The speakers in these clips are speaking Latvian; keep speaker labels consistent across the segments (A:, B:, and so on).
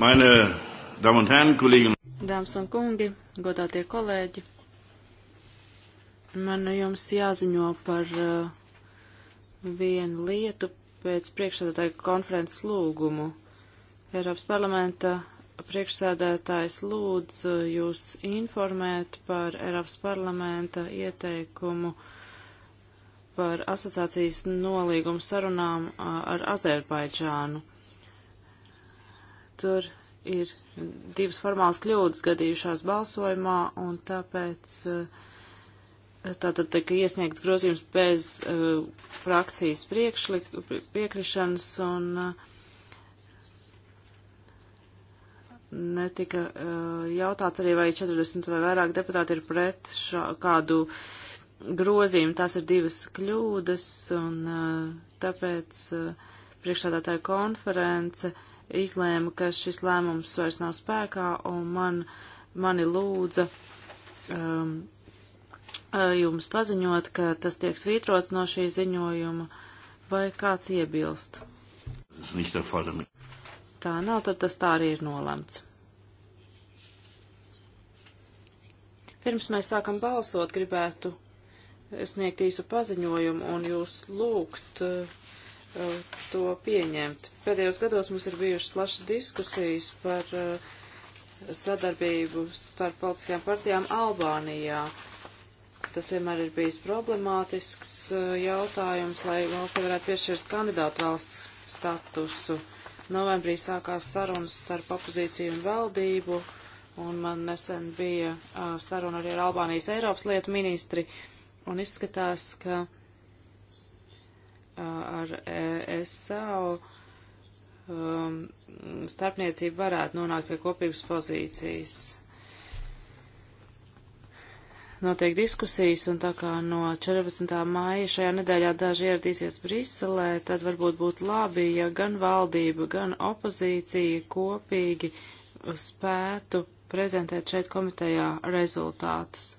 A: Meine Damen un Herren, Kollegen. Dāmas un kungi, godātie kolēģi, man nu jums jāziņo par uh, vienu lietu pēc priekšsēdētāja konferences lūgumu. Eiropas parlamenta priekšsēdētājs lūdz uh, jūs informēt par Eiropas parlamenta ieteikumu par asociācijas nolīgumu sarunām uh, ar Azerbaidžānu. Tur ir divas formālas kļūdas gadījušās balsojumā, un tāpēc eh, tātad tika iesniegts grozījums bez uh, frakcijas priekšlik, piekrišanas, un uh, netika uh, jautāts arī, vai 40 vai vairāk deputāti ir pret šā, kādu grozījumu. Tās ir divas kļūdas, un uh, tāpēc uh, priekšādātāja konference uh, izlēma, ka šis lēmums vairs nav spēkā, un man, mani lūdza um, jums paziņot, ka tas tiek svītrots no šī ziņojuma, vai kāds iebilst. Tā nav, tad tas tā arī ir nolemts. Pirms mēs sākam balsot, gribētu sniegt īsu paziņojumu un jūs lūgt uh, to pieņemt. Pēdējos gados mums ir bijušas plašas diskusijas par eh, sadarbību starp politiskajām partijām Albānijā. Tas vienmēr ir bijis problemātisks eh, jautājums, lai valstī varētu piešķirt kandidātu valsts statusu. Novembrī sākās sarunas starp opozīciju un valdību, un man nesen bija eh, saruna arī ar Albānijas Eiropas lietu ministri, un izskatās, ka ar e SAO um, starpniecība varētu nonākt pie kopības pozīcijas. Notiek diskusijas, un tā kā no 14. māja šajā nedēļā daži ieradīsies Briselē, tad varbūt būtu labi, ja gan valdība, gan opozīcija kopīgi spētu prezentēt šeit komitejā rezultātus.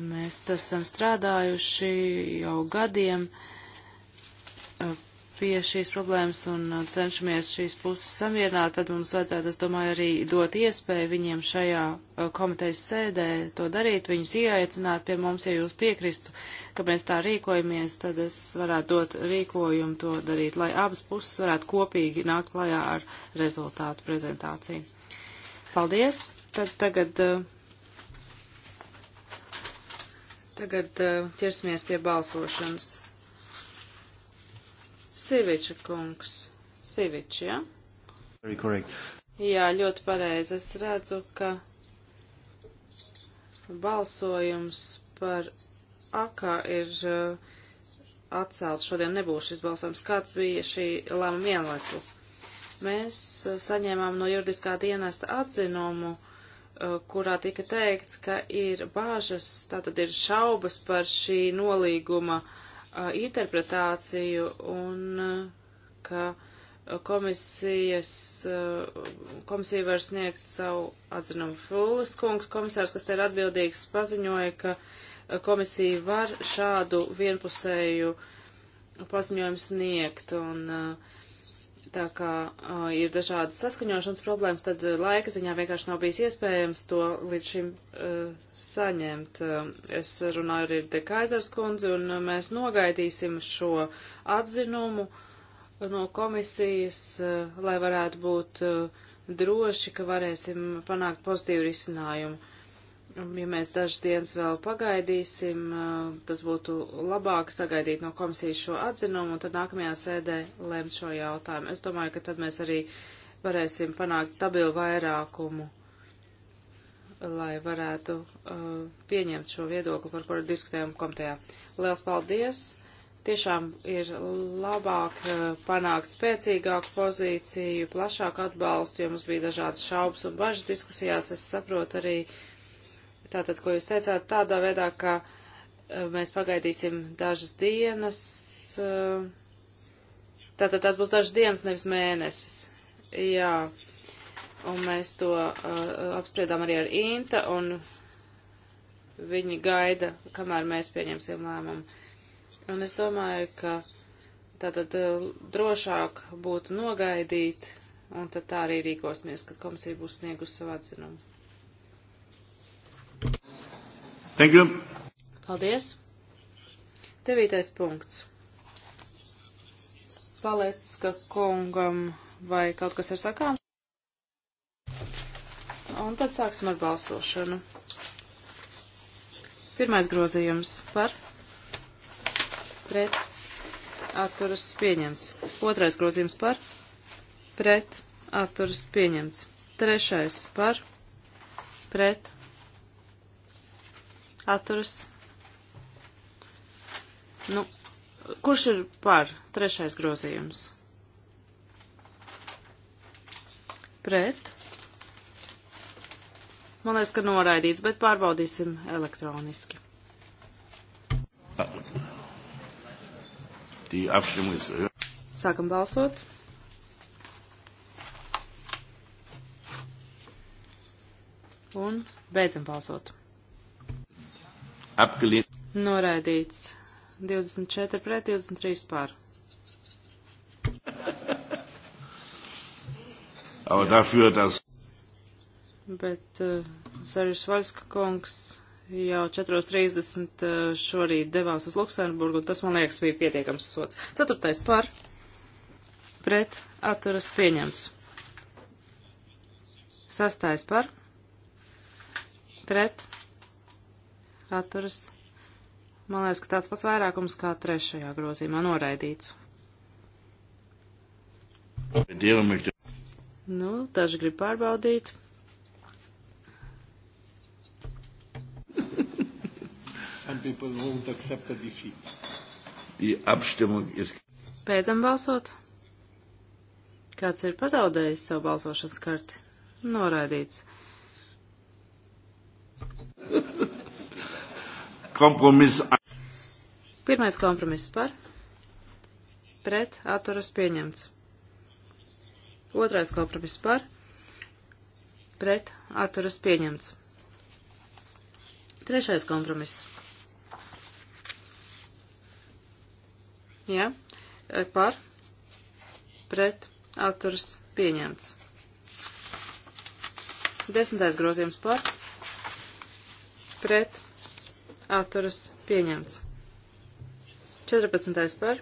A: Mēs esam strādājuši jau gadiem pie šīs problēmas un cenšamies šīs puses samierināt, tad mums vajadzētu, es domāju, arī dot iespēju viņiem šajā komitejas sēdē to darīt, viņus ieaicināt pie mums, ja jūs piekristu, ka mēs tā rīkojamies, tad es varētu dot rīkojumu to darīt, lai abas puses varētu kopīgi nākt klajā ar rezultātu prezentāciju. Paldies! Tad tagad. Uh, Tagad eh, ķersimies pie balsošanas. Siviča kungs. Siviča, ja? Very correct. Jā, ļoti pareizi. Es redzu, ka balsojums par akā ir eh, atcelts. Šodien nebūs šis balsojums. Kāds bija šī lēmuma iemesls? Mēs eh, saņēmām no juridiskā dienesta atzinumu Uh, kurā tika teikts, ka ir bāžas, tātad ir šaubas par šī nolīguma uh, interpretāciju un uh, ka komisijas, komisija var sniegt savu atzinumu. Fulis kungs, komisārs, kas te ir atbildīgs, paziņoja, ka komisija var šādu vienpusēju paziņojumu sniegt. Un, uh, tā kā uh, ir dažādas saskaņošanas problēmas, tad laika ziņā vienkārši nav bijis iespējams to līdz šim uh, saņemt. Uh, es runāju arī De Kaisers kundzi, un uh, mēs nogaidīsim šo atzinumu no komisijas, uh, lai varētu būt uh, droši, ka varēsim panākt pozitīvu risinājumu. Um, ja mēs dažas dienas vēl pagaidīsim, uh, tas būtu labāk sagaidīt no komisijas šo atzinumu un tad nākamajā sēdē lemt šo jautājumu. Es domāju, ka tad mēs arī varēsim panākt stabilu vairākumu lai varētu uh, pieņemt šo viedokli, par kuru diskutējam komitejā. Liels paldies! Tiešām ir labāk uh, panākt spēcīgāku pozīciju, plašāku atbalstu, jo mums bija dažādas šaubas un bažas diskusijās. Es saprotu arī Tātad, ko jūs teicāt, tādā veidā, ka e, mēs pagaidīsim dažas dienas. E, tātad tās būs dažas dienas, nevis mēnesis. Jā. Un mēs to e, apspriedām arī ar Inta, un viņi gaida, kamēr mēs pieņemsim lēmumu. Un es domāju, ka tātad drošāk būtu nogaidīt, un tad tā arī rīkosimies, kad komisija būs sniegusi savu atzinumu. Thank you. Paldies. Devītais punkts. Palecka kungam vai kaut kas ir sakām? Un tad sāksim ar balsošanu. Pirmais grozījums par pret atturas pieņemts. Otrais grozījums par pret atturas pieņemts. Trešais par pret atturas. Nu, kurš ir par trešais grozījums? Pret. Man liekas, ka noraidīts, bet pārbaudīsim elektroniski. Sākam balsot. Un beidzam balsot. Apgalīt. Noraidīts. 24 pret 23 pār. Aber dafür, dass. Bet uh, eh, Zarius Valska kungs jau 4.30 uh, eh, šorīt devās uz Luksemburgu, un tas, man liekas, bija pietiekams sots. Ceturtais par pret atturas pieņemts. Sastais par pret atturas. Man liekas, ka tāds pats vairākums kā trešajā grozījumā noraidīts. Nu, daži grib pārbaudīt. Some people won't accept the defeat. Die Abstimmung ist. Beidzam balsot. Kāds ir pazaudējis savu balsošanas karti? Noraidīts. kompromiss. Pirmais kompromiss par, pret, atturas pieņemts. Otrais kompromiss par, pret, atturas pieņemts. Trešais kompromiss. Jā, ja, e, par, pret, atturas pieņemts. Desmitais grozījums par, pret, atturas pieņemts. 14. par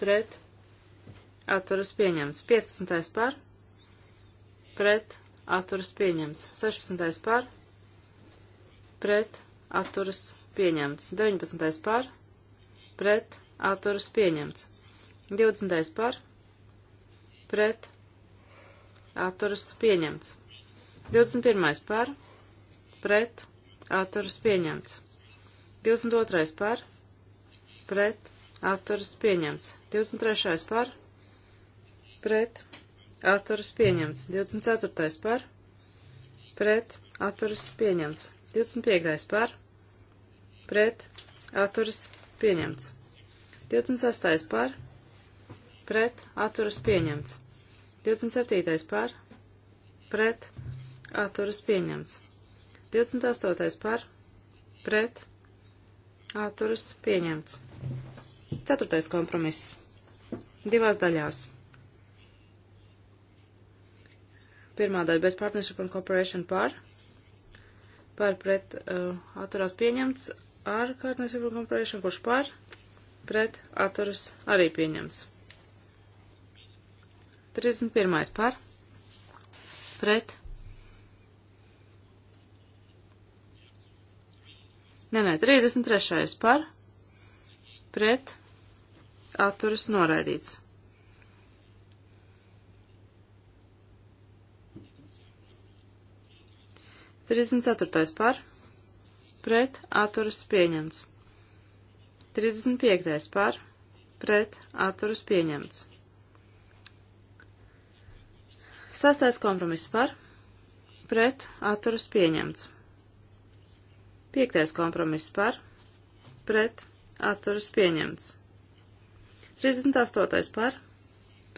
A: pret atturas pieņemts. 15. par pret atturas pieņemts. 16. par pret atturas pieņemts. 19. par pret atturas pieņemts. 20. par pret atturas pieņemts. 21. par pret atturas pieņemts atturas pieņemts. 22. par, pret, atturas pieņemts. 23. par, pret, atturas pieņemts. 24. par, pret, atturas pieņemts. 25. par, pret, atturas pieņemts. 26. par, pret, atturas pieņemts. 27. par, pret, atturas pieņemts. 28. par, pret, atturas pieņemts. 4. kompromiss. Divās daļās. Pirmā daļa bez partnership un cooperation par, par pret, uh, atturās pieņemts ar partnership un cooperation, kurš par, pret, atturas arī pieņemts. 31. par, pret, Nē, nē, 33. par, pret, atturas noraidīts. Trīsdesmit ceturtais par, pret, atturas pieņemts. Trīsdesmit piektais par, pret, atturas pieņemts. Sastais kompromiss par, pret, atturas pieņemts. Piektais kompromiss par, pret, atturas pieņemts. 38. par,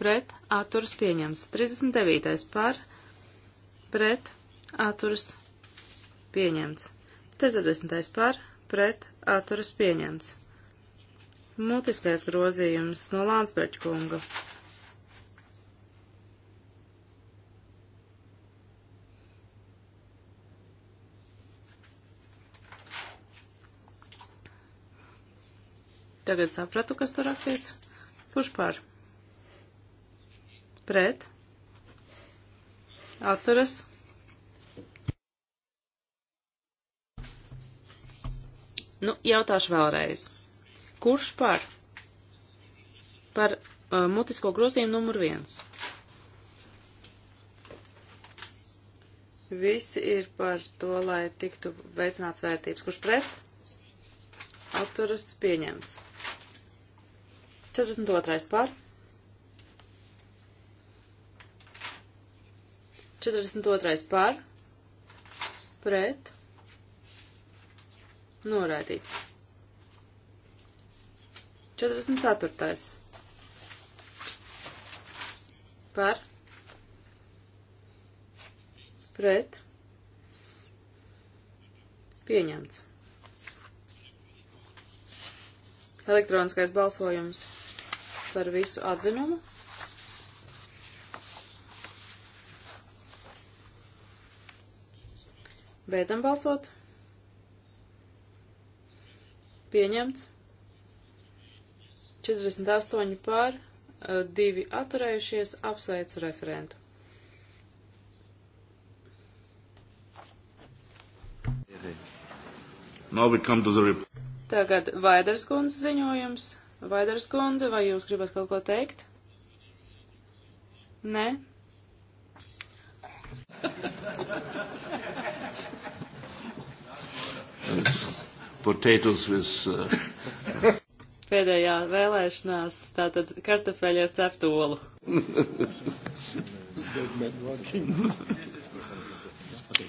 A: pret, atturas pieņemts. 39. par, pret, atturas pieņemts. 40. par, pret, atturas pieņemts. Mutiskais grozījums no Lānsberģa kunga Tagad sapratu, kas tur rakstīts. Kurš par? Pret. Atturas. Nu, jautāšu vēlreiz. Kurš par? Par uh, mutisko grozījumu numur viens. Visi ir par to, lai tiktu veicināts vērtības. Kurš pret? Atturas pieņemts. 42. par. 42. par. Pret. Noraidīts. 44. Par. Pret. Pieņemts. Elektroniskais balsojums par visu atzinumu. Beidzam balsot. Pieņemts. 48 pār, 2 atturējušies, apsveicu referentu. Tagad Vaidars kundze ziņojums. Vaidars kundze, vai jūs gribat kaut ko teikt? Nē? Potatoes with...
B: Uh...
A: Pēdējā vēlēšanās, tātad kartafeļa ar ceftolu.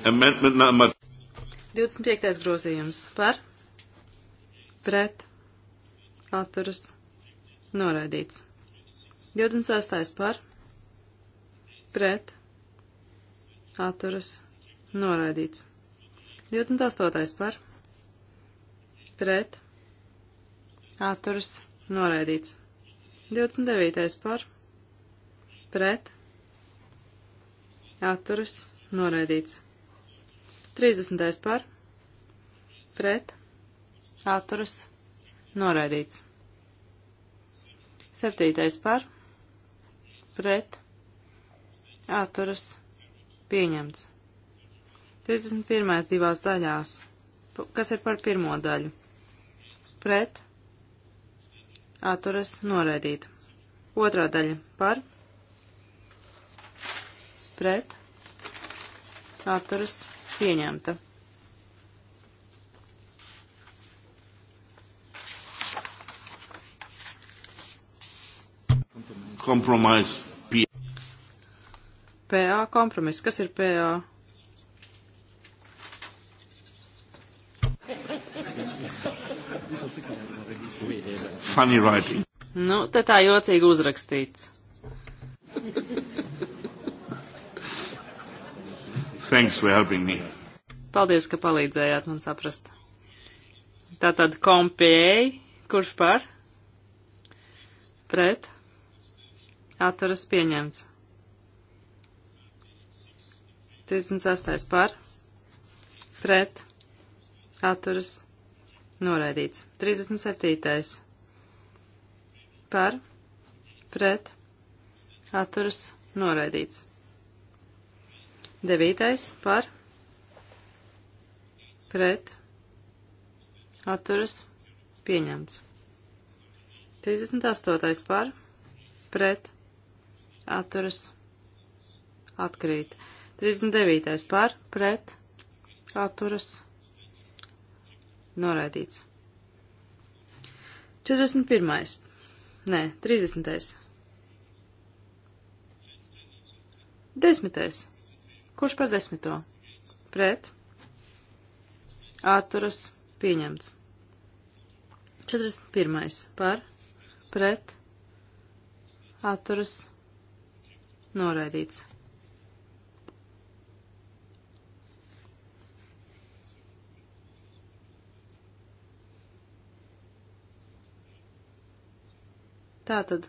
A: Amendment number 25. grozījums par pret atturas noraidīts. 26. par pret atturas noraidīts. 28. par pret atturas noraidīts. 29. par pret atturas noraidīts. 30. par pret atturas noraidīts. Noraidīts. Septītais par, pret, atturas, pieņemts. 31. divās daļās. Kas ir par pirmo daļu? Pret, atturas, noraidīt. Otrā daļa par, pret, atturas, pieņemta.
C: compromise
A: P. PA kompromiss. Kas ir PA?
C: Funny writing.
A: Nu, te tā jocīgi uzrakstīts. Thanks for helping me. Paldies, ka palīdzējāt man saprast. Tātad kompēji, kurš par? Pret? atturas pieņemts. 36. par, pret, atturas noraidīts. 37. par, pret, atturas noraidīts. 9. par, pret, atturas pieņemts. 38. par, pret, atturas atkrīt. 39. par pret atturas noraidīts. 41. Nē, 30. 10. Kurš par desmito? Pret atturas pieņemts. 41. par pret atturas pieņemts atturas Noraidīts. Tātad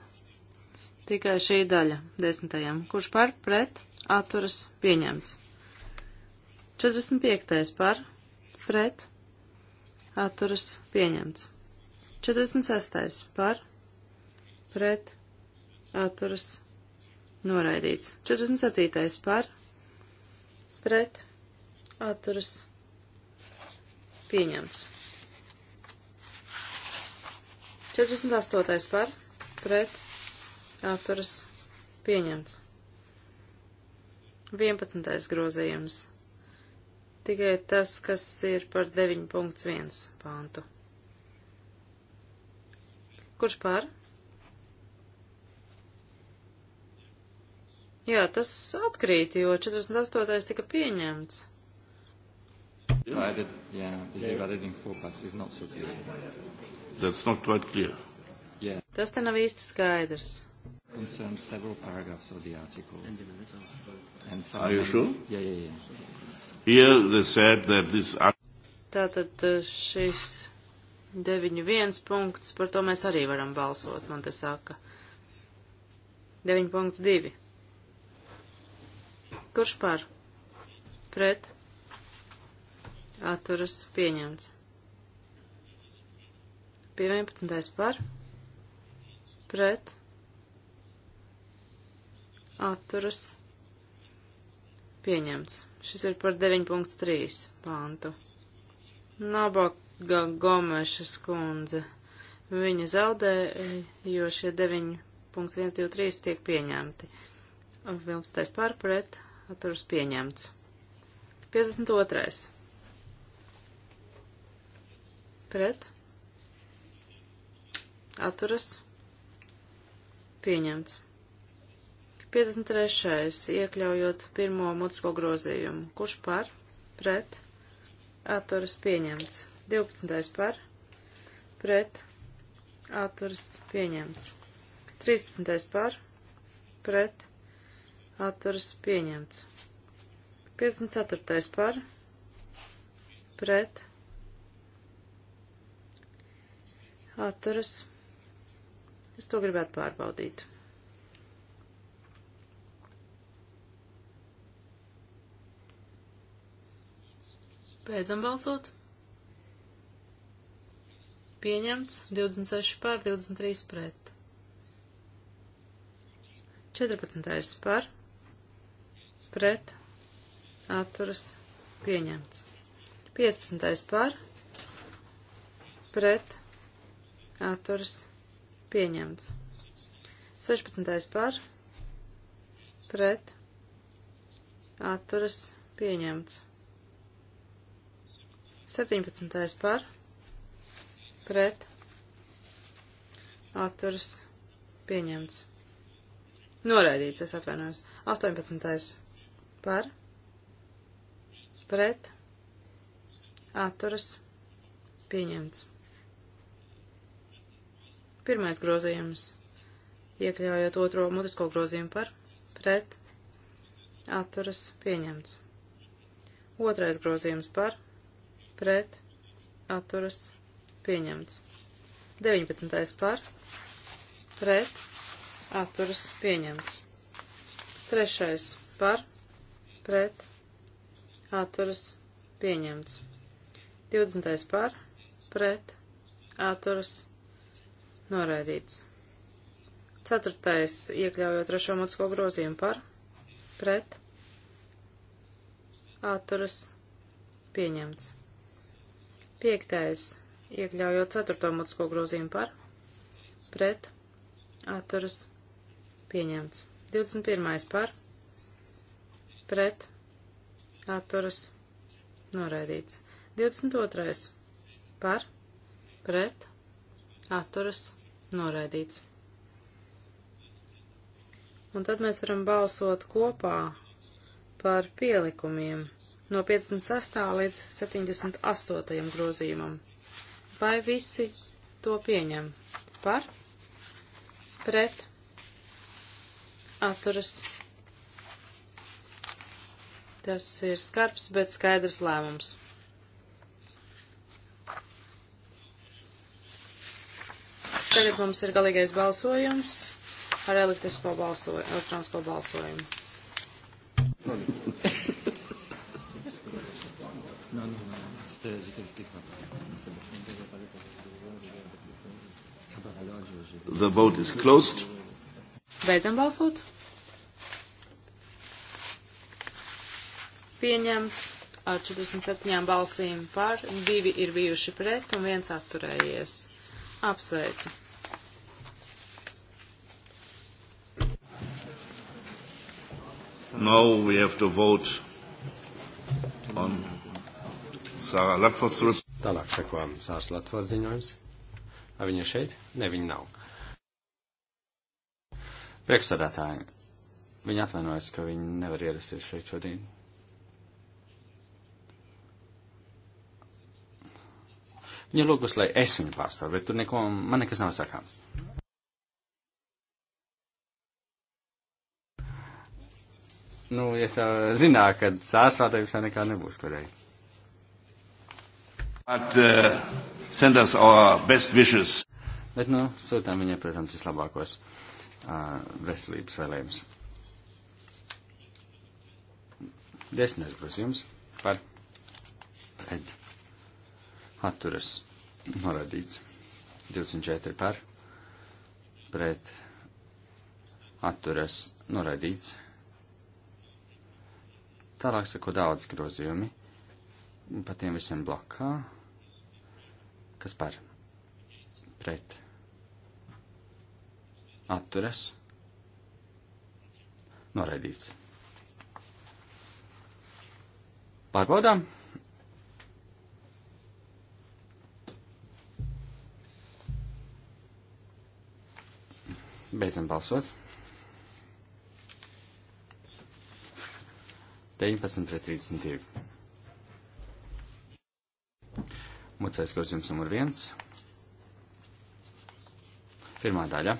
A: tikai šī daļa desmitajam, kurš par pret atturas pieņemts. 45. par pret atturas pieņemts. 46. par pret atturas Noraidīts. 47. par. Pret. Atturas. Pieņemts. 48. par. Pret. Atturas. Pieņemts. 11. grozījums. Tikai tas, kas ir par 9.1 pāntu. Kurš par? Jā, tas atkrīt, jo 48. tika pieņemts.
B: No, I did, yeah, they were reading four parts. It's not so clear. That's not quite clear. Yeah.
A: Tas te nav īsti skaidrs.
B: Concerns several paragraphs of the article. And the minutes of And some Are you sure? Yeah, yeah, yeah.
A: Here they said that this... Tātad uh, šis 9.1 punkts, par to mēs arī varam balsot, man te saka. 9.2. Kurš par? Pret. Atturas pieņemts. Pie 11. par. Pret. Atturas pieņemts. Šis ir par 9.3 pāntu. Nabaga Gomešas kundze. Viņa zaudē, jo šie 9.123 tiek pieņemti. 11. pārpret Atturs pieņemts. 52. Pret. Atturas. Pieņemts. 53. Iekļaujot pirmo mutisko grozījumu. Kurš par? Pret. Atturas pieņemts. 12. par. Pret. Atturas pieņemts. 13. par. Pret atturas pieņemts. 54. par pret atturas. Es to gribētu pārbaudīt. Beidzam balsot. Pieņemts 26 pār 23 pret. 14. par pret atturas pieņemts. 15. par pret atturas pieņemts. 16. par pret atturas pieņemts. 17. par pret atturas pieņemts. Noraidīts, es atvainojos. 18 par pret atturas pieņemts. Pirmais grozījums, iekļaujot otro mutisko grozījumu par pret atturas pieņemts. Otrais grozījums par pret atturas pieņemts. 19. par pret atturas pieņemts. Trešais par pret pret, atturas, pieņemts. 20. par, pret, atturas, noraidīts. 4. iekļaujot trešo mutisko grozījumu par, pret, atturas, pieņemts. 5. iekļaujot ceturto mutisko grozījumu par, pret, atturas, pieņemts. 21. par, pret, pret atturas noraidīts. 22. par pret atturas noraidīts. Un tad mēs varam balsot kopā par pielikumiem no 56. līdz 78. grozījumam. Vai visi to pieņem? Par pret atturas noraidīts Tas ir skarbs, bet skaidrs lēmums. Tagad mums ir galīgais balsojums ar elektrisko balsojumu, elektronisko balsojumu.
B: The vote is closed.
A: Beidzam balsot. pieņemts ar 47 balsīm par, divi ir bijuši pret un viens atturējies. Apsveicu!
C: Now we have to vote on Sāra Latvards report. Tālāk sekojam Sāras Latvards ziņojums. Vai viņa šeit? Ne, viņa nav. Priekšsādātāji, viņa atvainojas, ka viņa nevar ierasties šeit šodien. Viņa lūgus, lai es viņu pārstāvu, bet tur neko, man nekas nav sakāms. Nu, es jau zināju, ka sāstrādājums jau nekā nebūs, kurēji. But, uh,
A: send us our best wishes.
C: Bet, nu, sūtām viņai, protams, vislabākos uh, veselības vēlējumus. Desmitais grozījums par pret atturas norādīts. 24 par pret atturas norādīts. Tālāk sako daudz grozījumi pa tiem visiem blakā. Kas par? Pret. Atturas. Noraidīts. Pārbaudām. Beidzam balsot. 19 pret 32. Mucais grozījums numur 1. Pirmā daļa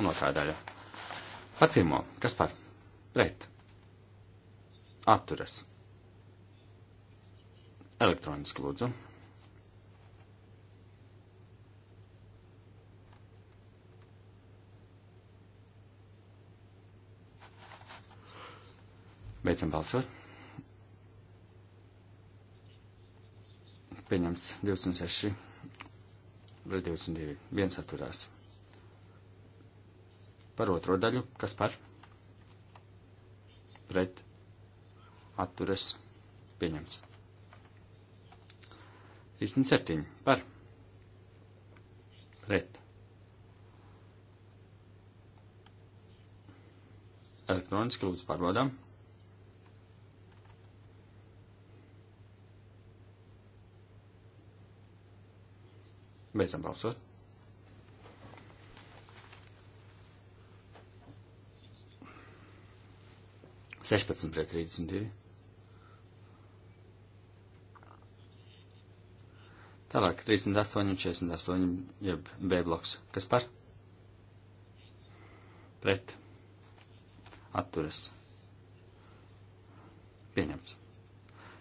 C: un otrā daļa. Par pirmo. Kas par? Pret. Atturas. Elektroniski lūdzu. Beidzam balsot. Pieņems 26 vai 22. Viens atturās. Par otro daļu, kas par? Pret. Atturas. Pieņems. 37. Par. Pret. Elektroniski lūdzu pārbaudām. Beidzam balsot. Sešpadsmit pret trīsdesmit divi. Tālāk, 38 un 48, jeb B bloks. Kas par? Pret. Atturas. Pieņemts.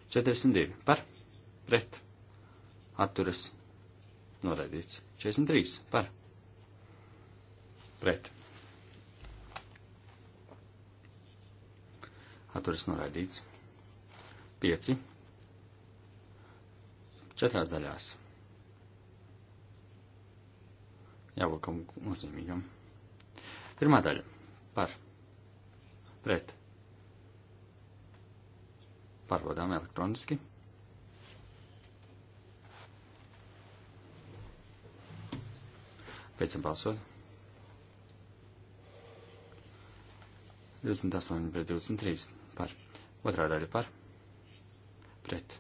C: 42 par. Pret. Atturas. Noraidīts. 43. Par. Pret. Atturis noraidīts. 5. Četrās daļās. Jābūt kaut nozīmīgam. Pirmā daļa. Par. Pret. Pārbaudām elektroniski. Beidzam balsot. 28 pret 23 par. Otrā daļa par. Pret.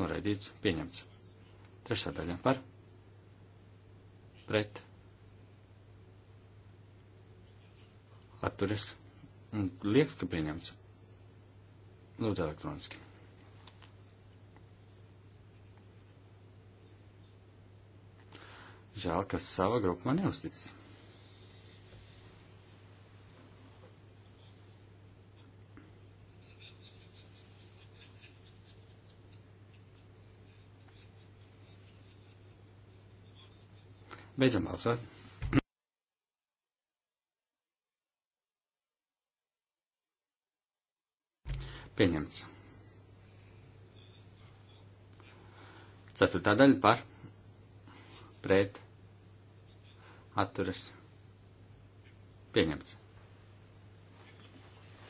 C: Noraidīts. Pieņemts. Trešā daļa par. Pret. Atturis. Un liekas, ka pieņemts. Lūdzu elektroniski. Žēl, ka sava grupa man neuzticas.
B: Beidzam balsot. Pieņemts.
C: Ceturtā daļa par pret atturas pieņemts.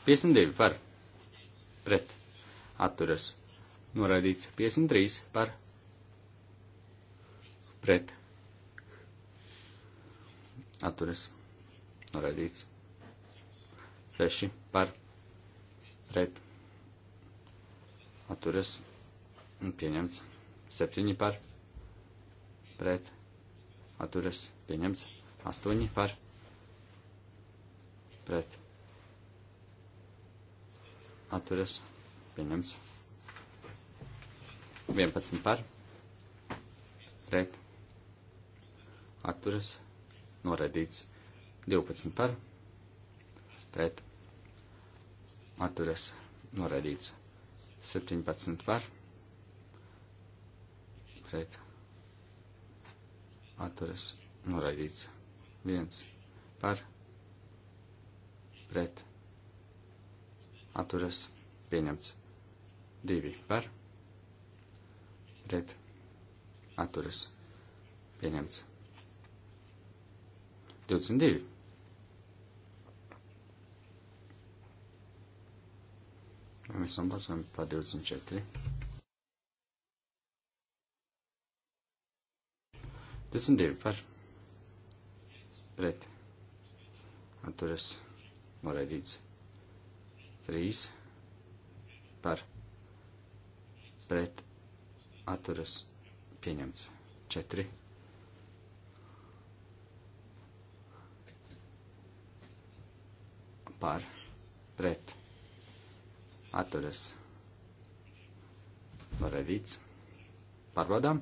C: 52 par pret atturas noraidīts. 53 par pret atturas noraidīts. 6 par pret atturas pieņemts. 7 par pret atturas pieņemts 8 par pret atturas pieņemts 11 par pret atturas noraidīts 12 par pret atturas noraidīts 17 par pret atturas noraidīts. Viens par pret atturas pieņemts. Divi par pret atturas pieņemts. 22. Mēs esam balsojumi par 24. 22 par pret atturas noraidīts. 3 par pret atturas pieņemts. 4 par pret atturas noraidīts. Pārbaudām!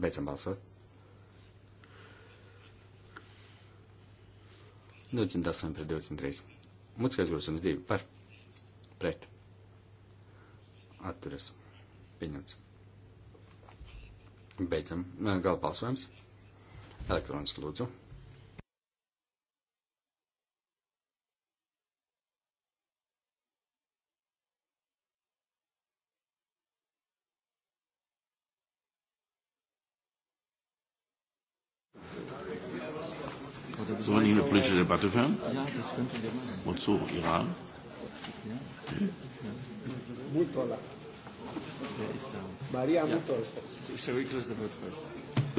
C: Beidzam balsot. 28 pret 23. Mutiskais grozījums 2 par pret. Atturas. Pieņemts. Beidzam. Gala balsojums. Elektronisks lūdzu.
A: Debatte führen? Ja, das könnten wir machen. Wozu? Iran?
B: Ja. Mutola. Wer ist da? Maria ja. Mutola. Shall we close the vote first?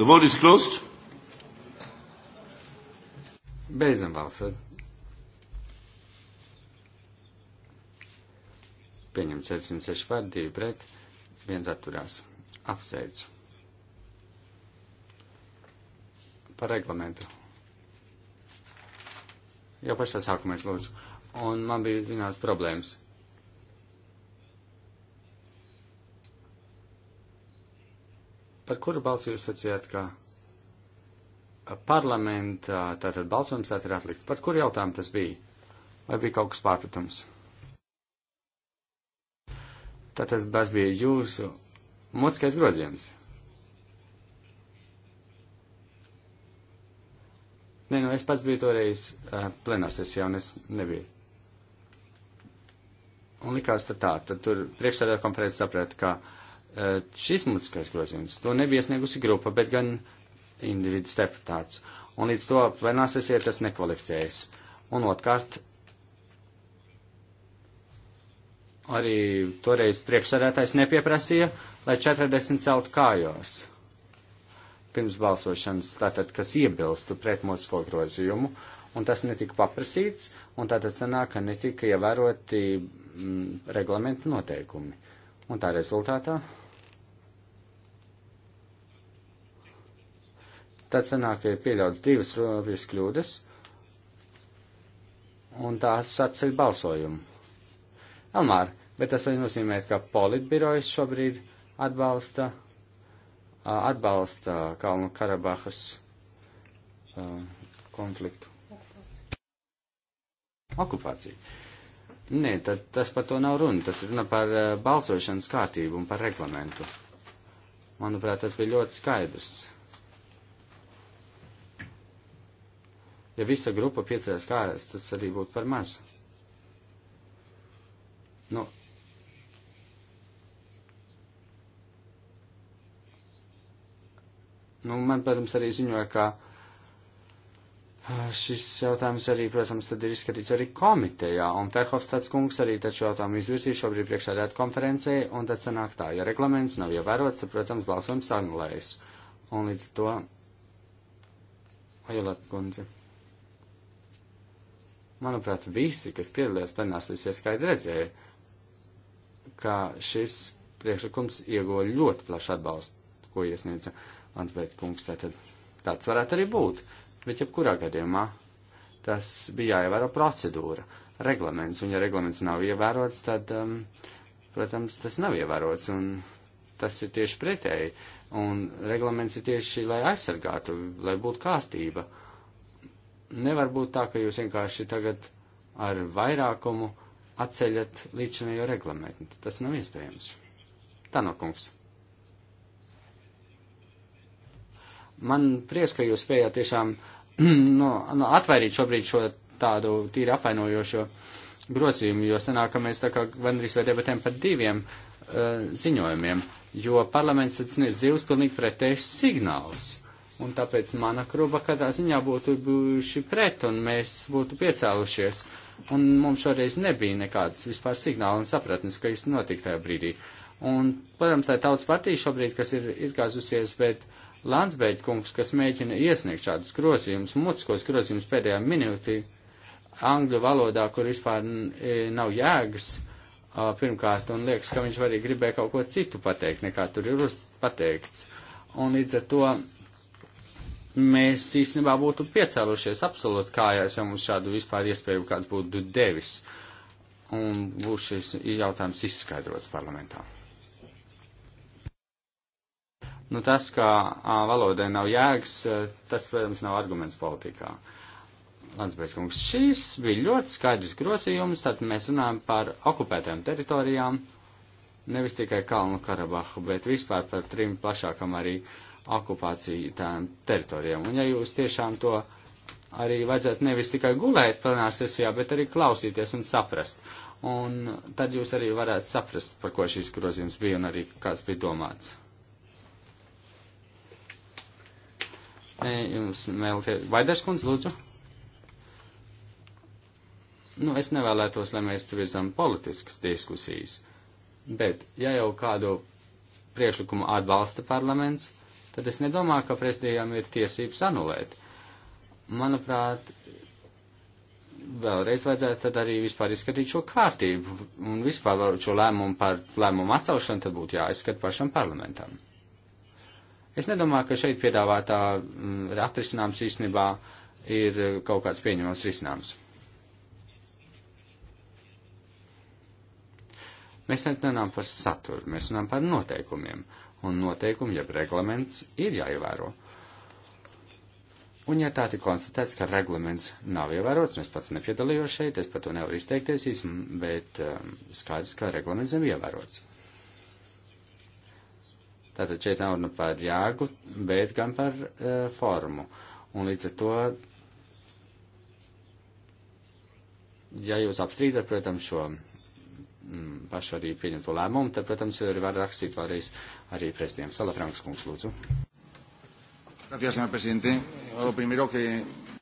B: The vote is closed. Beidzam balsot.
C: Pieņemts 706 par, 2 pret, 1 atturās. Apsveicu. Par reglamentu Jau pašā sākumā es lūdzu. Un man bija zināmas problēmas. Par kuru balsu jūs sacījāt, ka parlamentā tātad balsojums tātad ir atlikts? Par kuru jautājumu tas bija? Vai bija kaut kas pārpratums? Tātad tas bija jūsu mutiskais grozījums. Nē, nu es pats biju toreiz uh, eh, plenāsesijā un es nebiju. Un likās, tad tā, tad tur priekšsēdā konferences saprata, ka uh, šis mutiskais grozījums, to nebija iesniegusi grupa, bet gan individus deputāts. Un līdz to plenāsesijā tas nekvalificējas. Un otkārt, arī toreiz priekšsēdētājs nepieprasīja, lai 40 celtu kājos pirms balsošanas, tātad, kas iebilstu pret mūsu grozījumu, un tas netika paprasīts, un tātad sanāk, ka netika ievēroti mm, reglamentu noteikumi. Un tā rezultātā. Tad sanāk, ka ir pieļauts divas robežas kļūdas, un tās atceļ balsojumu. Elmār, bet tas vai nozīmē, ka politbirojas šobrīd atbalsta atbalsta Kalnu Karabahas konfliktu. Okupāciju. Nē, tad tas par to nav runa. Tas runa par balsošanas kārtību un par reglamentu. Manuprāt, tas bija ļoti skaidrs. Ja visa grupa piecerēs kārtas, tas arī būtu par maz. Nu, Nu, man, protams, arī ziņoja, ka šis jautājums arī, protams, tad ir izskatīts arī komitejā, un Ferhofstads kungs arī taču jautājumu izvirsīja šobrīd priekšādāt konferencē, un tad sanāk tā, ja reglaments nav ievērots, tad, protams, balsojums anulējas. Un līdz to Ajolat kundze. Manuprāt, visi, kas piedalījās plenārsīs, ieskaidri redzēja, ka šis priekšlikums ieguva ļoti plašu atbalstu, ko iesniedza Ansbērta kungs. Tātad tāds varētu arī būt, bet jebkurā gadījumā tas bija jāievēro procedūra, reglaments, un ja reglaments nav ievērots, tad, um, protams, tas nav ievērots, un tas ir tieši pretēji, un reglaments ir tieši, lai aizsargātu, lai būtu kārtība. Nevar būt tā, ka jūs vienkārši tagad ar vairākumu atceļat līdzinējo reglamentu. Tas nav iespējams. Tā nav kungs. Man prieks, ka jūs spējāt tiešām no, no, nu, nu, atvairīt šobrīd šo tādu tīri apvainojošo grozījumu, jo sanāk, ka mēs tā kā gandrīz vai debatēm par diviem uh, ziņojumiem, jo parlaments sniedz divus pilnīgi pretējušs signālus. Un tāpēc mana kruba katrā ziņā būtu bijuši pret, un mēs būtu piecēlušies. Un mums šoreiz nebija nekādas vispār signāla un sapratnes, ka viss notika tajā brīdī. Un, protams, tā ir tautas partija šobrīd, kas ir izgāzusies, bet uh, Landsbeģa kungs, kas mēģina iesniegt šādus grozījumus, mutiskos grozījumus pēdējā minūtī, angļu valodā, kur vispār e, nav jēgas, pirmkārt, un liekas, ka viņš arī gribēja kaut ko citu pateikt, nekā tur ir pateikts. Un līdz ar to mēs īstenībā būtu piecēlušies absolūti kājās, ja mums šādu vispār iespēju kāds būtu devis. Un būs šis jautājums izskaidrots parlamentā. Nu, tas, ka a, valodai nav jēgas, tas, protams, nav arguments politikā. Landsbērgs kungs, šis bija ļoti skaidrs grozījums, tad mēs runājam par okupētajām teritorijām, nevis tikai Kalnu Karabahu, bet vispār par trim plašākam arī okupācijām teritorijām. Un ja jūs tiešām to arī vajadzētu nevis tikai gulēt plenāru sesijā, bet arī klausīties un saprast. Un tad jūs arī varētu saprast, par ko šīs grozījums bija un arī kāds bija domāts. Nē, jums vēlaties. Vaidars kundz, lūdzu. Nu, es nevēlētos, lai mēs virzam politiskas diskusijas, bet ja jau kādu priekšlikumu atbalsta parlaments, tad es nedomāju, ka prezidijām ir tiesības anulēt. Manuprāt, vēlreiz vajadzētu tad arī vispār izskatīt šo kārtību un vispār šo lēmumu par lēmumu atcelšanu tad būtu jāizskat pašam parlamentam. Es nedomāju, ka šeit piedāvātā mm, atrisinājums īstenībā ir kaut kāds pieņemams risinājums. Mēs nerunājam par saturu, mēs runājam par noteikumiem, un noteikumi, jeb reglaments, ir jāievēro. Un, ja tā tik konstatēts, ka reglaments nav ievērots, un es pats nepiedalījos šeit, es par to nevaru izteikties, bet um, skaidrs, ka reglaments nav ievērots. Tātad šeit nav runa par jēgu, bet gan par e, formu. Un līdz ar to, ja jūs apstrīdat, protams, šo mm, pašu arī pieņemto lēmumu, tad, protams, ir var rakstīt vēlreiz arī prezidentiem. Salafranks kungs, lūdzu.
B: Gracias, señor presidente. Lo primero que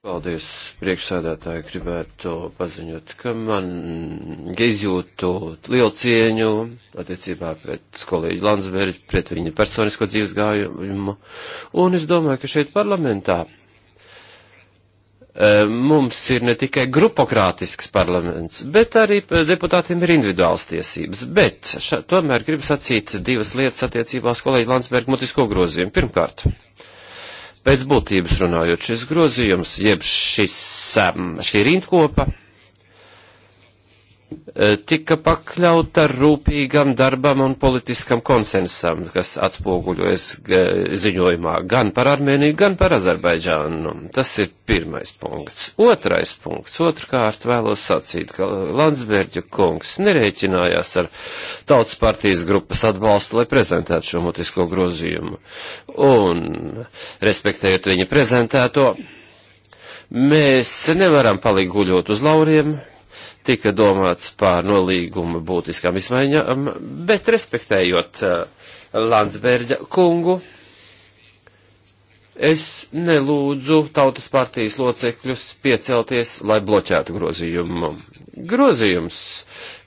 B: Paldies, priekšsēdētāji, gribētu paziņot, ka man izjūtu lielu cieņu attiecībā pret kolēģi Landsbergi, pret viņa personisko dzīves gājumu, un es domāju, ka šeit parlamentā e, mums ir ne tikai grupokrātisks parlaments, bet arī deputātiem ir individuāls tiesības. Bet ša, tomēr gribu sacīt divas lietas attiecībās kolēģi Landsbergi mutisko grozījumu. Pirmkārt. Pēc būtības runājot, šis grozījums, jeb šis, um, šī rindkopa Eh, tika pakļauta rūpīgam darbam un politiskam konsensam, kas atspoguļojas eh, ziņojumā gan par Armēniju, gan par Azerbaidžānu. Tas ir pirmais punkts. Otrais punkts. Otrkārt vēlos sacīt, ka Landsbērģa kungs nerēķinājās ar tautas partijas grupas atbalstu, lai prezentētu šo mutisko grozījumu. Un, respektējot viņa prezentēto, mēs nevaram palikt guļot uz lauriem tika domāts pār nolīguma būtiskām izmaiņām, bet respektējot eh, Landsberģa kungu, es nelūdzu tautas partijas locekļus piecelties, lai bloķētu grozījumu. Grozījums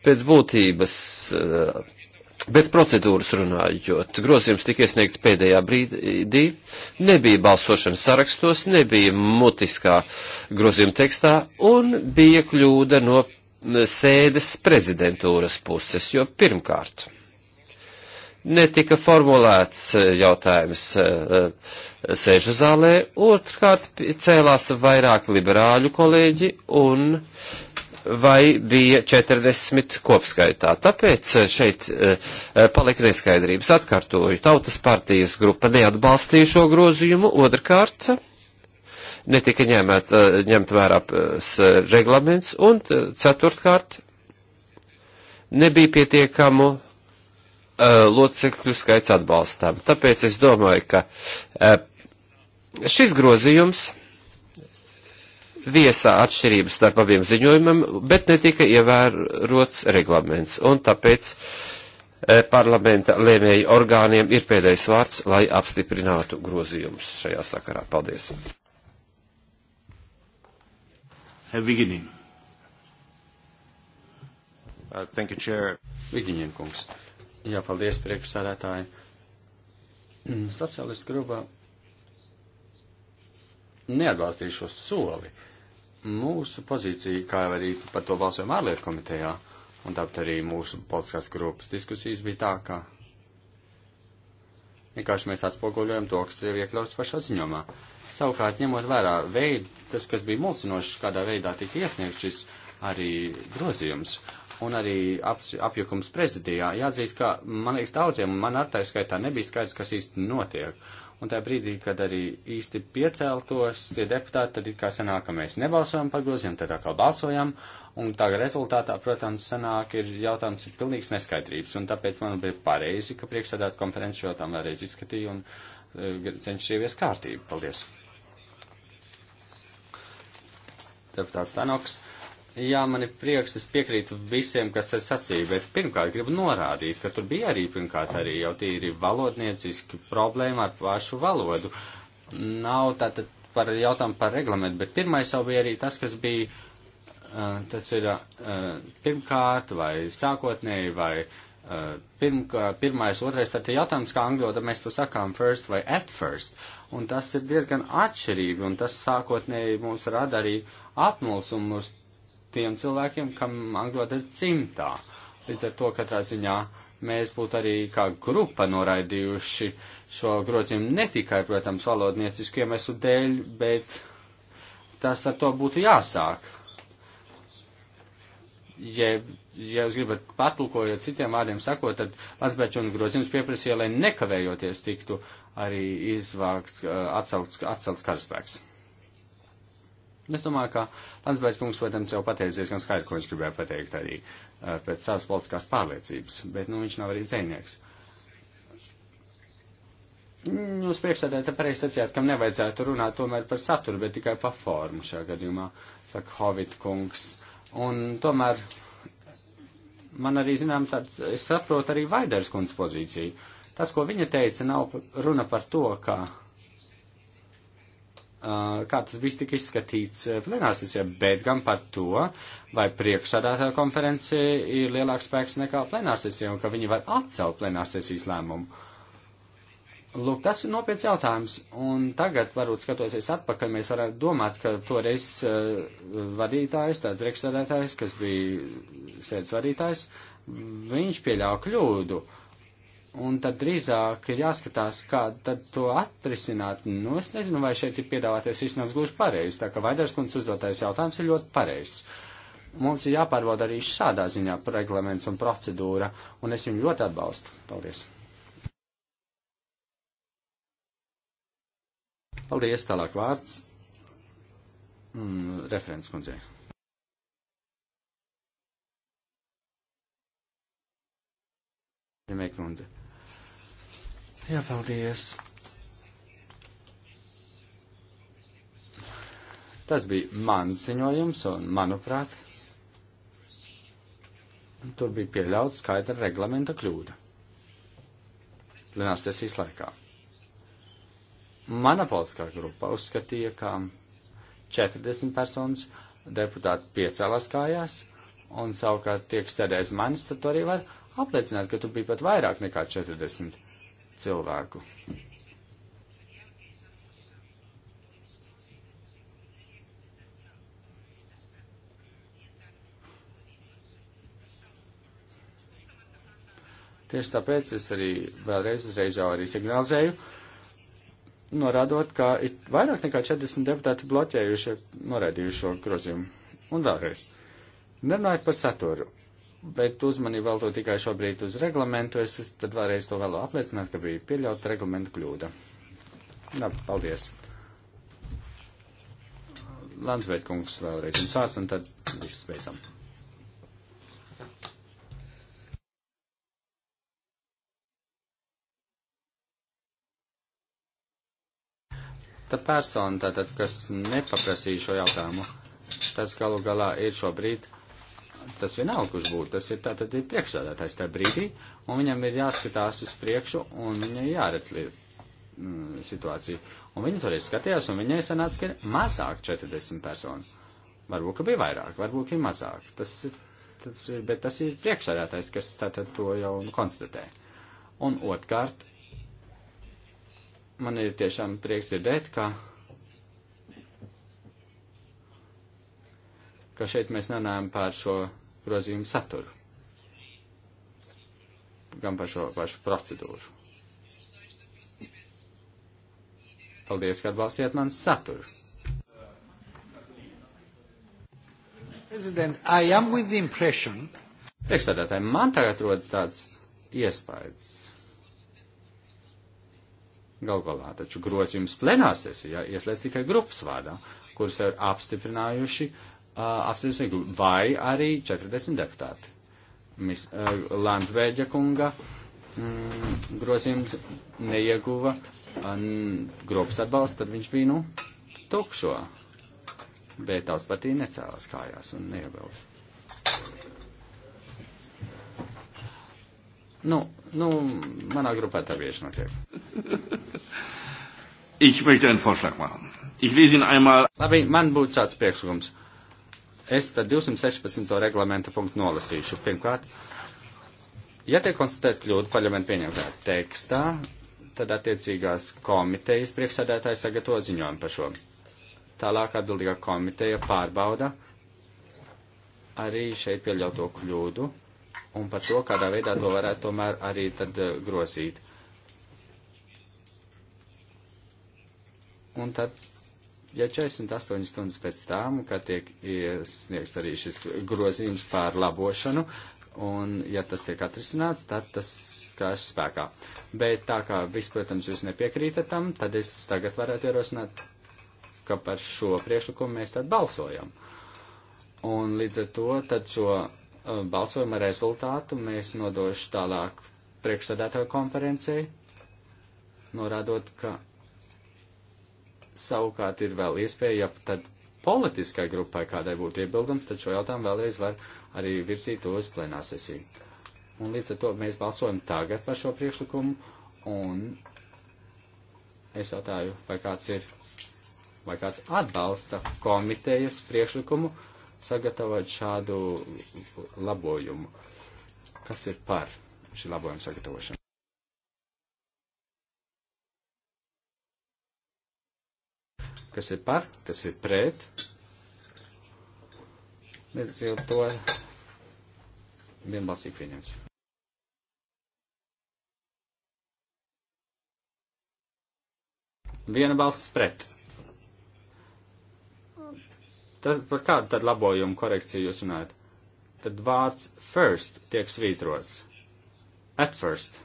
B: pēc būtības eh, Pēc procedūras runājot, grozījums tika iesniegts pēdējā brīdī, nebija balsošanas sarakstos, nebija mutiskā grozījuma tekstā un bija kļūda no sēdes prezidentūras puses, jo pirmkārt netika formulēts eh, jautājums eh, sēžu zālē, otrkārt cēlās vairāk liberāļu kolēģi un vai bija 40 kopskaitā. Tāpēc eh, šeit palika neskaidrības. Atkārtoju, Tautas partijas grupa neatbalstīja šo grozījumu, otrkārt netika ņemēts, eh, ņemt vērā eh, reglaments, un eh, ceturtkārt nebija pietiekamu uh, locekļu skaits atbalstām. Tāpēc es domāju, ka uh, šis grozījums viesā atšķirības starp abiem ziņojumiem, bet netika ievērots reglaments, un tāpēc uh, parlamenta lēmēju orgāniem ir pēdējais vārds, lai apstiprinātu grozījumus šajā sakarā. Paldies! Viginin.
C: Uh, thank you, Chair. Viginin kungs. Jā, paldies, priekšsādātāji. Mm, sociālistu grupa neatbalstīs šo soli. Mūsu pozīcija, kā jau arī par to balsojam ārlietu komitejā, un tāpat arī mūsu politiskās grupas diskusijas bija tā, ka vienkārši mēs atspoguļojam to, kas ir iekļauts pašā ziņomā. Uh, Savukārt, ņemot vērā veidu, tas, kas bija mulsinošs, kādā veidā tika iesniegts šis arī grozījums un arī ap, apjukums prezidijā, jāatzīst, ka man liekas daudziem, man ar tā skaitā nebija skaidrs, kas īsti notiek. Un tajā brīdī, kad arī īsti pieceltos tie deputāti, tad it kā sanāk, ka mēs nebalsojam par grozījumu, tad atkal balsojam, un tā rezultātā, protams, sanāk, ir jautājums ir pilnīgs neskaidrības, un tāpēc man bija pareizi, ka priekšsēdāt konferences jautājumu vēlreiz izskatīju un uh, eh, cenšos ievies kārtību. Paldies! deputāts Tanoks. Jā, man ir prieks, es piekrītu visiem, kas te sacīja, bet pirmkārt gribu norādīt, ka tur bija arī pirmkārt arī jau tīri valodnieciski problēma ar pašu valodu. Nav tātad par jautājumu par reglamentu, bet pirmais jau bija arī tas, kas bija, eh, tas ir eh, pirmkārt vai sākotnēji vai eh, pirmkār, pirmais, otrais, tad ir jautājums, kā angļoda mēs to sakām first vai at first. Un tas ir diezgan atšķirīgi, un tas sākotnēji mums rada arī apmulsumu uz tiem cilvēkiem, kam angļot ir cimtā. Līdz ar to katrā ziņā mēs būtu arī kā grupa noraidījuši šo grozījumu ne tikai, protams, valodniecisku iemeslu dēļ, bet tas ar to būtu jāsāk. Ja, ja jūs gribat patlūkojot citiem vārdiem sakot, tad Latvijas grozījums pieprasīja, lai nekavējoties tiktu arī izvākt, eh, atsaukts, atsaukts karaspēks. Es domāju, ka Landsbērģis kungs, protams, jau pateica diezgan skaidri, ko viņš gribēja pateikt arī uh, pēc savas politiskās pārliecības, bet, nu, viņš nav arī dzēnieks. Jūs priekšsēdētā pareizi sacījāt, kam nevajadzētu runāt tomēr par saturu, bet tikai par formu šajā gadījumā, saka Hovit kungs. Un tomēr man arī, zinām, tāds, es saprotu arī Vaiders kundzes pozīciju. Tas, ko viņa teica, nav runa par to, ka Uh, kā tas viss tika izskatīts uh, plenārsesijā, bet gan par to, vai priekšsādātāja konference ir lielāks spēks nekā plenārsesijā un ka viņi var atcelt plenārsesijas lēmumu. Lūk, tas ir nopietns jautājums, un tagad, varbūt skatoties atpakaļ, mēs varētu domāt, ka toreiz uh, vadītājs, tātad priekšsādātājs, kas bija sēdes vadītājs, viņš pieļāva kļūdu. Uh, Un tad drīzāk ir jāskatās, kā tad to atrisināt. Nu, es nezinu, vai šeit ir piedāvāties risinājums gluži pareizs. Tā ka Vaidars kundze uzdotais jautājums ir ļoti pareizs. Mums ir jāpārbauda arī šādā ziņā reglaments un procedūra, un es viņu ļoti atbalstu. Paldies! Paldies, tālāk vārds. Mm, referents kundzei. Demek kundze.
B: Jā, paldies.
C: Tas bija mans ziņojums, un, manuprāt, tur bija pieļauts skaidra reglamenta kļūda. Plenās sesijas laikā. Mana politiskā grupa uzskatīja, ka 40 personas deputāti piecēlās kājās, un savukārt tiek sēdējis manis, tad to arī var apliecināt, ka tu biji pat vairāk nekā 40 cilvēku. Tieši tāpēc es arī vēlreiz uzreiz jau arī signalizēju, norādot, ka ir vairāk nekā 40 deputāti bloķējuši, noraidījuši šo grozījumu. Un vēlreiz, nerunājot par saturu, bet uzmanību vēl to tikai šobrīd uz reglamentu. Es tad vēlreiz to vēlu apliecināt, ka bija pieļauta reglamentu kļūda. Jā, paldies. Landsveid kungs vēlreiz jums sāc, un tad viss beidzam. Tā persona, tātad, kas nepaprasīja šo jautājumu, tas galu galā ir šobrīd tas vienalga, kurš būtu, tas ir tātad ir priekšsādātājs tajā brīdī, un viņam ir jāskatās uz priekšu, un viņai jāredz mm, situācija. Un viņa toreiz skatījās, un viņai sanāca, ka ir mazāk 40 personu. Varbūt, ka bija vairāk, varbūt ir mazāk. Tas ir, tas ir, bet tas ir priekšsādātājs, kas tātad to jau konstatē. Un otrkārt, man ir tiešām prieks dzirdēt, ka ka šeit mēs nenājam pār šo grozījumu saturu, gan par šo pašu procedūru. Paldies, ka atbalstījāt man saturu. President, I am with the impression. Priekšstādātāji, man tagad rodas tāds iespējas. Galu galā, taču grozījums plenārsesijā ieslēdz tikai grupas vārdā, kuras ir apstiprinājuši uh, Uh, apsvērs iegūmi, vai arī 40 deputāti. Mis, uh, Landsbērģa kunga mm, grozījums neieguva um, grupas atbalstu, tad viņš bija, nu, tukšo. Bet tauts patī necēlās kājās un neiebilst. Nu, nu, manā grupā tā bieži notiek. Ich möchte einen Vorschlag machen. Ich lese ihn einmal. Labi, man būtu tāds priekšlikums. Es tad 216. reglamenta punktu nolasīšu. Pirmkārt, ja tiek konstatēta kļūda parlamenta pieņemtā tekstā, tad attiecīgās komitejas priekšsēdētājs sagatavo ziņojumu par šo. Tālāk atbildīgā komiteja pārbauda arī šeit pieļauto kļūdu un par to, kādā veidā to varētu tomēr arī tad eh, grozīt. Un tad ja 48 stundas pēc tam, kad tiek iesniegts arī šis grozījums pār labošanu, un ja tas tiek atrisināts, tad tas skās spēkā. Bet tā kā viss, protams, jūs nepiekrītat tam, tad es tagad varētu ierosināt, ka par šo priekšlikumu mēs tad balsojam. Un līdz ar to tad šo uh, balsojuma rezultātu mēs nodošu tālāk priekšsēdētāju konferencei, norādot, ka savukārt ir vēl iespēja, ja tad politiskai grupai kādai būtu iebildums, tad šo jautājumu vēlreiz var arī virzīt uz plenārsesiju. Un līdz ar to mēs balsojam tagad par šo priekšlikumu, un es jautāju, vai kāds ir, vai kāds atbalsta komitejas priekšlikumu sagatavot šādu labojumu. Kas ir par šī labojuma sagatavošanu? Kas ir par, kas ir pret? Līdz ar to vienbalsīgi pieņems. Viena balss pret. Tas par kādu tad labojumu korekciju jūs runājat? Tad vārds first tiek svītrots. At first.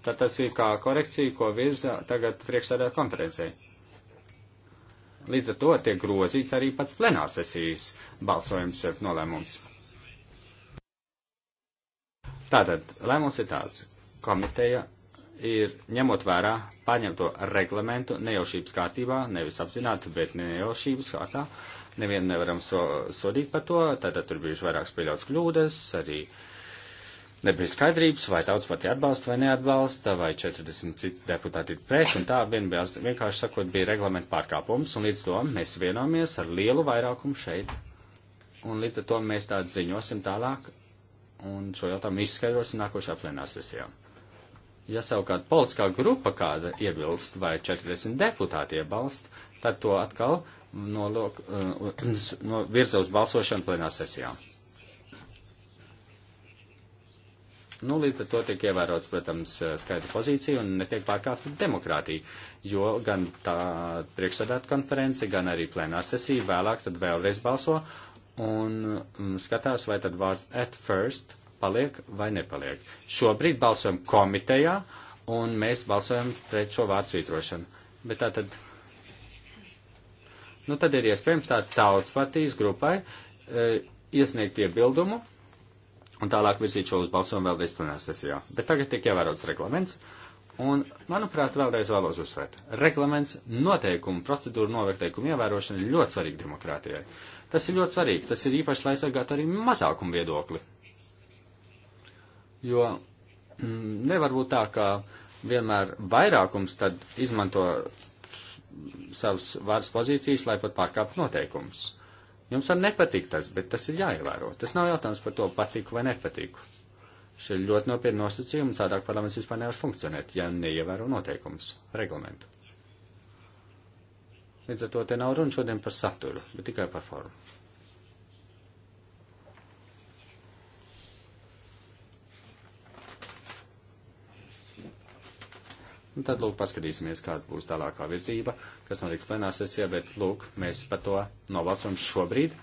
C: Tad tas ir kā korekcija, ko virza tagad priekšsēdā konferencē. Līdz ar to tiek grozīts arī pats plenārsesijas balsojums nolēmums. Tātad lēmums ir tāds. Komiteja ir ņemot vērā paņemto reglamentu nejaušības kārtībā, nevis apzināti, bet nejaušības kārtā. Nevienu nevaram so, sodīt par to, tātad tur bijuši vairākas pieļauts kļūdas, arī uh, Nebija skaidrības, vai tauts pati atbalsta vai neatbalsta, vai 40 citi deputāti ir pret, un tā vien bija, vienkārši sakot, bija reglamenta pārkāpums, un līdz to mēs vienojamies ar lielu vairākumu šeit. Un līdz ar to mēs tādu ziņosim tālāk, un šo jautājumu izskaidrosim nākošā plenā sesijā. Ja savukārt politiskā grupa kāda iebilst vai 40 deputāti iebalst, tad to atkal nolok, uh, no virza uz balsošanu plenā sesijām. Nu, līdz ar to tiek ievērots, protams, eh, skaidra pozīcija un netiek pārkāpta demokrātija, jo gan tā priekšsādāta konference, gan arī plenārsesija vēlāk tad vēlreiz balso un mm, skatās, vai tad vārds at first paliek vai nepaliek. Šobrīd balsojam komitejā un mēs balsojam pret šo vārdu svītrošanu. Bet tā tad. Nu, tad ir iespējams tā tautas partijas grupai e, iesniegt iebildumu un tālāk virzīt šo uz balsojumu vēlreiz plenārā sesijā. Bet tagad tiek ievērots reglaments, un, manuprāt, vēlreiz vēlos uzsvērt. Reglaments, noteikumu, procedūru novērtējumu ievērošana ir ļoti svarīga demokrātijai. Tas ir ļoti svarīgi, tas ir īpaši, lai aizsargātu arī mazākumu viedokli. Jo mm, nevar būt tā, ka vienmēr vairākums tad izmanto savas varas pozīcijas, lai pat pārkāptu noteikumus. Jums var nepatikt tas, bet tas ir jāievēro. Tas nav jautājums par to patiku vai nepatiku. Šie ir ļoti nopietni nosacījumi, sādāk parlaments vispār nevar funkcionēt, ja neievēro noteikumus, reglamentu. Līdz ar to te nav runa šodien par saturu, bet tikai par formu. Un tad, lūk, paskatīsimies, kāda būs tālākā virzība, kas notiks plenā sesijā, bet, lūk, mēs par to nobalsojam šobrīd.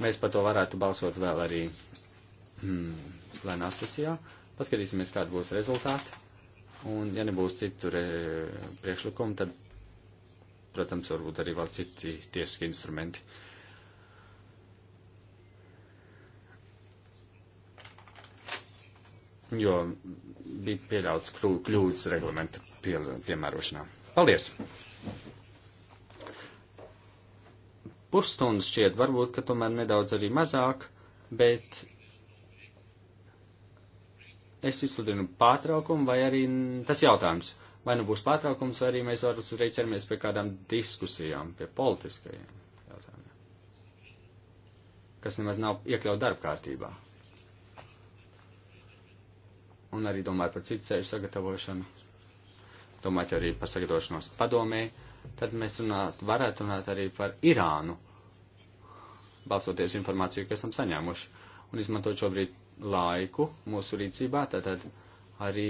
C: Mēs par to varētu balsot vēl arī hmm, plenā sesijā. Paskatīsimies, kāda būs rezultāti. Un, ja nebūs citu re, priekšlikumu, tad, protams, varbūt arī vēl citi tiesiski instrumenti. Jo bija pieļauts kļūdas reglamenta pie, piemērošanā. Paldies! Pusstundas šķiet, varbūt, ka tomēr nedaudz arī mazāk, bet es izsludinu pārtraukumu vai arī tas jautājums. Vai nu būs pārtraukums, vai arī mēs varam uzreiz ķermies pie kādām diskusijām, pie politiskajiem jautājumiem, kas nemaz nav iekļaut darba kārtībā. Un arī domāju par citu sēžu sagatavošanu domāt arī par sagatavošanos padomē, tad mēs runāt, varētu runāt arī par Irānu, balsoties informāciju, kas esam saņēmuši, un izmantot šobrīd laiku mūsu rīcībā, tātad arī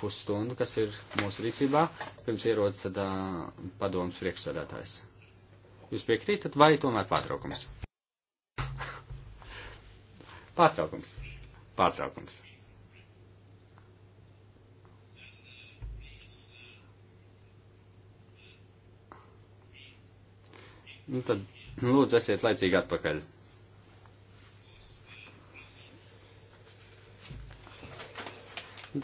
C: pusstundu, kas ir mūsu rīcībā, pirms ierodas tad uh, padoms priekšsēdētājs. Jūs piekrītat vai tomēr pārtraukums? pārtraukums. Pārtraukums. Nu, tad lūdzu esiet laicīgi atpakaļ.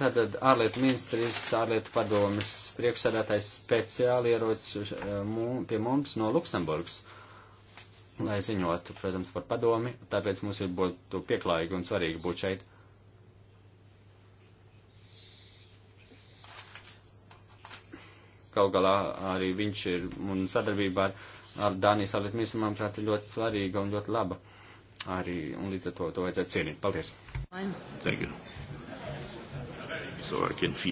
C: Tātad ārlietu ministrijas, ārlietu padomas priekšsēdētājs speciāli ierodas eh, pie mums no Luksemburgas, lai ziņotu, protams, par padomi, tāpēc mums ir būtu pieklājīgi un svarīgi būt šeit. Kaut galā arī viņš ir un sadarbībā ar ar Dānijas ārlietu ministru, manuprāt, ir ļoti svarīga un ļoti laba. Arī, un līdz ar to to vajadzētu cienīt. Paldies! Thank you. So I can feed.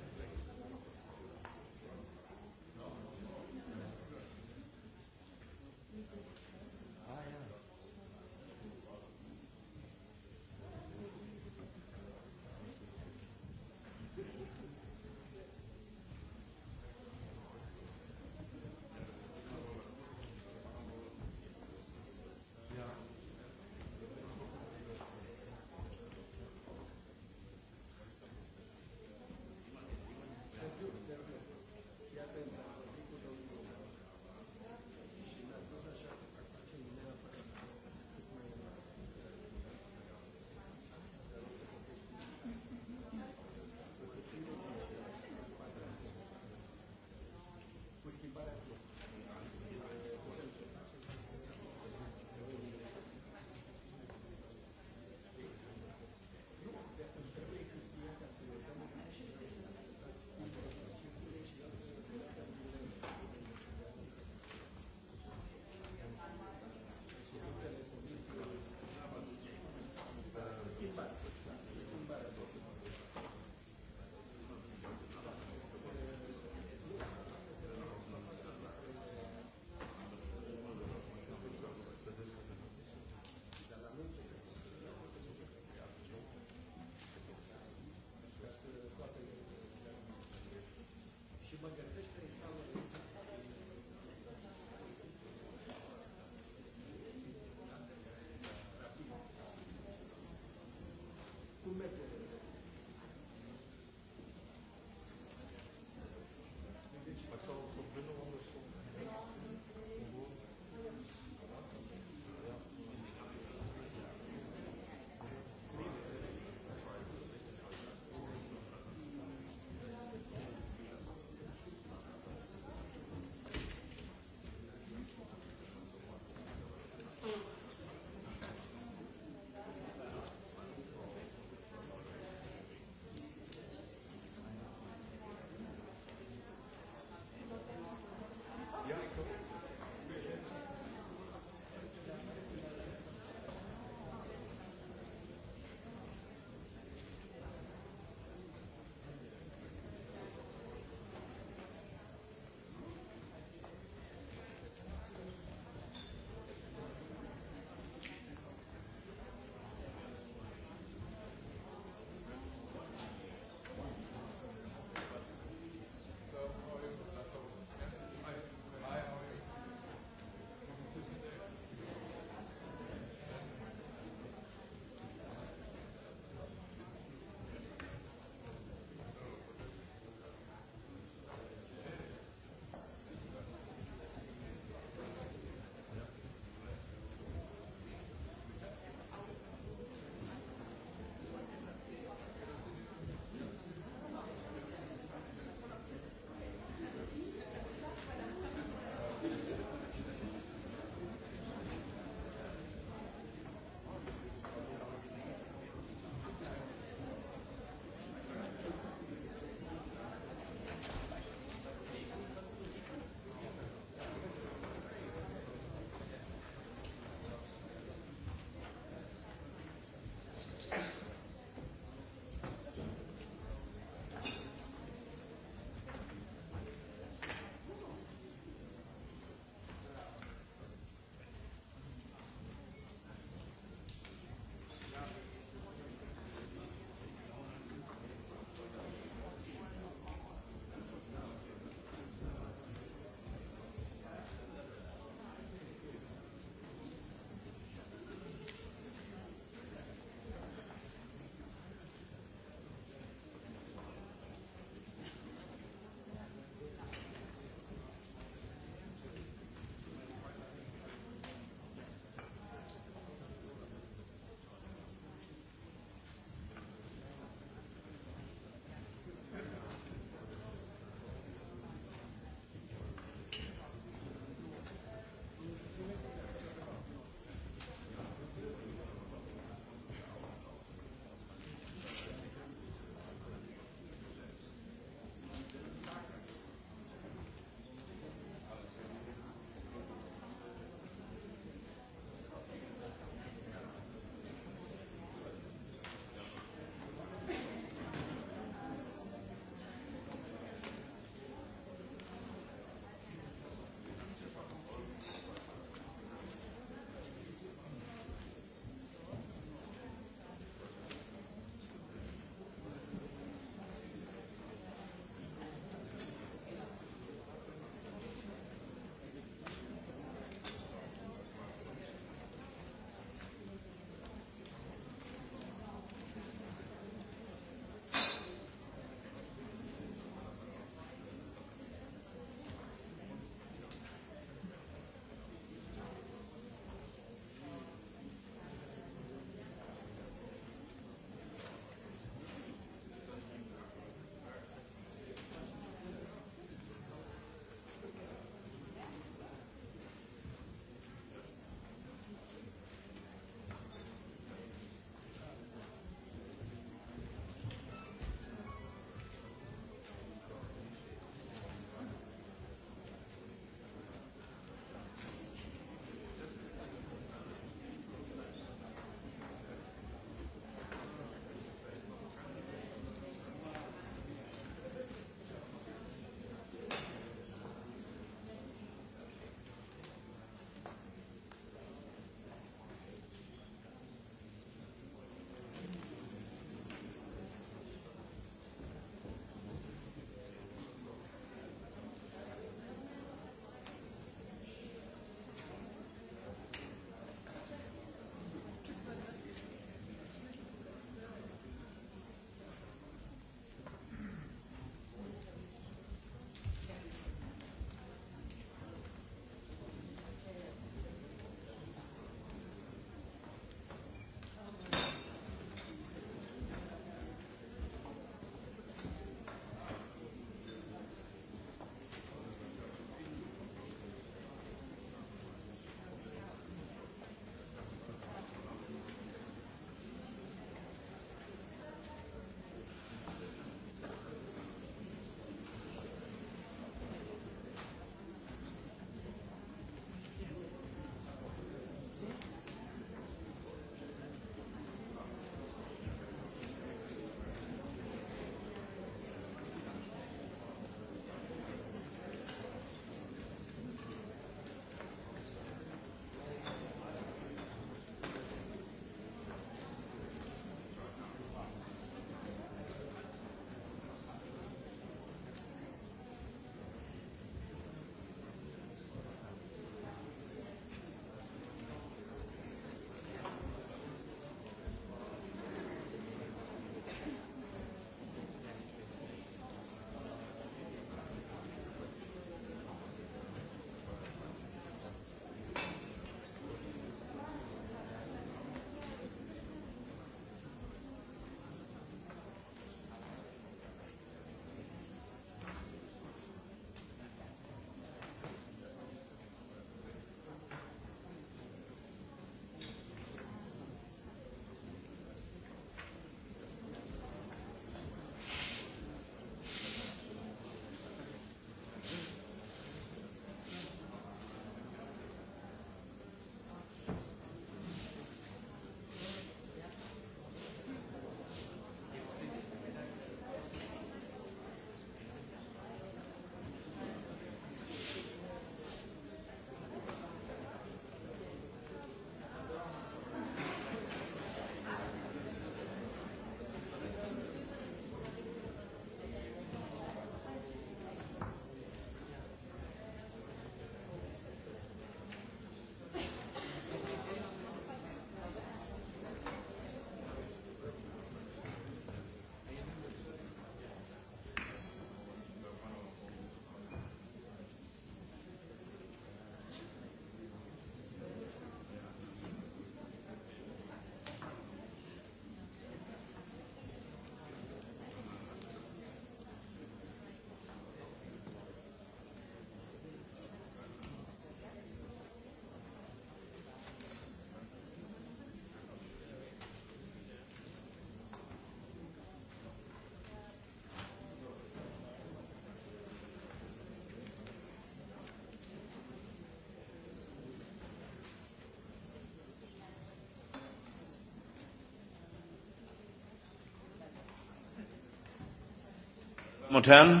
A: und Herren,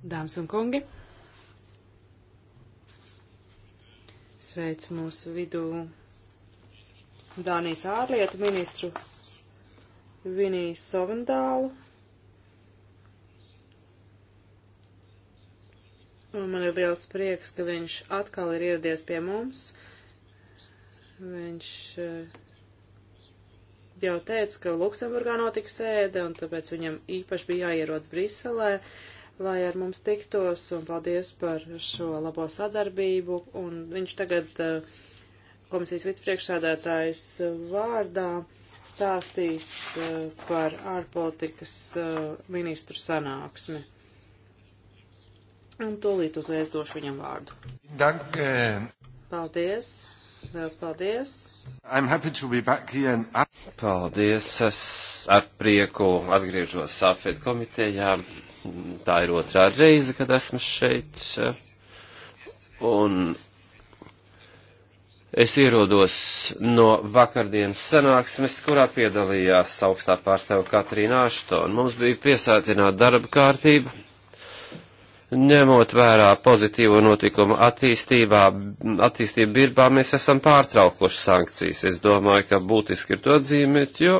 A: Dāmas un kungi, sveic mūsu vidū Dānijas ārlietu ministru Viniju Sovendālu. Un man ir liels prieks, ka viņš atkal ir ieradies pie mums. Viņš uh, jau teica, ka Luksemburgā notiks sēde, un tāpēc viņam īpaši bija jāierodas Briselē, lai ar mums tiktos, un paldies par šo labo sadarbību, un viņš tagad eh, komisijas vicepriekšsādātājs vārdā stāstīs eh, par ārpolitikas eh, ministru sanāksmi. Un tūlīt uzreiz došu viņam vārdu. Dank. Paldies. Liels paldies!
B: And... Paldies! Es ar prieku atgriežos Sāfēd komitejā. Tā ir otrā reize, kad esmu šeit. Un Es ierodos no vakardienas sanāksmes, kurā piedalījās augstā pārstāva Katrīna Aštona. Mums bija piesātināta darba kārtība ņemot vērā pozitīvo notikumu attīstībā, attīstību birbā, mēs esam pārtraukuši sankcijas. Es domāju, ka būtiski ir to atzīmēt, jo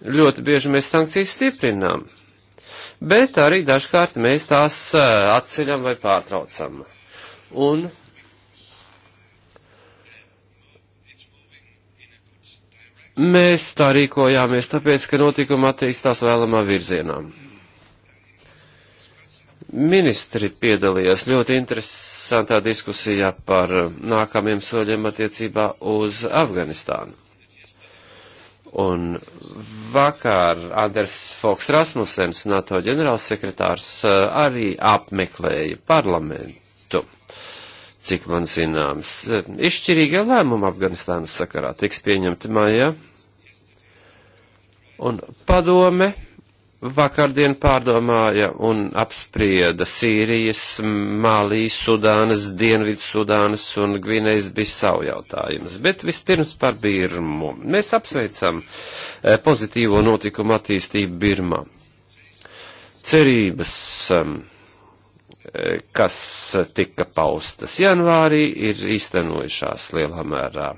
B: ļoti bieži mēs sankcijas stiprinām. Bet arī dažkārt mēs tās atceļam vai pārtraucam. Un mēs tā rīkojāmies, tāpēc, ka notikumi attīstās vēlamā virzienām. Ministri piedalījās ļoti interesantā diskusijā par eh, nākamiem soļiem attiecībā uz Afganistānu. Un vakar Anders Foks Rasmussens, NATO ģenerālsekretārs, eh, arī apmeklēja parlamentu, cik man zināms. Eh, izšķirīgie lēmumi Afganistānas sakarā tiks pieņemti maijā. Un padome vakardien pārdomāja un apsprieda Sīrijas, Malī, Sudānas, Dienvidsudānas un Gvinējas Bisau jautājumus. Bet vispirms par Birmu. Mēs apsveicam eh, pozitīvo notikumu attīstību Birmā. Cerības, ehm, eh, kas tika paustas janvārī, ir īstenojušās lielā mērā.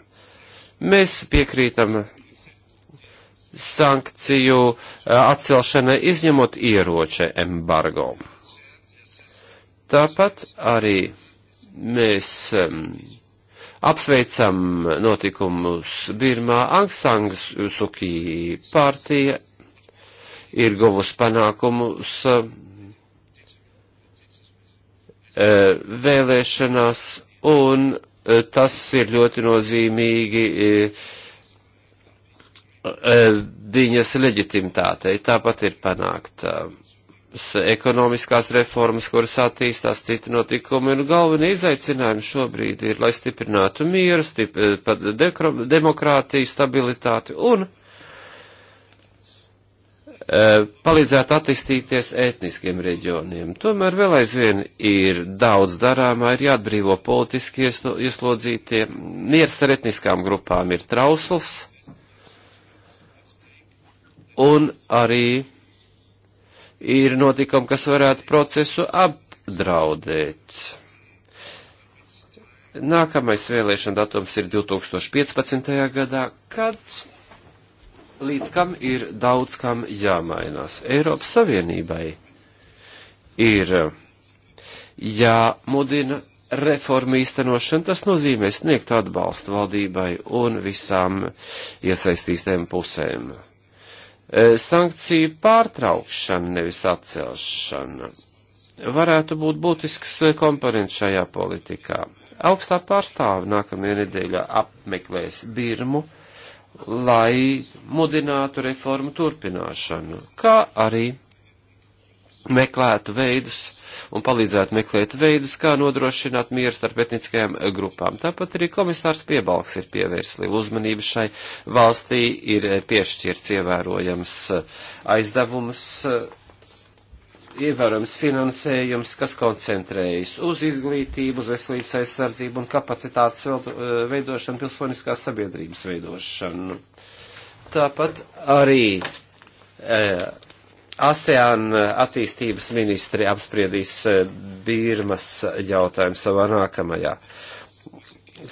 B: Mēs piekrītam sankciju eh, atcelšanai, izņemot ieroče embargo. Tāpat arī mēs um, apsveicam notikumus Birmā. Angsangs Suki partija ir guvusi panākumus uh, vēlēšanās, un uh, tas ir ļoti nozīmīgi. Uh, Eh, viņas leģitimitātei. Tāpat ir panākta eh, ekonomiskās reformas, kuras attīstās citi notikumi, un galvenie izaicinājumi šobrīd ir, lai stiprinātu mieru, stip, eh, demokrātiju, stabilitāti un palīdzētu attīstīties etniskiem reģioniem. Tomēr vēl aizvien ir daudz darāmā, ir jāatbrīvo politiski ieslodzītie, miers ar etniskām grupām ir trausls, un arī ir notikumi, kas varētu procesu apdraudēt. Nākamais vēlēšana datums ir 2015. gadā, kad līdz kam ir daudz kam jāmainās. Eiropas Savienībai ir jāmudina reformu īstenošana, tas nozīmē sniegt atbalstu valdībai un visām iesaistītēm pusēm. E, sankciju pārtraukšana, nevis atcelšana, varētu būt būtisks e, komponents šajā politikā. Augstā pārstāve nākamajā nedēļā apmeklēs Birmu, lai mudinātu reformu turpināšanu, kā arī meklētu veidus un palīdzētu meklēt veidus, kā nodrošināt mieru starp etniskajām grupām. Tāpat arī komisārs Piebalgs ir pievērsis lielu uzmanību šai valstī, ir piešķirts ievērojams aizdevums, ievērojams finansējums, kas koncentrējas uz izglītību, uz veselības aizsardzību un kapacitātes eh, veidošanu, pilsoniskās sabiedrības veidošanu. Tāpat arī. E, ASEAN eh, attīstības ministri apspriedīs eh, Birmas jautājumu savā nākamajā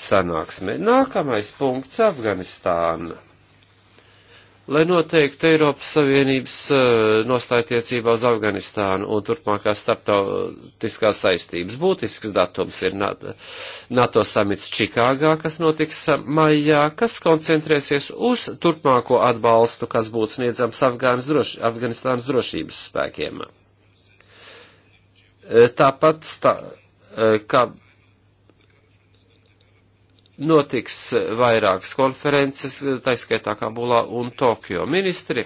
B: sanāksmē. Nākamais punkts - Afganistāna lai noteiktu Eiropas Savienības eh, nostājotiecībā uz Afganistānu un turpmākās starptautiskās saistības. Būtisks datums ir NATO samits Čikāgā, kas notiks maijā, kas koncentrēsies uz turpmāko atbalstu, kas būtu sniedzams droši, Afganistānas drošības spēkiem. Eh, tāpat, stā, eh, kā notiks vairākas konferences, taiskaitā Kabulā un Tokio. Ministri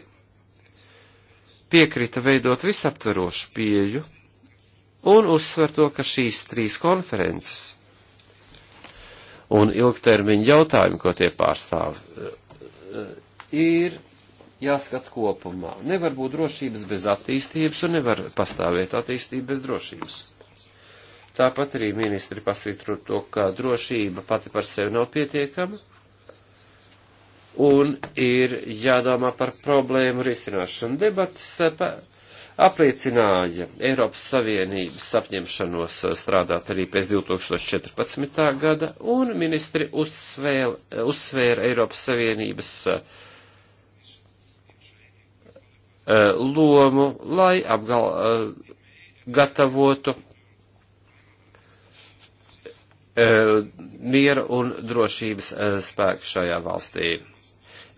B: piekrita veidot visaptverošu pieju un uzsver to, ka šīs trīs konferences un ilgtermiņa jautājumi, ko tie pārstāv, ir jāskat kopumā. Nevar būt drošības bez attīstības un nevar pastāvēt attīstība bez drošības. Tāpat arī ministri pasvītro to, ka drošība pati par sevi nav pietiekama un ir jādomā par problēmu risināšanu. Debatas eh, apliecināja Eiropas Savienības apņemšanos eh, strādāt arī pēc 2014. gada, un ministri uzsvēla, eh, uzsvēra Eiropas Savienības lomu, lai apgal, gatavotu Eh, miera un drošības eh, spēku šajā valstī.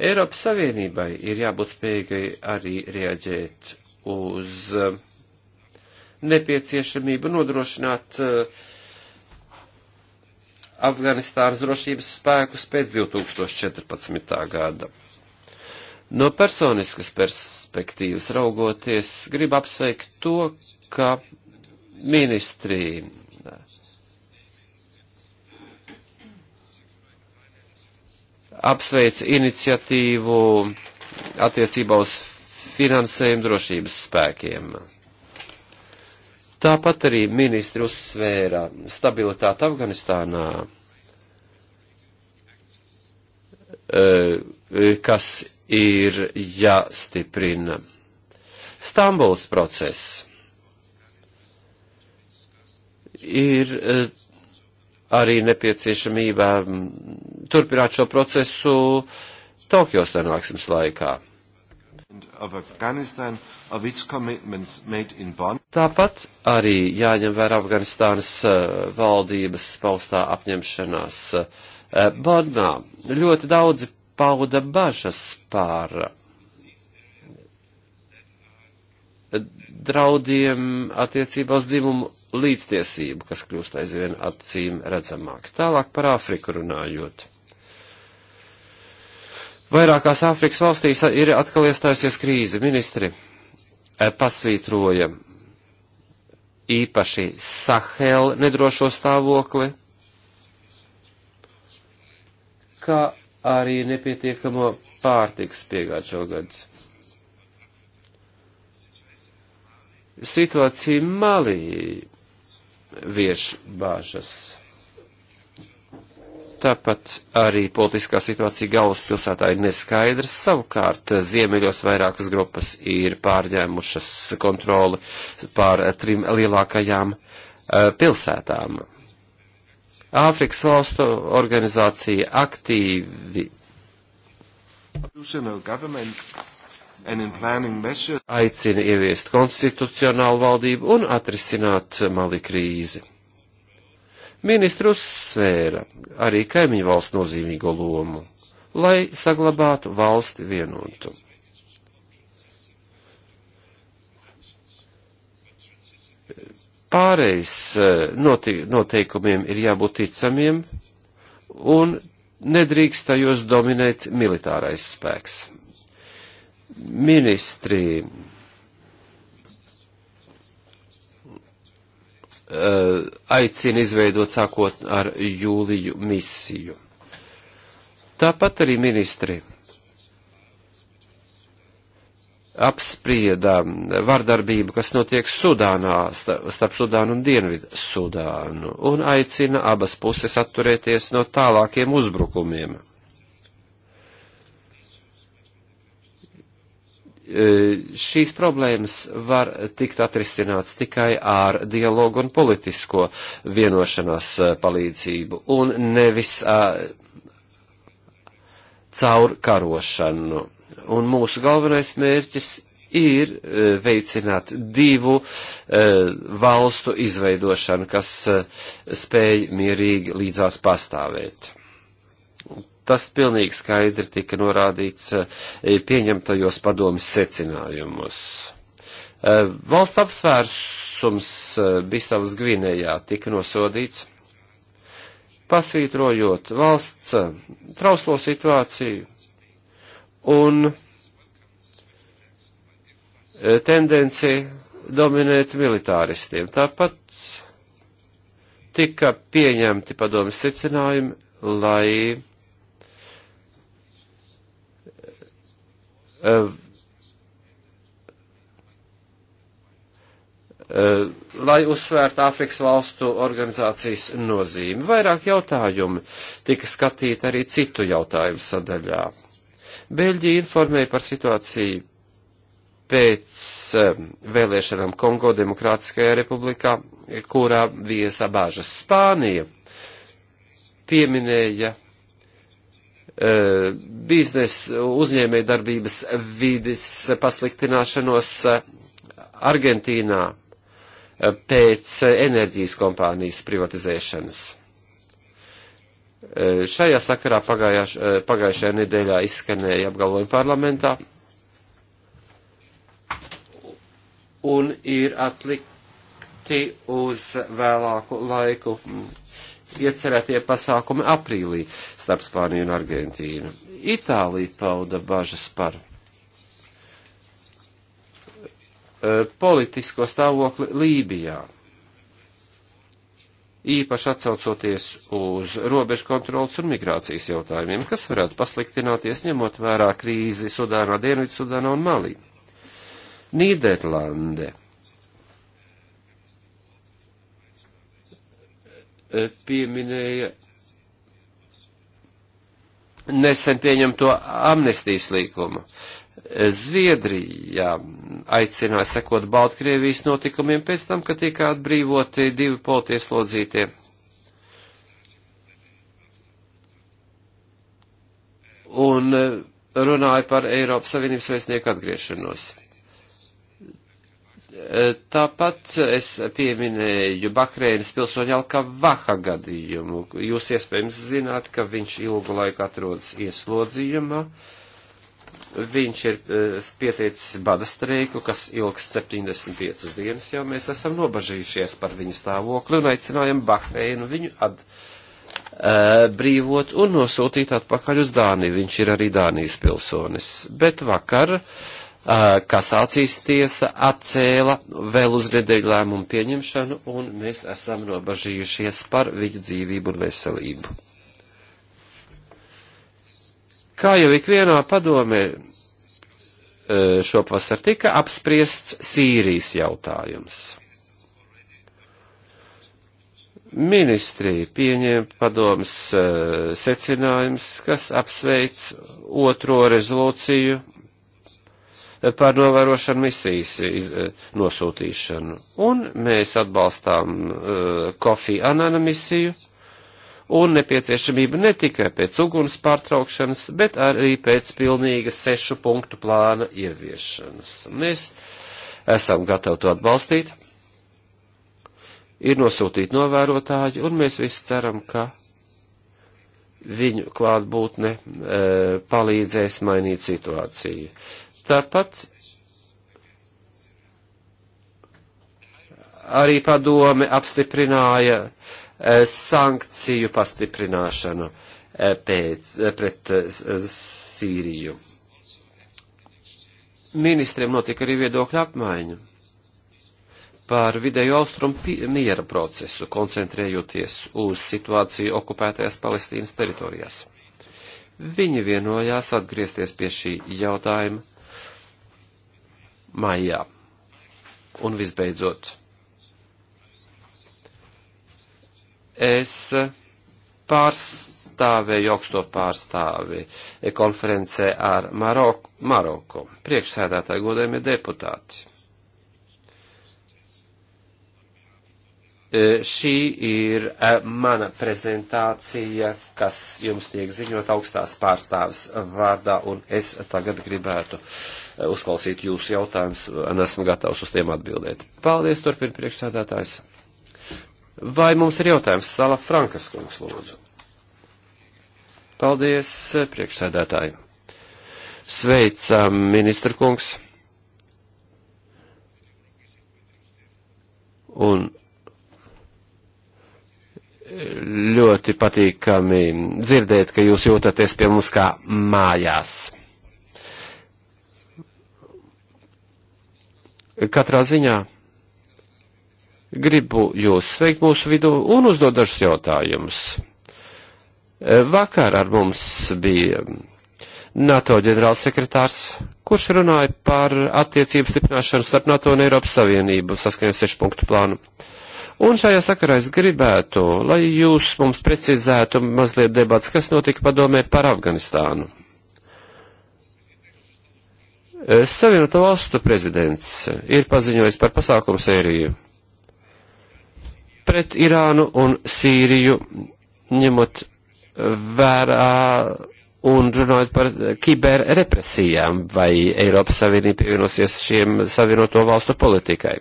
B: Eiropas Savienībai ir jābūt spējīgai arī reaģēt uz eh, nepieciešamību nodrošināt Afganistānas drošības spēkus pēc 2014. gada. No personiskas perspektīvas raugoties, gribu apsveikt to, ka ministrija apsveic iniciatīvu attiecībā uz finansējumu drošības spēkiem. Tāpat arī ministri uzsvēra stabilitāti Afganistānā, e, kas ir jāstiprina. Stambuls process ir e, arī nepieciešamība mm, turpināt šo procesu Tokio sanāksmes laikā. Tāpat arī jāņem vērā Afganistānas eh, valdības paustā apņemšanās eh, Bonnā. Ļoti daudzi pauda bažas par eh, draudiem attiecībā uz dzimumu līdztiesību, kas kļūst aizvien acīm redzamāk. Tālāk par Āfriku runājot. Vairākās Āfrikas valstīs ir atkal iestājusies krīze. Ministri eh, pasvītroja īpaši Sahel nedrošo stāvokli, kā arī nepietiekamo pārtiks piegādu šogad. Situācija Malī vieš bāžas. Tāpat arī politiskā situācija galvaspilsētā ir neskaidrs. Savukārt ziemeļos vairākas grupas ir pārņēmušas kontroli pār trim lielākajām eh, pilsētām. Āfrikas valstu organizācija aktīvi aicina ieviest konstitucionālu valdību un atrisināt mali krīzi. Ministru uzsvēra arī kaimiņu valsts nozīmīgo lomu, lai saglabātu valsti vienotu. Pārējais eh, noteikumiem ir jābūt ticamiem un nedrīkst tajos dominēt militārais spēks ministri eh, aicina izveidot sākot ar jūliju misiju. Tāpat arī ministri apsprieda vardarbību, kas notiek Sudānā, starp Sudānu un Dienvidu Sudānu, un aicina abas puses atturēties no tālākiem uzbrukumiem. E, šīs problēmas var tikt atrisināts tikai ar dialogu un politisko vienošanās e, palīdzību un nevis e, caur karošanu. Un mūsu galvenais mērķis ir veicināt divu valstu izveidošanu, kas spēj mierīgi līdzās pastāvēt. Tas pilnīgi skaidri tika norādīts eh, pieņemtajos padomas secinājumus. Eh, valsts apsvērsums eh, Bisavas Gvinējā tika nosodīts, pasvītrojot valsts trauslo situāciju un tendenci dominēt militāristiem. Tāpat tika pieņemti padomas secinājumi, lai lai uzsvērtu Āfrikas valstu organizācijas nozīmi. Vairāk jautājumu tika skatīti arī citu jautājumu sadaļā. Beļģija informēja par situāciju pēc vēlēšanām Kongo Demokrātiskajā republikā, kurā bija sabāžas Spānija, pieminēja E, biznesa uzņēmē darbības vides pasliktināšanos Argentīnā e, pēc enerģijas kompānijas privatizēšanas. E, šajā sakarā pagājuš, pagājušajā nedēļā izskanēja apgalvojumi parlamentā un ir atlikti uz vēlāku laiku iecerētie pasākumi aprīlī starp Spāniju un Argentīnu. Itālija pauda bažas par e, politisko stāvokli Lībijā. Īpaši atcaucoties uz robežu kontrols un migrācijas jautājumiem, kas varētu pasliktināties ņemot vērā krīzi Sudānā, Dienvidsudānā un Malī. Nīderlande pieminēja nesen pieņemto amnestijas līkumu. Zviedrijā aicināja sekot Baltkrievijas notikumiem pēc tam, kad tika atbrīvoti divi politieslodzītie. Un eh, runāja par Eiropas Savienības vēstnieku atgriešanos. Tāpat es pieminēju Bahreinas pilsoņu Alka Vaha gadījumu. Jūs iespējams zināt, ka viņš ilgu laiku atrodas ieslodzījumā. Viņš ir eh, pieteicis bada streiku, kas ilgs 75 dienas, jau mēs esam nobažījušies par viņa stāvokli un aicinājam Bahreinu viņu at, uh, eh, brīvot un nosūtīt atpakaļ uz Dāniju. Viņš ir arī Dānijas pilsonis. Bet vakar uh, kasācijas tiesa atcēla vēl uz nedēļu lēmumu pieņemšanu, un mēs esam nobažījušies par viņa dzīvību un veselību. Kā jau ikvienā padomē šopavasar tika apspriests Sīrijas jautājums. Ministrija pieņēma padomas secinājums, kas apsveic otro rezolūciju par novērošanu misijas iz, eh, nosūtīšanu. Un mēs atbalstām eh, Kofi uh, Anana misiju un nepieciešamību ne tikai pēc uguns pārtraukšanas, bet arī pēc pilnīgas sešu punktu plāna ieviešanas. Mēs esam gatavi to atbalstīt. Ir nosūtīti novērotāji, un mēs visi ceram, ka viņu klātbūtne e, palīdzēs mainīt situāciju. Tāpat arī padome apstiprināja e, sankciju pastiprināšanu e, pēc, e, pret Sīriju. Ministriem notika arī viedokļa apmaiņa par vidēju austrumu miera procesu, koncentrējoties uz situāciju okupētajās Palestīnas teritorijās. Viņi vienojās atgriezties pie šī jautājuma maijā. Un visbeidzot, es pārstāvēju augsto pārstāvi konferencē ar Maroku, Maroku priekšsēdētāju godējumie deputāti. E, šī ir e, mana prezentācija, kas jums tiek ziņot augstās pārstāvis vārdā, un es tagad gribētu uh, Eh, uzklausīt jūsu jautājumus eh, un esmu gatavs uz tiem atbildēt. Paldies, turpina priekšsēdētājs. Vai mums ir jautājums? Sala Frankas kungs, lūdzu. Paldies, eh, priekšsēdētāji. Sveicam, ministra kungs. Un ļoti patīkami dzirdēt, ka jūs jūtaties pie mums kā mājās. Katrā ziņā gribu jūs sveikt mūsu vidū un uzdot dažus jautājumus. Vakar ar mums bija NATO ģenerālsekretārs, kurš runāja par attiecību stiprināšanu starp NATO un Eiropas Savienību saskaņā sešu punktu plānu. Un šajā sakarā es gribētu, lai jūs mums precizētu mazliet debats, kas notika padomē par Afganistānu. Savienoto valstu prezidents ir paziņojis par pasākumu sēriju pret Irānu un Sīriju, ņemot vērā un runājot par kiberrepresijām, vai Eiropas Savienība pievienosies šiem savienoto valstu politikai.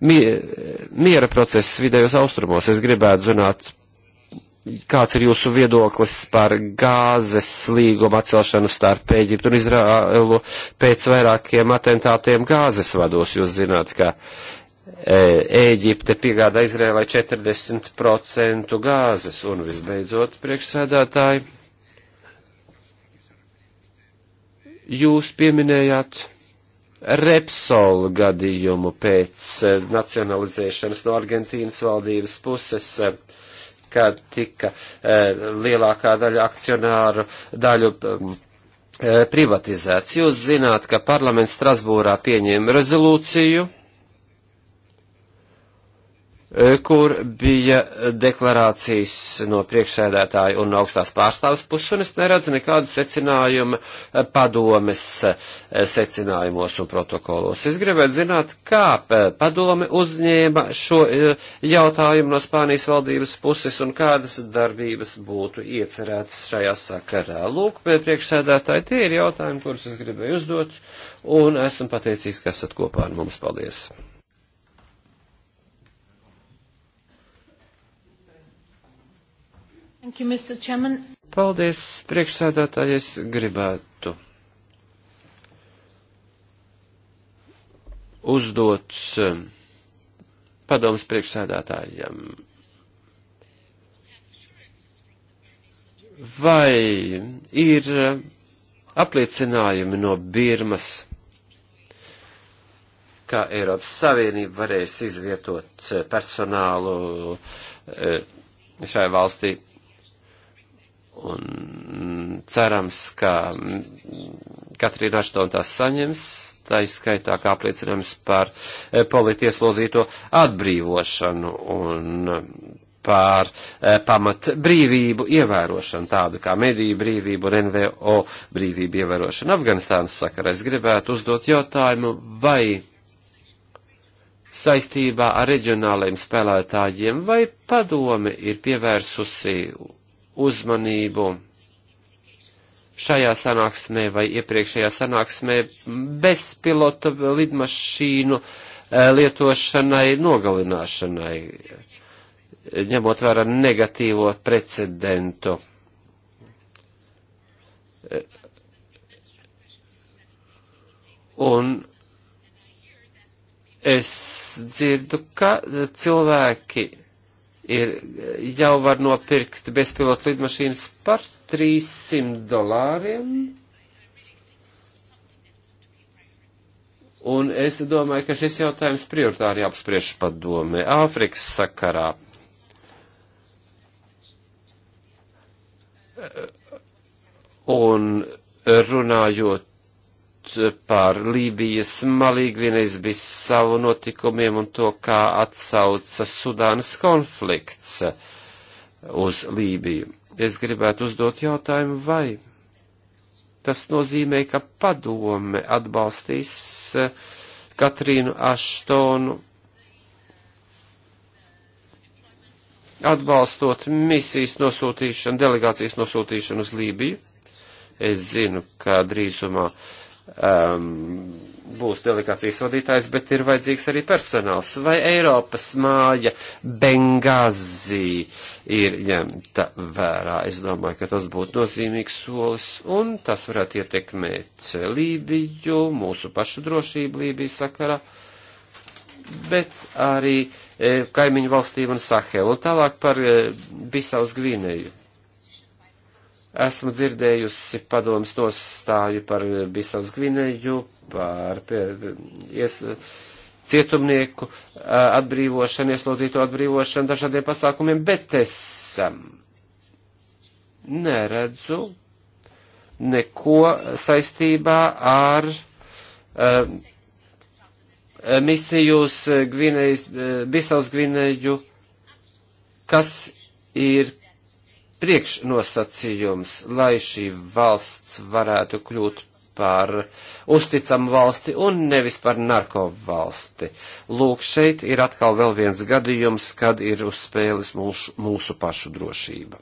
B: Miera process vidējos austrumos, es gribētu zināt kāds ir jūsu viedoklis par gāzes līgumu atcelšanu starp Eģiptu un Izrēlu pēc vairākiem atentātiem gāzes vados? Jūs zināt, ka e, Ēģipte piegādā Izrēlai 40% gāzes un visbeidzot priekšsēdētāji. Jūs pieminējāt Repsol gadījumu pēc e, nacionalizēšanas no Argentīnas valdības puses. Uh, kad tika e, lielākā daļa akcionāru daļu e, privatizēts. Jūs zināt, ka parlaments Strasbūrā pieņēma rezolūciju E, kur bija deklarācijas no priekšsēdētāja un no augstās pārstāvas puses, un es neredzu nekādu secinājumu e, padomes e, secinājumos un protokolos. Es gribētu zināt, kā padome uzņēma šo jautājumu no Spānijas valdības puses un kādas darbības būtu iecerētas šajā sakarā. Lūk, priekšsēdētāji, tie ir jautājumi, kurus es gribēju uzdot, un esmu pateicīgs, ka esat kopā ar mums. Paldies!
A: You,
B: Paldies, priekšsēdētāji, es gribētu uzdot eh, padomas priekšsēdētājiem. Vai ir eh, apliecinājumi no Birmas? kā Eiropas Savienība varēs izvietot eh, personālu šai valstī. Un cerams, ka katri raštoni tās saņems, tā izskaitā kā apliecinājums par eh, politieslodzīto atbrīvošanu un par eh, pamat brīvību ievērošanu, tādu kā mediju brīvību un NVO brīvību ievērošanu. Afganistānas sakarā es gribētu uzdot jautājumu, vai saistībā ar reģionālajiem spēlētājiem, vai padome ir pievērsusi uzmanību šajā sanāksmē vai iepriekšējā sanāksmē bezpilota lidmašīnu eh, lietošanai, nogalināšanai, ņemot vērā negatīvo precedentu. Eh, un es dzirdu, ka cilvēki ir, jau var nopirkt bezpilotu lidmašīnas par 300 dolāriem. Un es domāju, ka šis jautājums prioritāri jāapspriež padomē Āfrikas sakarā. Un runājot par Lībijas malīgi vienreiz bija savu notikumiem un to, kā atsauca Sudānas konflikts uz Lībiju. Es gribētu uzdot jautājumu, vai tas nozīmē, ka padome atbalstīs eh, Katrīnu Aštonu atbalstot misijas nosūtīšanu, delegācijas nosūtīšanu uz Lībiju. Es zinu, ka drīzumā uh, um, būs delegācijas vadītājs, bet ir vajadzīgs arī personāls. Vai Eiropas māja Bengāzī ir ņemta vērā? Es domāju, ka tas būtu nozīmīgs solis, un tas varētu ietekmēt Lībiju, mūsu pašu drošību Lībijas sakarā, bet arī e, kaimiņu valstīm un Sahelu. Tālāk par e, Bisaus Gvīneju. Esmu dzirdējusi padomas nostāju par Bisavas Gvinēju, par pie, ies, cietumnieku atbrīvošanu, ieslodzīto atbrīvošanu, dažādiem pasākumiem, bet es neredzu neko saistībā ar um, misijus Gvinējas, Bisaus Gvinēju, kas ir priekšnosacījums, lai šī valsts varētu kļūt par uzticamu valsti un nevis par narko valsti. Lūk, šeit ir atkal vēl viens gadījums, kad ir uz spēles mūsu, mūsu pašu drošība.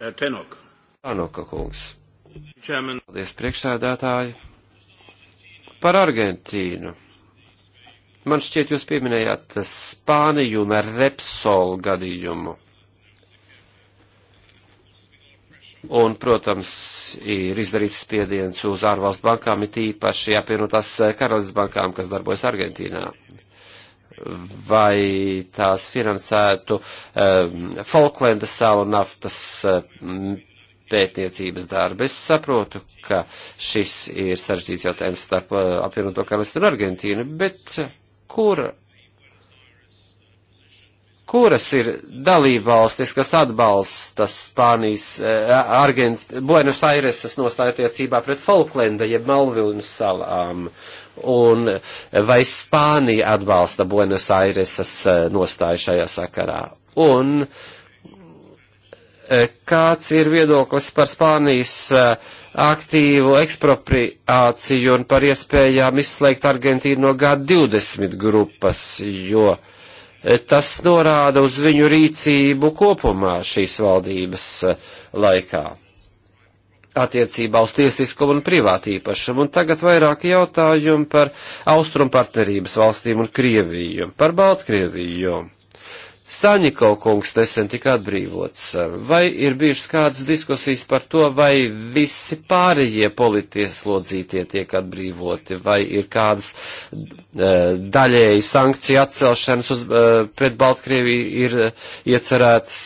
B: Eh, Tenok. Tanoka kungs.
A: Paldies
B: priekšsēdētāji. Par Argentīnu. Man šķiet, jūs pieminējāt Spāniju un Repsol gadījumu. Un, protams, ir izdarīts spiediens uz ārvalstu bankām, it īpaši apvienotās eh, karalistas bankām, kas darbojas Argentīnā. Vai tās finansētu um, ehm, Falklendas salu naftas um, pētniecības darbu. Es saprotu, ka šis ir sarežģīts jautājums starp eh, apvienoto karalistu un Argentīnu, bet eh, kur kuras ir dalībvalstis, kas atbalsta Spānijas, eh, Argent, Buenos Aireses nostāju attiecībā pret Falklenda, jeb Malvilnu salām, un vai Spānija atbalsta Buenos Aireses eh, nostāju šajā sakarā. Un eh, kāds ir viedoklis par Spānijas aktīvu ekspropriāciju un par iespējām izslēgt Argentīnu no G20 grupas, jo tas norāda uz viņu rīcību kopumā šīs valdības eh, laikā attiecībā uz tiesiskumu un privātīpašumu, un tagad vairāk jautājumu par Austrum partnerības valstīm un Krieviju, par Baltkrieviju. Saņikau kungs nesen tika atbrīvots. Vai ir bijušas kādas diskusijas par to, vai visi pārējie politieslodzītie tiek atbrīvoti, vai ir kādas eh, daļēji sankciju atcelšanas uz, eh, pret Baltkrieviju ir iecerētas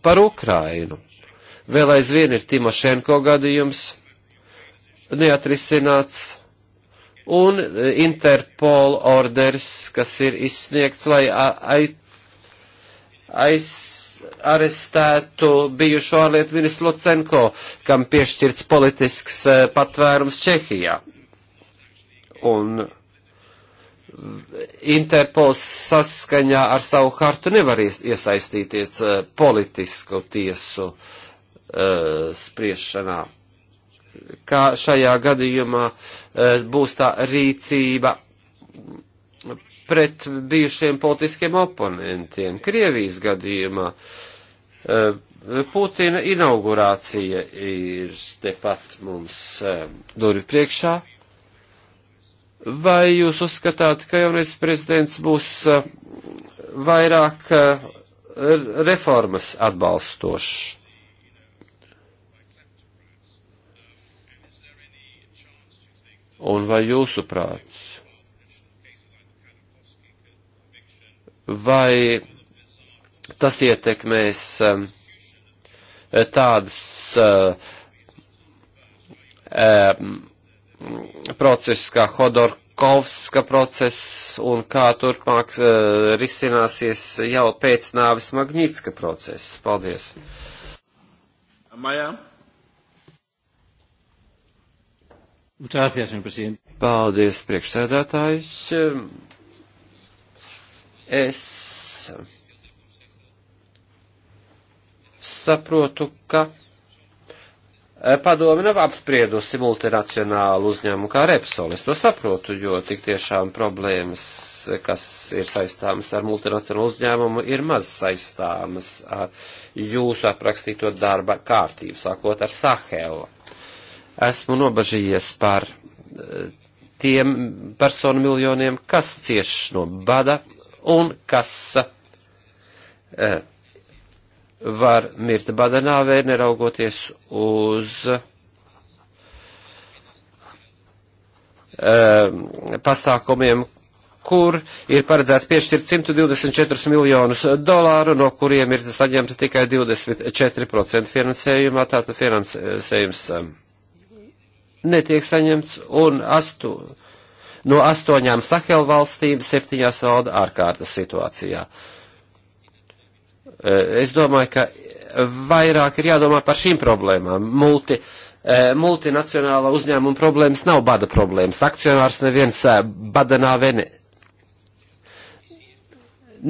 B: par Ukrainu? Vēl aizvien ir Timošenko gadījums neatrisināts un eh, Interpol orders, kas ir izsniegts, lai aiz, arestētu bijušo ārlietu ministru Lucenko, kam piešķirts politisks eh, patvērums Čehijā. Un Interpols saskaņā ar savu hartu nevar iesaistīties eh, politisku tiesu uh, spriešanā. Kā šajā gadījumā uh, būs tā rīcība pret bijušiem politiskiem oponentiem. Krievijas gadījumā eh, Putina inaugurācija ir tepat mums eh, durvju priekšā. Vai jūs uzskatāt, ka jaunais prezidents būs eh, vairāk reformas atbalstošs? Un vai jūsuprāt, vai tas ietekmēs um, tādas uh, um, procesus kā Hodorkovska process un kā turpmāk uh, risināsies jau pēc nāvis Magnītska process. Paldies! Maijā. Paldies, priekšsēdētājs. Es saprotu, ka eh, padomi nav apspriedusi multinacionālu uzņēmumu kā Repsol. Es to saprotu, jo tik tiešām problēmas, kas ir saistāmas ar multinacionālu uzņēmumu, ir maz saistāmas ar jūsu aprakstīto darba kārtību, sākot ar Sahelu. Esmu nobažījies par eh, tiem personu miljoniem, kas cieš no bada un kas eh, var mirt badanāvē, neraugoties uz eh, pasākumiem, kur ir paredzēts piešķirt 124 miljonus dolāru, no kuriem ir saņemta tikai 24% finansējumā, tātad finansējums eh, netiek saņemts, un astu, No astoņām Sahel valstīm septiņās valda ārkārtas situācijā. E, es domāju, ka vairāk ir jādomā par šīm problēmām. Multi, e, multinacionāla uzņēmuma problēmas nav bada problēmas. Akcionārs neviens e, badanā vene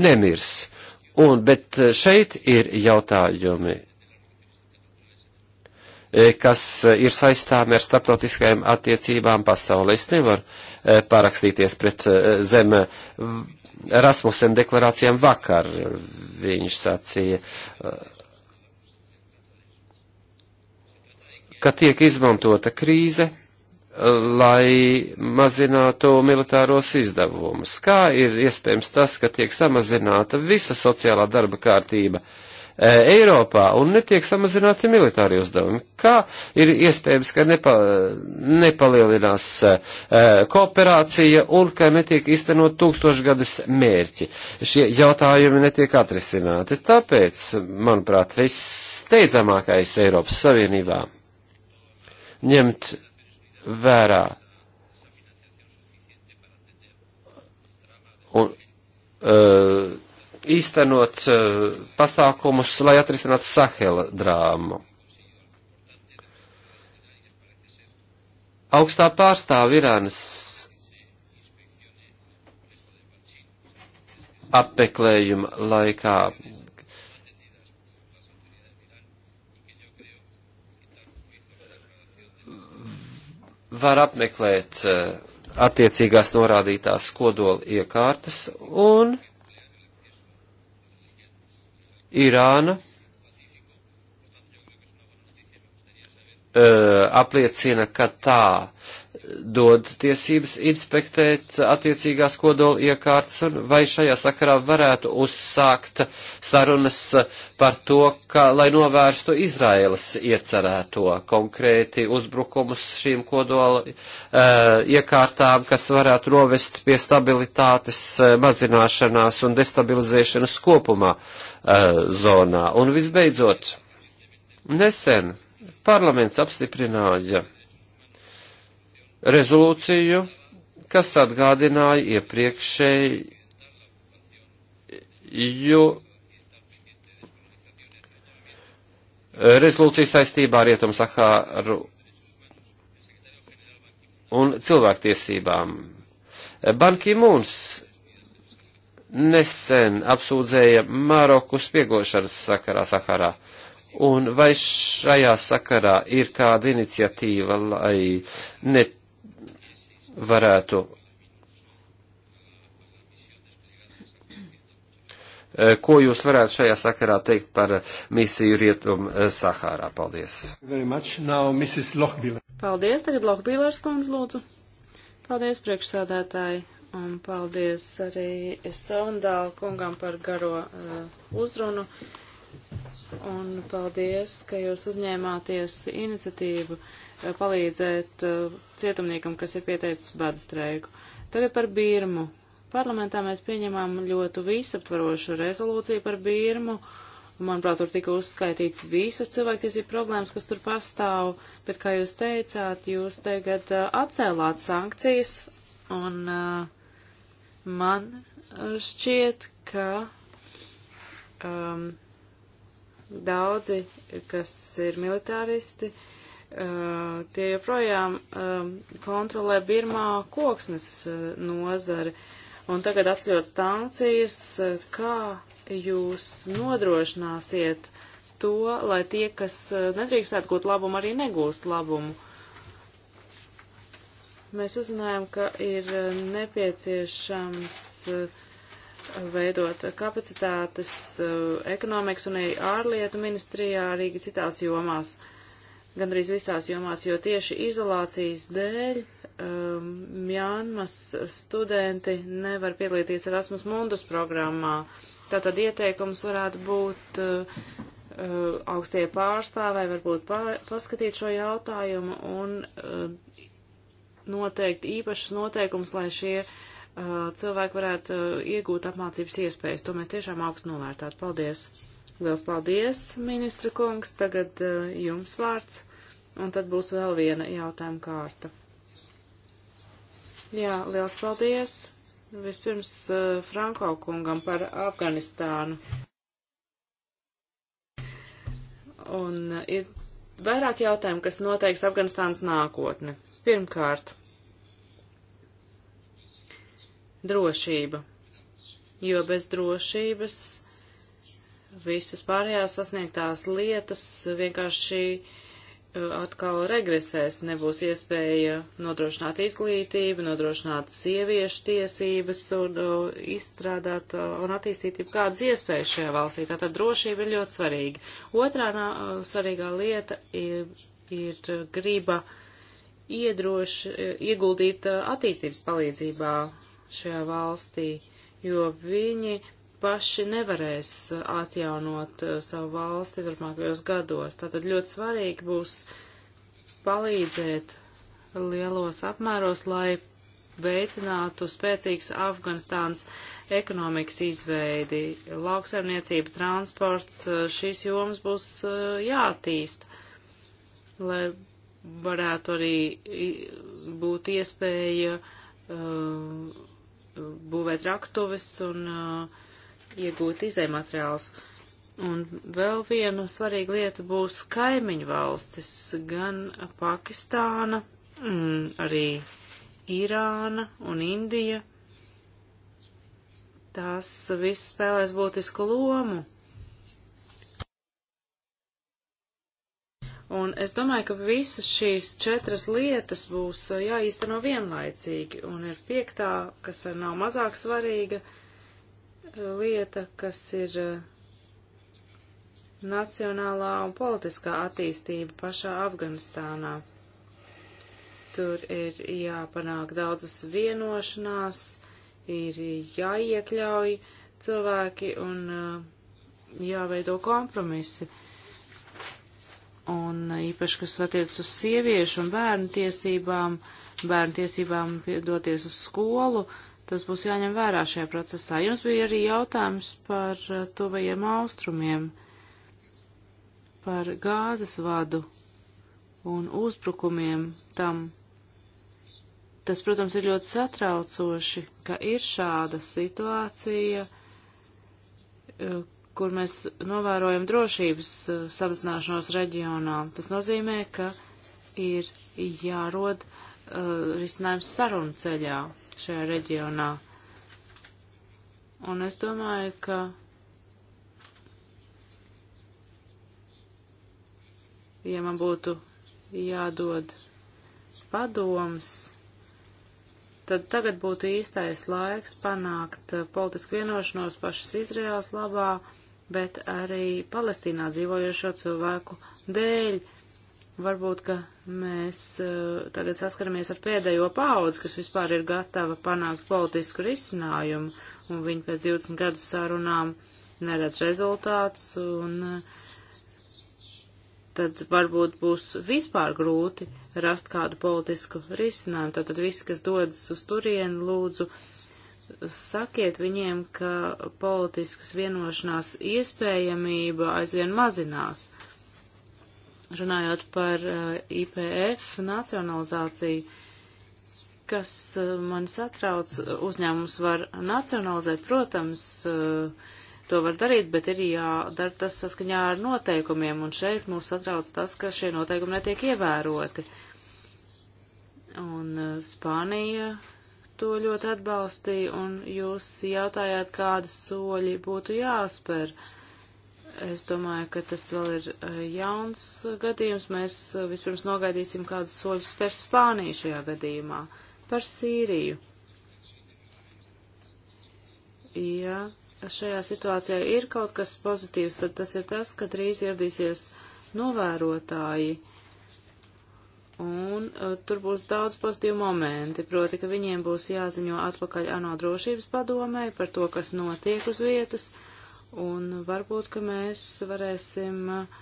B: nemirs. Un, bet šeit ir jautājumi E, kas e, ir saistāmi ar starptautiskajām attiecībām pasaulē. Es nevaru e, parakstīties pret zem Rasmusen deklarācijām vakar, viņš sacīja, ka tiek izmantota krīze, lai mazinātu militāros izdevumus. Kā ir iespējams tas, ka tiek samazināta visa sociālā darba kārtība? Uh, E, Eiropā un netiek samazināti militāri uzdevumi. Kā ir iespējams, ka nepa, nepalielinās e, kooperācija un ka netiek iztenot tūkstošgadas mērķi? Šie jautājumi netiek atrisināti. Tāpēc, manuprāt, vissteidzamākais Eiropas Savienībā ņemt vērā un uh, īstenot eh, pasākumus, lai atrisinātu Sahela drāmu. Augstā pārstāva Irānas apmeklējuma laikā var apmeklēt eh, attiecīgās norādītās kodola iekārtas un Irāna eh, apliecina, ka tā dod tiesības inspektēt attiecīgās kodola iekārtas, un vai šajā sakarā varētu uzsākt sarunas par to, ka, lai novērstu Izraēlas iecerēto konkrēti uzbrukumus šīm kodola e, iekārtām, kas varētu novest pie stabilitātes eh, mazināšanās un destabilizēšanas kopumā e, zonā. Un visbeidzot, nesen parlaments apstiprināja, rezolūciju, kas atgādināja iepriekšēju rezolūciju saistībā ar Rietumu Sahāru un cilvēktiesībām. Bankimūns nesen apsūdzēja Maroku spiegošanas sakarā Sahārā. Un vai šajā sakarā ir kāda iniciatīva, lai ne varētu eh, Ko jūs varētu šajā sakarā teikt par misiju Rietum eh, Sahārā? Paldies. Now,
A: paldies, tagad Lohbīlārs kundz lūdzu. Paldies priekšsādētāji un paldies arī Saundāla kungam par garo uh, uzrunu. Un paldies, ka jūs uzņēmāties iniciatīvu uh, palīdzēt uh, cietumniekam, kas ir pieteicis bada streiku. Tagad par Birmu. Parlamentā mēs pieņemām ļoti visaptvarošu rezolūciju par Birmu. Manuprāt, tur tika uzskaitīts visas cilvēktiesību problēmas, kas tur pastāv, bet, kā jūs teicāt, jūs tagad uh, atcēlāt sankcijas, un uh, man šķiet, ka um, daudzi, kas ir militāristi, uh, Uh, tie joprojām uh, kontrolē Birmā koksnes uh, eh, nozari. Un tagad atceļot stancijas, kā jūs nodrošināsiet to, lai tie, kas nedrīkstētu gūt labumu, arī negūst labumu? Mēs uzzinājām, ka ir nepieciešams veidot kapacitātes ekonomikas un arī ārlietu ministrijā, arī citās jomās. Uh, gandrīz visās jomās, jo tieši izolācijas dēļ um, Mjānmas studenti nevar piedalīties Erasmus Mundus programmā. Tātad ieteikums varētu būt uh, uh augstie pārstāvēji, varbūt pār, paskatīt šo jautājumu un uh, noteikt īpašas noteikums, lai šie uh, cilvēki varētu uh, iegūt apmācības iespējas. To mēs tiešām augstu novērtētu. Paldies! Liels paldies, ministra kungs. Tagad uh, jums vārds, un tad būs vēl viena jautājuma kārta. Jā, liels paldies. Vispirms uh, Franko kungam par Afganistānu. Un uh, ir vairāk jautājumu, kas noteiks Afganistānas nākotni. Pirmkārt, drošība, jo bez drošības visas pārējās sasniegtās lietas vienkārši uh, atkal regresēs, nebūs iespēja nodrošināt izglītību, nodrošināt sieviešu tiesības un uh, izstrādāt uh, un attīstīt jebkādas iespējas šajā valstī. Tātad drošība ir ļoti svarīga. Otrā nā, svarīgā lieta ir, ir griba iedroši, ieguldīt attīstības palīdzībā šajā valstī, jo viņi paši nevarēs uh, atjaunot uh, savu valsti turpmākajos gados. Tātad ļoti svarīgi būs palīdzēt lielos apmēros, lai veicinātu spēcīgas Afganistānas ekonomikas izveidi. Lauksaimniecība, transports, uh, šīs jomas būs jātīst, lai varētu arī būt iespēja uh, būvēt raktuves un uh, iegūt izējumateriālus. Un vēl viena svarīga lieta būs kaimiņu valstis, gan Pakistāna, arī Irāna un Indija. Tās viss spēlēs būtisku lomu. Un es domāju, ka visas šīs četras lietas būs jāīsteno vienlaicīgi, un ir piektā, kas nav mazāk svarīga, uh, lieta, kas ir eh, nacionālā un politiskā attīstība pašā Afganistānā. Tur ir jāpanāk daudzas vienošanās, ir jāiekļauj cilvēki un eh, jāveido kompromisi. Un eh, īpaši, kas attiecas uz sieviešu un bērnu tiesībām, bērnu tiesībām doties uz skolu, uh, Tas būs jāņem vērā šajā procesā. Jums bija arī jautājums par eh, tuvajiem austrumiem, par gāzes vadu un uzbrukumiem tam. Tas, protams, ir ļoti satraucoši, ka ir šāda situācija, eh, kur mēs novērojam drošības eh, samazināšanos reģionā. Tas nozīmē, ka ir jārod uh, risinājums sarunu ceļā šajā reģionā. Un es domāju, ka ja man būtu jādod padoms, tad tagad būtu īstais laiks panākt eh, politisku vienošanos pašas Izraels labā, bet arī Palestīnā dzīvojošo cilvēku dēļ Varbūt, ka mēs uh, tagad saskaramies ar pēdējo paudzi, kas vispār ir gatava panākt politisku risinājumu, un viņi pēc 20 gadu sārunām neredz rezultātus, un uh, tad varbūt būs vispār grūti rast kādu politisku risinājumu. Tātad visi, kas dodas uz turieni, lūdzu, sakiet viņiem, ka politiskas vienošanās iespējamība aizvien mazinās. Uh, Runājot par eh, IPF nacionalizāciju, kas eh, man satrauc, uzņēmums var nacionalizēt, protams, eh, to var darīt, bet ir jādara tas saskaņā ar noteikumiem, un šeit mūs satrauc tas, ka šie noteikumi netiek ievēroti. Un Spānija to ļoti atbalstīja, un jūs jautājāt, kādi soļi būtu jāspēr. Uh, Es domāju, ka tas vēl ir eh, jauns gadījums. Mēs eh, vispirms nogaidīsim kādus soļus par Spāniju šajā gadījumā, par Sīriju. Ja šajā situācijā ir kaut kas pozitīvs, tad tas ir tas, ka drīz ieradīsies novērotāji. Un uh, tur būs daudz pozitīvu momenti, proti, ka viņiem būs jāziņo atpakaļ ANO drošības padomē par to, kas notiek uz vietas. Uh, Un varbūt, ka mēs varēsim eh,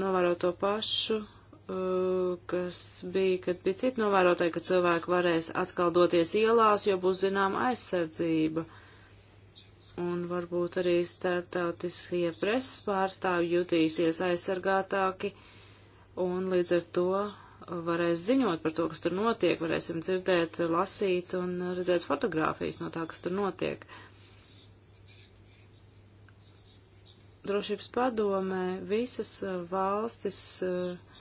A: novērot to pašu, eh, kas bija, kad bija citi novērotāji, ka cilvēki varēs atkal doties ielās, jo būs zinām aizsardzība. Un varbūt arī starptautiskie preses pārstāvji jutīsies aizsargātāki, un līdz ar to varēs ziņot par to, kas tur notiek, varēsim dzirdēt, lasīt un redzēt fotogrāfijas no tā, kas tur notiek. Uh, drošības padomē visas eh, valstis eh,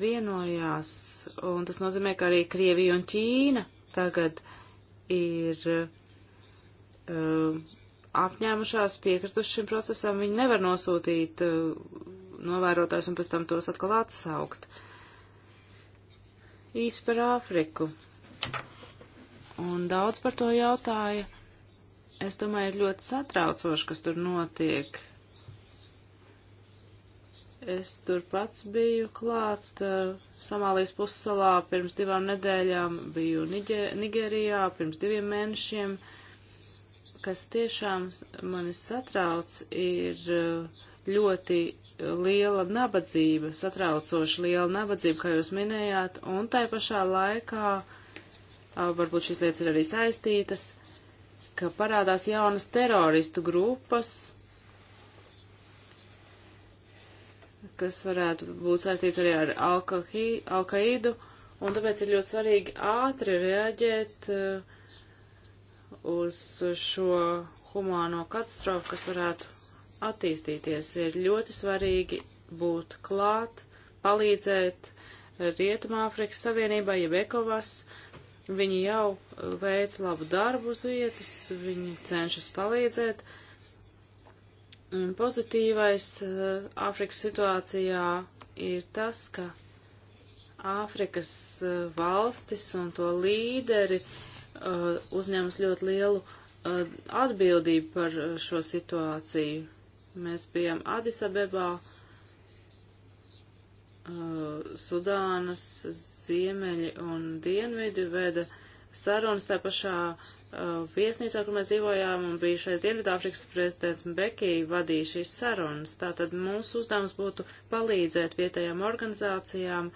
A: vienojās, un tas nozīmē, ka arī Krievija un Ķīna tagad ir uh, apņēmušās piekrituši šim procesam, viņi nevar nosūtīt uh, novērotājus un pēc tam tos atkal atsaukt. Īs par Āfriku. Un daudz par to jautāja. Es domāju, ir ļoti satraucoši, kas tur notiek Es tur pats biju klāt eh, Somālijas pussalā pirms divām nedēļām, biju Nigērijā pirms diviem mēnešiem. Kas tiešām mani satrauc, ir eh, ļoti liela nabadzība, satraucoši liela nabadzība, kā jūs minējāt, un tai pašā laikā, varbūt šīs lietas ir arī saistītas, ka parādās jaunas teroristu grupas, kas varētu būt saistīts arī ar Alkaidu, un tāpēc ir ļoti svarīgi ātri reaģēt uh, uz šo humāno katastrofu, kas varētu attīstīties. Ir ļoti svarīgi būt klāt, palīdzēt Rietumāfrikas Savienībai, jeb Ekovas. Viņi jau veic labu darbu uz vietas, viņi cenšas palīdzēt. Uh, Un pozitīvais eh, Āfrikas situācijā ir tas, ka Āfrikas eh, valstis un to līderi eh, uzņemas ļoti lielu atbildību par šo situāciju. Mēs bijām Adisabebā, Sudānas ziemeļi un dienvidi veda uh, sarunas tā pašā uh, viesnīcā, kur mēs dzīvojām, un bija šeit Dienvidāfrikas prezidents Bekī vadīja šīs sarunas. Tātad mūsu uzdevums būtu palīdzēt vietējām organizācijām,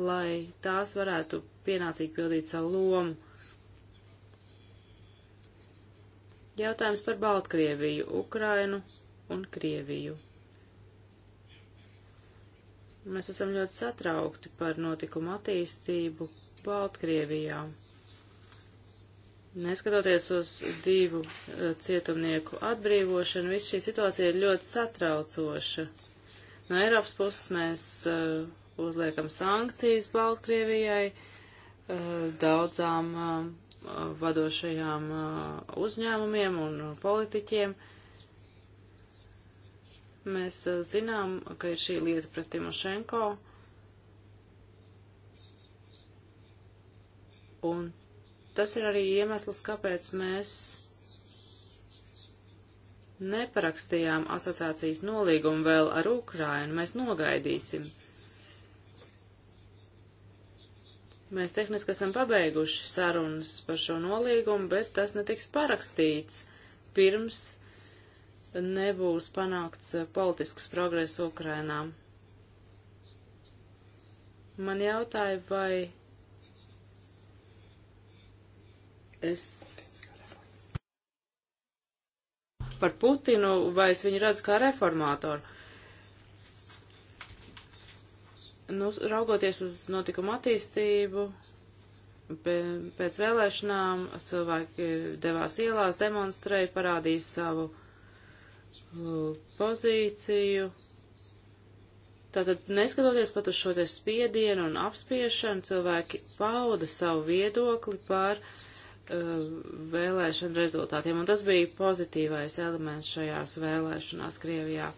A: lai tās varētu pienācīgi pildīt savu lomu. Jautājums par Baltkrieviju, Ukrainu un Krieviju. Mēs esam ļoti satraukti par notikumu attīstību Baltkrievijā. Neskatoties uz divu eh, cietumnieku atbrīvošanu, viss šī situācija ir ļoti satraucoša. No Eiropas puses mēs uh, uzliekam sankcijas Baltkrievijai, uh, daudzām uh, vadošajām uzņēmumiem un politiķiem. Mēs zinām, ka ir šī lieta pret Timošenko. Un Tas ir arī iemesls, kāpēc mēs neparakstījām asociācijas nolīgumu vēl ar Ukrainu. Mēs nogaidīsim. Mēs tehniski esam pabeiguši sarunas par šo nolīgumu, bet tas netiks parakstīts pirms nebūs panākts politisks progress Ukrainā. Man jautāja, vai Es par Putinu, vai es viņu redzu kā reformātoru. Nu, raugoties uz notikumu attīstību, pēc vēlēšanām cilvēki devās ielās, demonstrēja, parādīja savu uh, pozīciju. Tātad, neskatoties pat uz šo te spiedienu un apspiešanu, cilvēki pauda savu viedokli par uh, Uh, vēlēšanu rezultātiem, un tas bija pozitīvais elements šajās vēlēšanās Krievijā.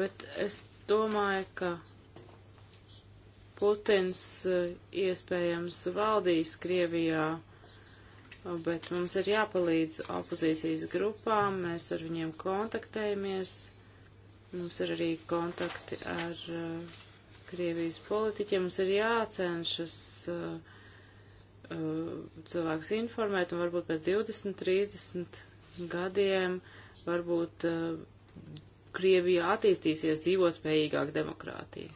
A: Bet es domāju, ka Putins uh, iespējams valdīs Krievijā, bet mums ir jāpalīdz opozīcijas grupām, mēs ar viņiem kontaktējamies, mums ir arī kontakti ar uh, Krievijas politiķiem, mums ir jācenšas uh, Uh, cilvēks informēt, un varbūt pēc 20, 30 gadiem varbūt uh, Krievija attīstīsies dzīvotspējīgāk demokrātija.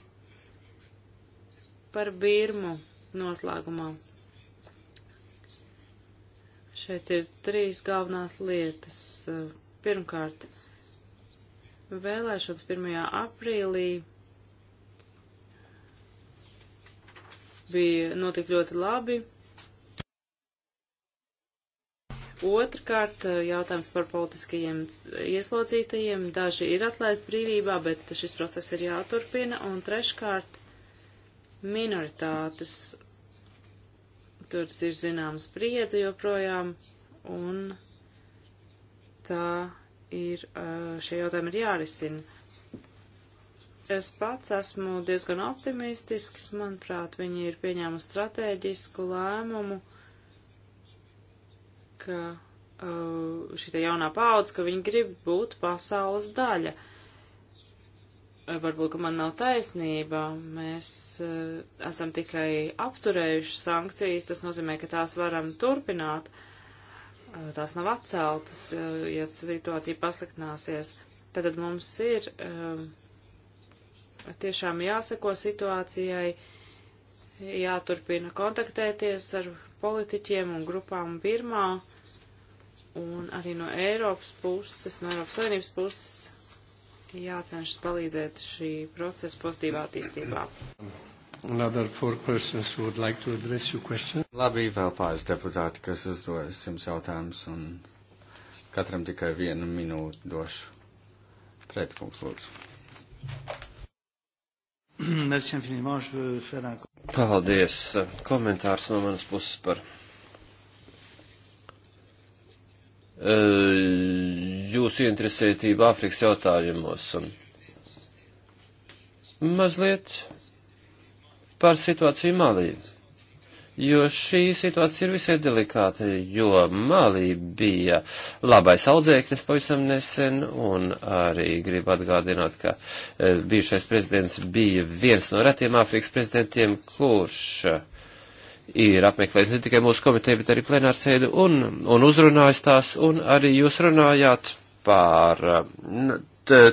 A: Par Birmu noslēgumā. Šeit ir trīs galvenās lietas. Uh, pirmkārt, vēlēšanas 1. aprīlī bija notik ļoti labi, Otrkārt, jautājums par politiskajiem ieslodzītajiem. Daži ir atlaisti brīvībā, bet šis process ir jāturpina. Un treškārt, minoritātes. Tur ir zināms spriedze joprojām, un tā ir, šie jautājumi ir jārisina. Es pats esmu diezgan optimistisks, manuprāt, viņi ir pieņēmuši strateģisku lēmumu. Uh, ka uh, šī jaunā paudze, ka viņi grib būt pasaules daļa. Uh, varbūt, ka man nav taisnība, mēs uh, esam tikai apturējuši sankcijas, tas nozīmē, ka tās varam turpināt, uh, tās nav atceltas, uh, ja situācija pasliktināsies. Tad mums ir uh, tiešām jāseko situācijai, jāturpina kontaktēties ar politiķiem un grupām Birmā un arī no Eiropas puses, no Eiropas Savienības puses jācenšas palīdzēt šī procesa pozitīvā attīstībā.
B: Like
C: Labi, vēl pāris deputāti, kas uzdodas jums jautājumus, un katram tikai vienu minūti došu. Pretkungs, lūdzu.
B: Paldies. Komentārs no manas puses par Eh, jūsu interesētību Āfrikas jautājumos. Mazliet par situāciju Malī, jo šī situācija ir visai delikāta, jo Malī bija labais audzēknis pavisam nesen, un arī gribu atgādināt, ka eh, bijušais prezidents bija viens no retiem Āfrikas prezidentiem, kurš ir apmeklējis ne tikai mūsu komiteju, bet arī plenārsēdu un, un uzrunājis tās, un arī jūs runājāt par um,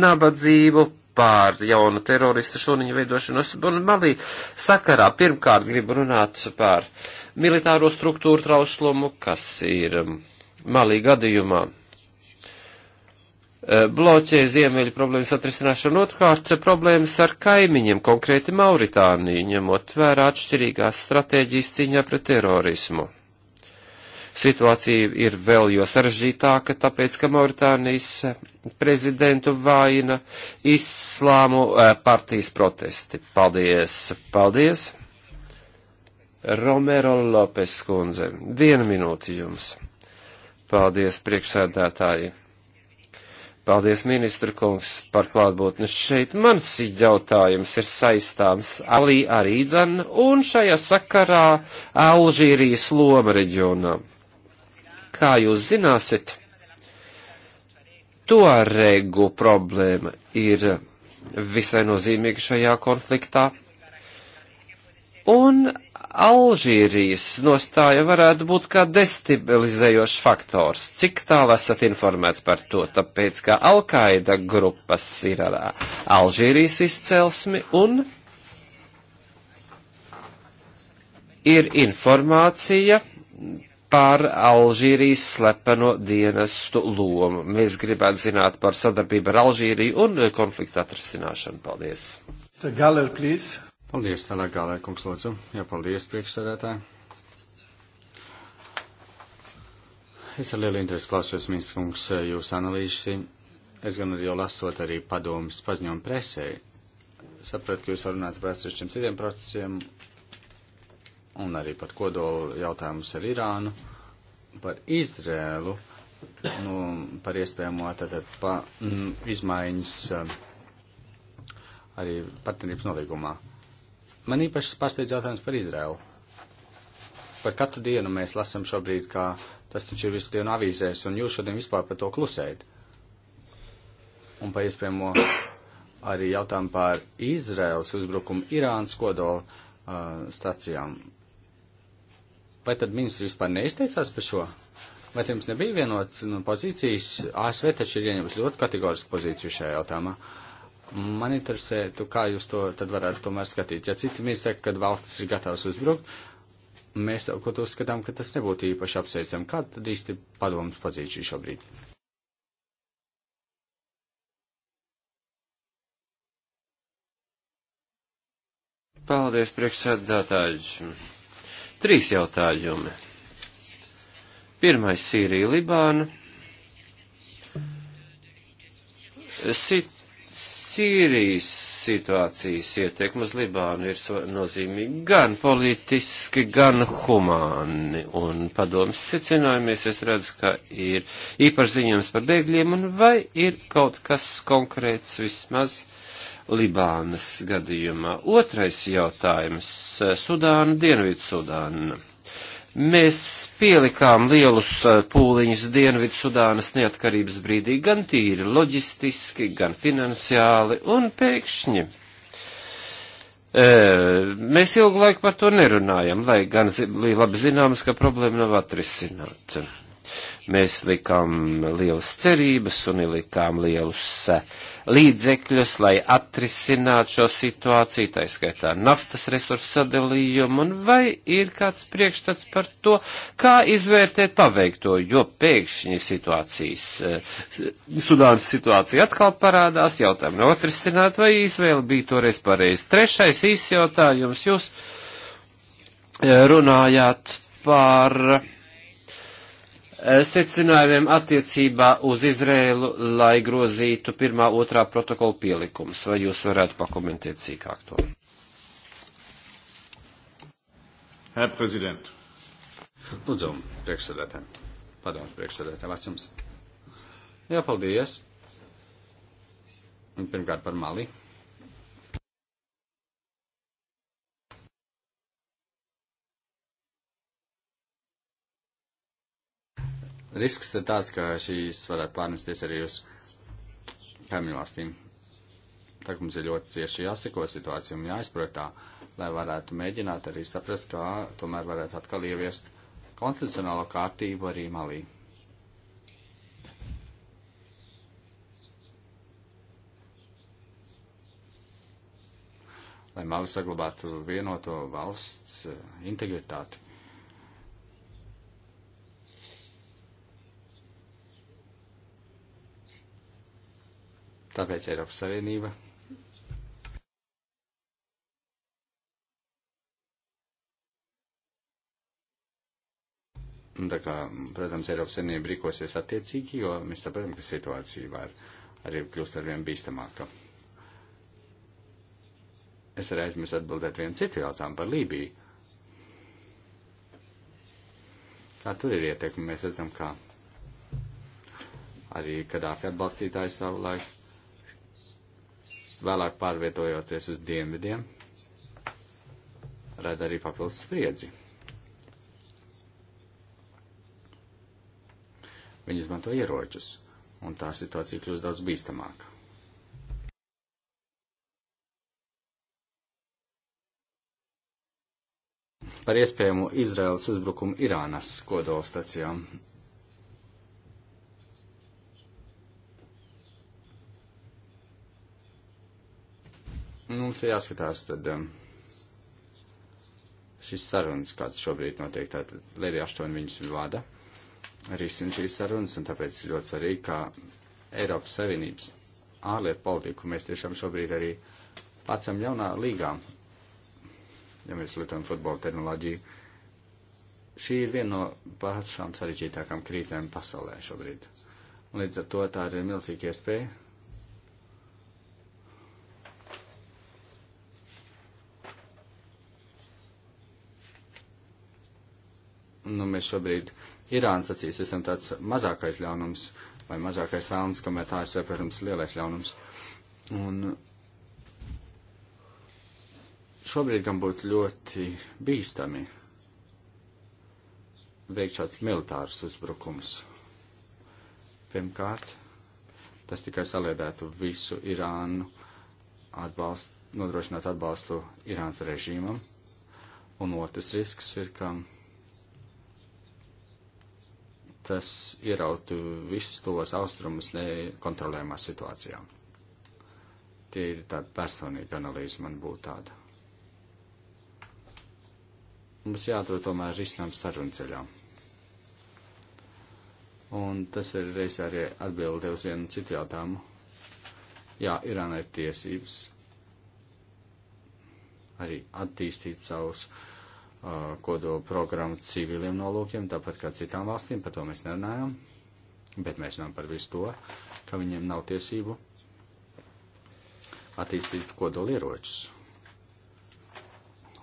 B: nabadzību, par jaunu teroristu šūniņu veidošanos, un malī sakarā pirmkārt gribu runāt par militāro struktūru trauslumu, kas ir um, malī gadījumā Eh, bloķē ziemeļu problēmas atrisināšanu, otrkārt eh, problēmas ar kaimiņiem, konkrēti Mauritāniju, ņemot vērā atšķirīgās stratēģijas cīņā pret terorismu. Situācija ir vēl jo sarežģītāka, tāpēc, ka Mauritānijas eh, prezidentu vaina islāmu partijas protesti. Paldies! Paldies! Romero Lopes kundze, viena minūte jums. Paldies, priekšsēdētāji! Paldies, ministra kungs, par klātbūtni šeit. Mans jautājums ir saistāms Alī Arīdzan un šajā sakarā Alžīrijas loma reģionā. Kā jūs zināsit, to regu problēma ir visai nozīmīga šajā konfliktā. Un Alžīrijas nostāja varētu būt kā destabilizējošs faktors. Cik tālu esat informēts par to? Tāpēc, ka Alkaida grupas ir ar uh, Alžīrijas izcelsmi un ir informācija par Alžīrijas slepeno dienestu lomu. Mēs gribētu zināt par sadarbību ar Alžīriju un konflikta atrisināšanu. Paldies!
C: Galler, please. Paldies, tālāk gālē, kungs, lūdzu. Jā, paldies, priekšsēdētāji. Es ar lielu interesi klausos, ministrs kungs, jūsu analīzi. Es gan arī jau lasot arī padomus paziņojumu presē. Sapratu, ka jūs runājat par atsevišķiem citiem procesiem un arī par kodolu jautājumus ar Irānu, par Izrēlu, nu, par iespējamo tātad pa, mm, izmaiņas eh, arī partnerības nolīgumā. Man īpaši pārsteidz jautājums par Izraelu. Par katru dienu mēs lasam šobrīd, kā tas taču ir visu dienu avīzēs, un jūs šodien vispār par to klusējat. Un par iespējamo arī jautājumu par Izraels uzbrukumu Irānas kodola uh, stacijām. Vai tad ministri vispār neizteicās par šo? Vai jums nebija vienots nu, pozīcijas? ASV taču ir ieņemusi ļoti kategorisku pozīciju šajā jautājumā. Uh, Man interesētu, kā jūs to tad varētu tomēr skatīt. Ja citi mēs saka, ka valstis ir gatavs uzbrukt, mēs kaut ko skatām, ka tas nebūtu īpaši apsveicam. Kā tad īsti padomus padzīt šī šobrīd?
B: Paldies, priekšsēdētāji. Trīs jautājumi. Pirmais - Sīrija, Libāna. Sit Sīrijas situācijas ietekme uz Libānu ir nozīmīgi gan politiski, gan humāni. Un padomas secinājumies, es redzu, ka ir īpaši ziņojums par bēgļiem, un vai ir kaut kas konkrēts vismaz Libānas gadījumā. Otrais jautājums - Sudāna, Dienvidu Sudāna Mēs pielikām lielus eh, pūliņus Dienvidu Sudānas neatkarības brīdī, gan tīri loģistiski, gan finansiāli, un pēkšņi. E, mēs ilgu laiku par to nerunājam, lai gan zi, labi zināms, ka problēma nav atrisināta. Mēs likām lielas cerības un ielikām lielus eh, līdzekļus, lai atrisinātu šo situāciju, tā skaitā naftas resursu sadalījumu, un vai ir kāds priekšstats par to, kā izvērtēt paveikto, jo pēkšņi situācijas, eh, Sudānas situācija atkal parādās, jautājumu nav atrisināt, vai izvēle bija toreiz pareizi. Trešais īsi jautājums, jūs eh, runājāt par Eh, secinājumiem attiecībā uz Izrēlu, lai grozītu pirmā otrā protokola pielikums. Vai jūs varētu pakomentēt sīkāk to? Herr Präsident.
C: Lūdzu, priekšsēdētāji. Padoms priekšsēdētāji, vārds jums. Jā, paldies. Un pirmkārt par Mali. risks ir tāds, ka šīs varētu pārnesties arī uz kaimiņu valstīm. Tā mums ir ļoti cieši jāseko situācija un jāizprot tā, lai varētu mēģināt arī saprast, kā tomēr varētu atkal ieviest konstitucionālo kārtību arī malī. Lai mali saglabātu vienoto valsts eh, integritāti. Tāpēc Eiropas Savienība Un tā kā, protams, Eiropas Savienība rīkosies attiecīgi, jo mēs saprotam, ka situācija var arī kļūst ar vien bīstamāka. Es arī aizmirsu atbildēt vienu citu jautājumu par Lībiju. Kā tur ir ietekme? Mēs redzam, ka arī Kadāfi atbalstītāji savu laiku vēlāk pārvietojoties uz dienvidiem, rada arī papildus spriedzi. Viņi izmanto ieročus, un tā situācija kļūst daudz bīstamāka. Par iespējamu Izraels uzbrukumu Irānas kodolstacijām Nu, mums ir jāskatās tad um, šis sarunas, kāds šobrīd notiek, tātad Lērija Aštoni viņus vada, risina šīs sarunas, un tāpēc ļoti svarīgi, ka Eiropas Savienības ārlietu politiku mēs tiešām šobrīd arī pacam jaunā līgā, ja mēs lietojam futbola terminoloģiju. Šī ir viena no pašām sarežģītākām krīzēm pasaulē šobrīd. Un līdz ar to tā ir milzīga iespēja nu, mēs šobrīd Irānas acīs esam tāds mazākais ļaunums vai mazākais vēlms, kamēr tā ir, protams, lielais ļaunums. Un šobrīd gan būtu ļoti bīstami veikt šādus militārus uzbrukumus. Pirmkārt, tas tikai saliedētu visu Irānu atbalstu, nodrošināt atbalstu Irānas režīmam. Un otrs risks ir, ka tas ierautu visus tos austrumus nekontrolējumā situācijā. Tie ir tāda personīga analīze man būtu tāda. Mums jādod tomēr risinājums sarunu ceļā. Un tas ir reiz arī atbilde uz vienu citu jautājumu. Jā, Irāna ir tiesības arī attīstīt savus uh, kodola programmu civiliem nolūkiem, tāpat kā citām valstīm, par to mēs nerunājam, bet mēs runājam par visu to, ka viņiem nav tiesību attīstīt kodola ieročus.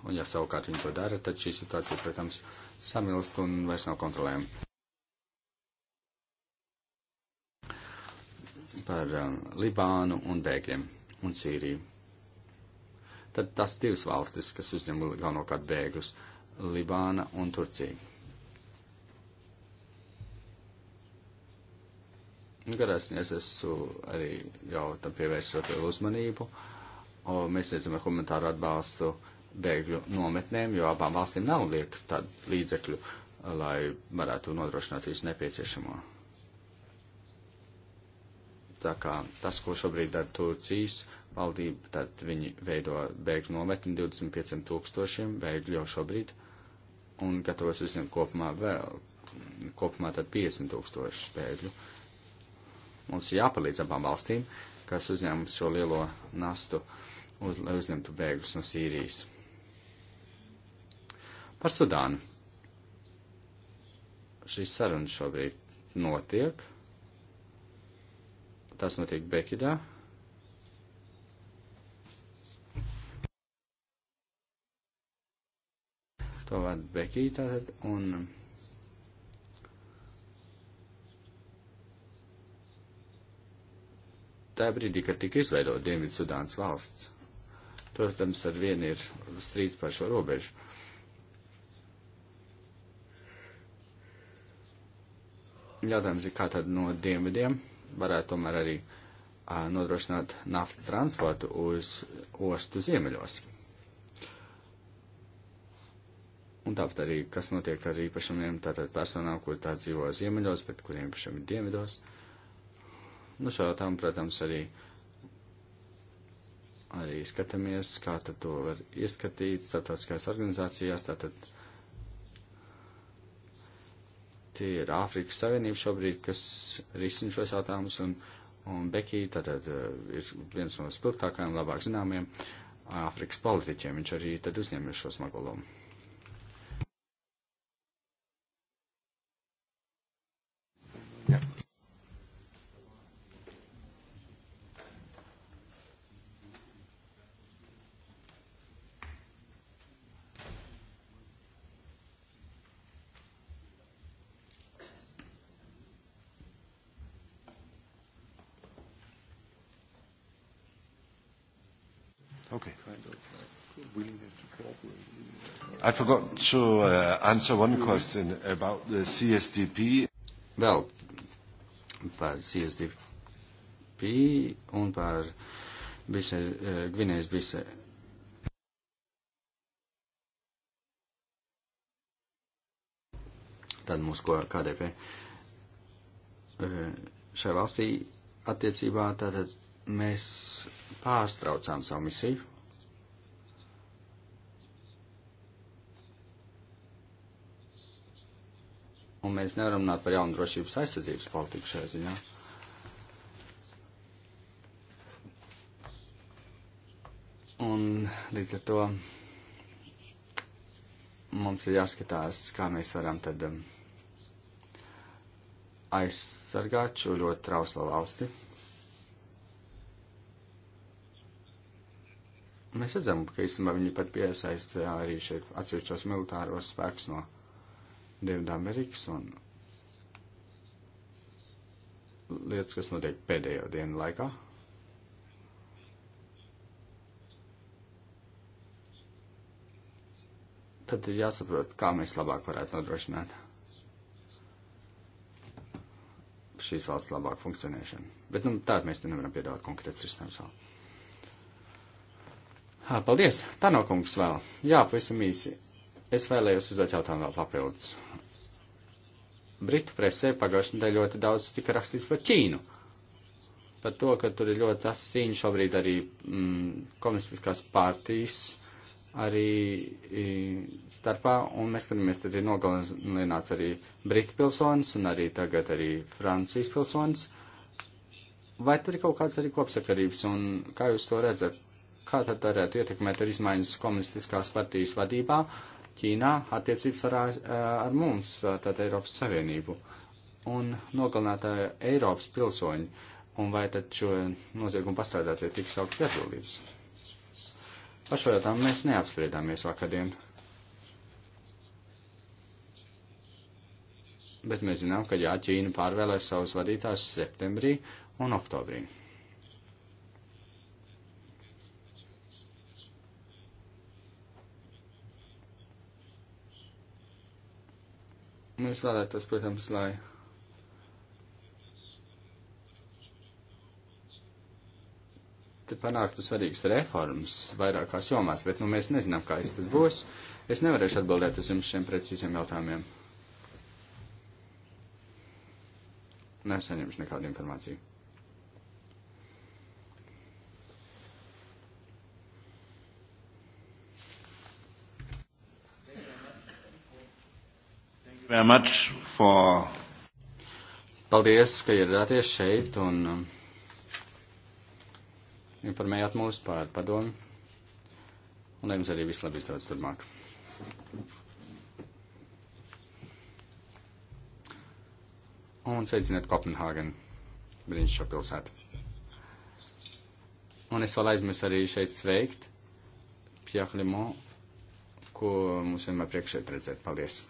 C: Un ja savukārt viņi to dara, tad šī situācija, protams, samilst un vairs nav kontrolējama. Par um, Libānu un bēgļiem un Sīriju. Tad tās divas valstis, kas uzņem galvenokārt bēgļus, uh, Libāna un Turcija. Garās, es esmu arī jau tam pievērsot uzmanību. O, mēs redzam ar humanitāru atbalstu bēgļu nometnēm, jo abām valstīm nav liek tādu līdzekļu, lai varētu nodrošināt visu nepieciešamo. Tā kā tas, ko šobrīd dara Turcijas valdība, tad viņi veido bēgļu nometni 25 tūkstošiem bēgļu jau šobrīd. Uh, un gatavos uzņemt kopumā vēl, kopumā tad 50 tūkstoši bēgļu. Mums jāpalīdz abām valstīm, kas uzņem šo lielo nastu, uz, lai uzņemtu bēgļus no Sīrijas. Par Sudānu. Šīs sarunas šobrīd notiek. Tas notiek Bekidā, To vada Bekija tātad. Un, tā brīdī, kad tika izveidota Dienvidsudānas valsts, protams, ar vienu ir strīds par šo robežu. Jautājums ir, kā tad no dienvidiem varētu tomēr arī a, nodrošināt naftu transportu uz ostu ziemeļos. Un tāpat arī, kas notiek ar īpašumiem, tātad personām, kur tā dzīvo ziemeļos, bet kuriem īpašumi ir dienvidos. Nu, šo jautājumu, protams, arī, arī skatāmies, kā tad to var ieskatīt starptautiskās organizācijās, tātad tie ir Āfrikas Savienība šobrīd, kas risina šos jautājumus, un, un Bekī, tātad eh, ir viens no spilgtākajiem, labāk zināmiem eh, Āfrikas politiķiem, viņš arī tad uzņēma šo smago lomu.
B: I forgot to uh, answer one question about the CSDP. Vēl
C: par CSDP un par bise, uh, Gvinējas bise. Tad mums ko KDP uh, šai valstī attiecībā tātad mēs pārstraucām savu misiju un mēs nevaram runāt par jaunu drošības aizsardzības politiku šajā ziņā. Un līdz ar to mums ir jāskatās, kā mēs varam tad um, aizsargāt šo ļoti trauslo valsti. Mēs redzam, ka īstenībā viņi pat piesaista arī šeit atsevišķos militāros spēkus no Dienvidamerikas un lietas, kas notiek pēdējo dienu laikā. Tad ir jāsaprot, kā mēs labāk varētu nodrošināt šīs valsts labāku funkcionēšanu. Bet nu, tādu mēs te nevaram piedāvāt konkrēts risinājums vēl. Paldies! Tā nav kungs vēl. Jā, pavisam īsi Es vēlējos uzdot jautājumu vēl papildus. Britu presē pagājušajā nedēļā ļoti daudz tika rakstīts par Ķīnu. Par to, ka tur ir ļoti tas cīņa šobrīd arī mm, komunistiskās partijas arī i, starpā, un mēs skatāmies, tad ir nogalināts arī Britu pilsonis un arī tagad arī Francijas pilsonis. Vai tur ir kaut kāds arī kopsakarības, un kā jūs to redzat? Kā tad varētu ietekmēt ar izmaiņas komunistiskās partijas vadībā? Uh, Ķīnā attiecības ar, ar mums, tad Eiropas Savienību, un nogalinātāja Eiropas pilsoņi, un vai tad šo noziegumu pastrādātie tiks saukt pie atbildības? Par šo jautājumu mēs neapspriedāmies vakardien. Bet mēs zinām, ka jā, Ķīna pārvēlēs savus vadītājus septembrī un oktobrī. Mēs vēlētos, protams, lai te panāktu svarīgas reformas vairākās jomās, bet nu, mēs nezinām, kā tas būs. Es nevarēšu atbildēt uz jums šiem precīziem jautājumiem. Nesaņemšu nekādu informāciju. For... Paldies, ka ieradāties šeit un um, informējāt mūs par padomu. Un lai jums arī viss labi izdodas turpmāk. Un sveicināt Kopenhāgenu, brīnišķīgo pilsētu. Un es vēl aizmirsu arī šeit sveikt Pierre Limon, ko mums vienmēr priekšē redzēt. Paldies!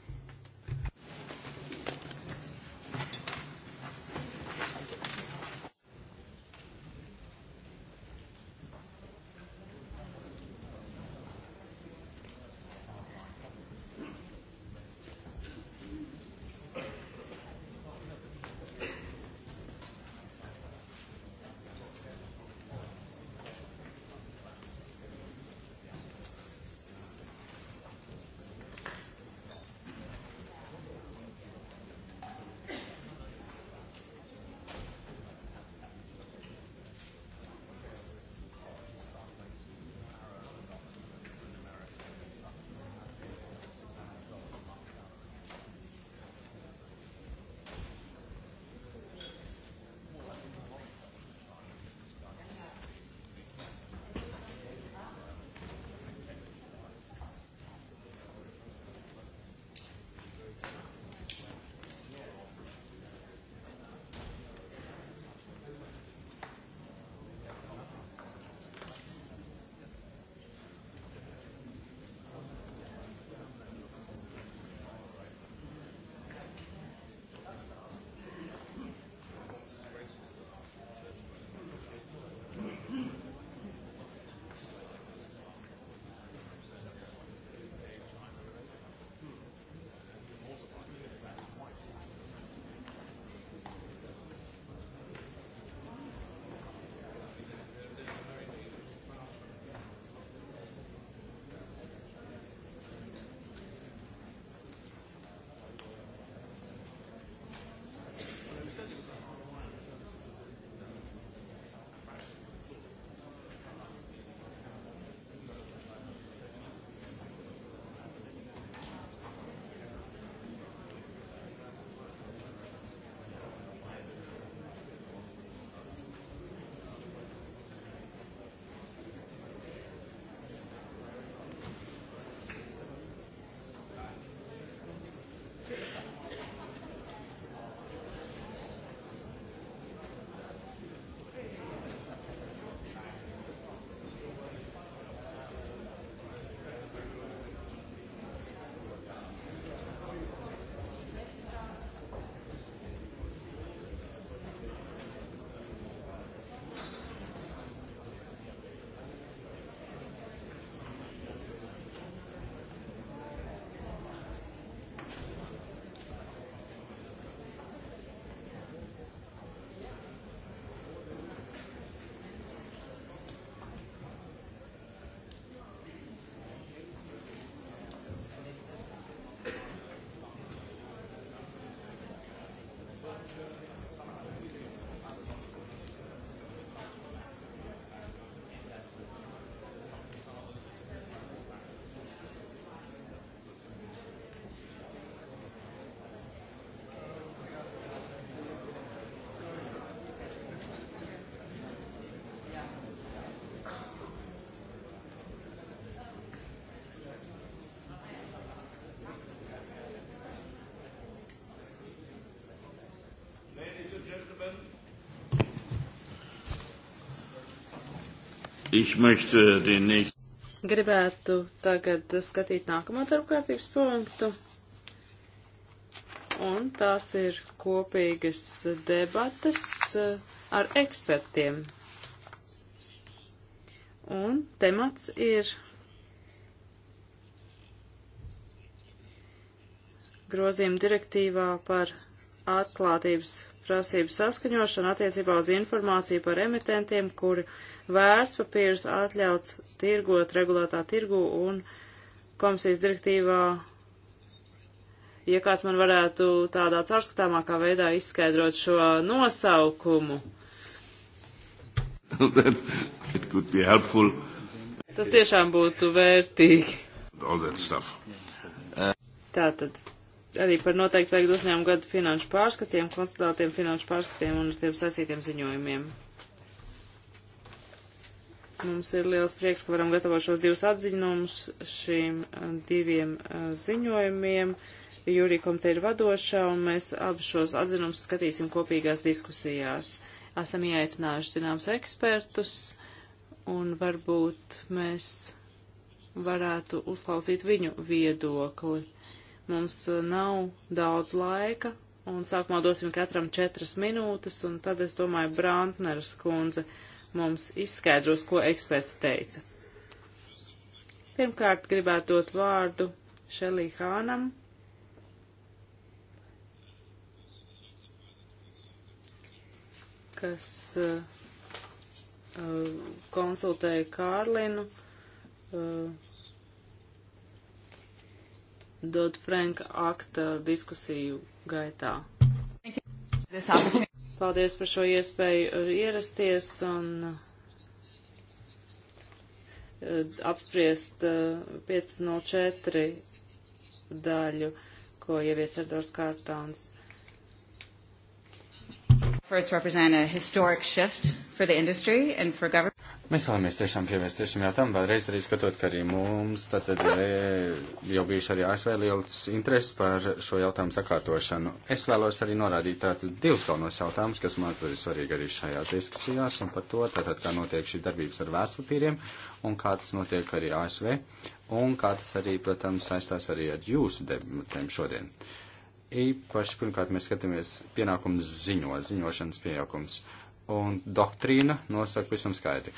A: Gribētu tagad skatīt nākamo darbkārtības punktu. Un tās ir kopīgas debates eh, ar ekspertiem. Un temats ir grozījuma direktīvā par atklātības prasību saskaņošanu attiecībā uz informāciju par emitentiem, kuri vērtspapīrus atļauts tirgot regulētā tirgu un komisijas direktīvā. Ja kāds man varētu tādā caurskatāmākā veidā izskaidrot šo nosaukumu. Tas tiešām būtu vērtīgi. Tātad arī par noteikti vajag uzņēmumu gadu finanšu pārskatiem, konstatētiem finanšu pārskatiem un ar tiem saistītiem ziņojumiem. Mums ir liels prieks, ka varam gatavot šos divus atziņumus šīm eh, diviem eh, ziņojumiem. Jūrija komite ir vadošā, un mēs abus šos atzinumus skatīsim kopīgās diskusijās. Esam ieaicinājuši zināms ekspertus, un varbūt mēs varētu uzklausīt viņu viedokli Mums e, nav daudz laika, un sākumā dosim katram četras minūtes, un tad, es domāju, Brantneras kundze mums izskaidros, ko eksperti teica. Pirmkārt, gribētu dot vārdu Šelī Hānam. kas uh, konsultēja Kārlinu uh, Dod Franka akta diskusiju gaitā. Paldies par šo iespēju uh, ierasties un uh, apspriest 15.04 uh, daļu, ko ievies Edvards Kārtāns. Efforts represent a historic shift for the industry and for government.
C: Mēs vēlamies tiešām pievērsties šim jautājumam, vēlreiz arī skatot, ka arī mums tātad e, jau bijuši arī ASV liels interesi par šo jautājumu sakārtošanu. Es vēlos arī norādīt tātad divus galvenos jautājumus, kas man ir svarīgi arī šajās diskusijās un par to, tātad kā notiek šī darbības ar vērtspapīriem un kā tas notiek arī ASV un kā tas arī, protams, saistās arī ar jūsu debatēm šodien. Īpaši, pirmkārt, mēs skatāmies pienākums ziņot, ziņošanas pienākums un doktrīna nosaka visam skaidri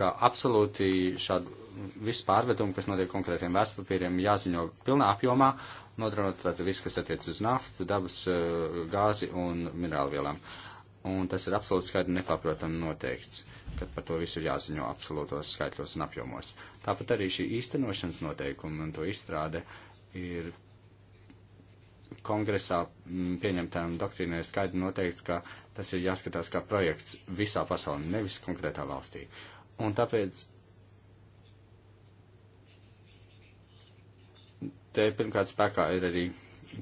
C: ka absolūti šādu visu pārvedumu, kas notiek konkrētiem vēstpapīriem, jāziņo pilnā apjomā, nodrošinot tātad viss, kas attiec uz naftu, dabas eh, gāzi un minerālu vielām. Un tas ir absolūti skaidri nepārprotami noteikts, ka par to visu ir jāziņo absolūtos skaitļos un apjomos. Tāpat arī šī īstenošanas noteikuma un to izstrāde ir kongresā mm, pieņemtām doktrīnai skaidri noteikts, ka tas ir jāskatās kā projekts visā pasaulē, nevis konkrētā valstī. Uh, Un tāpēc te pirmkārt spēkā ir arī,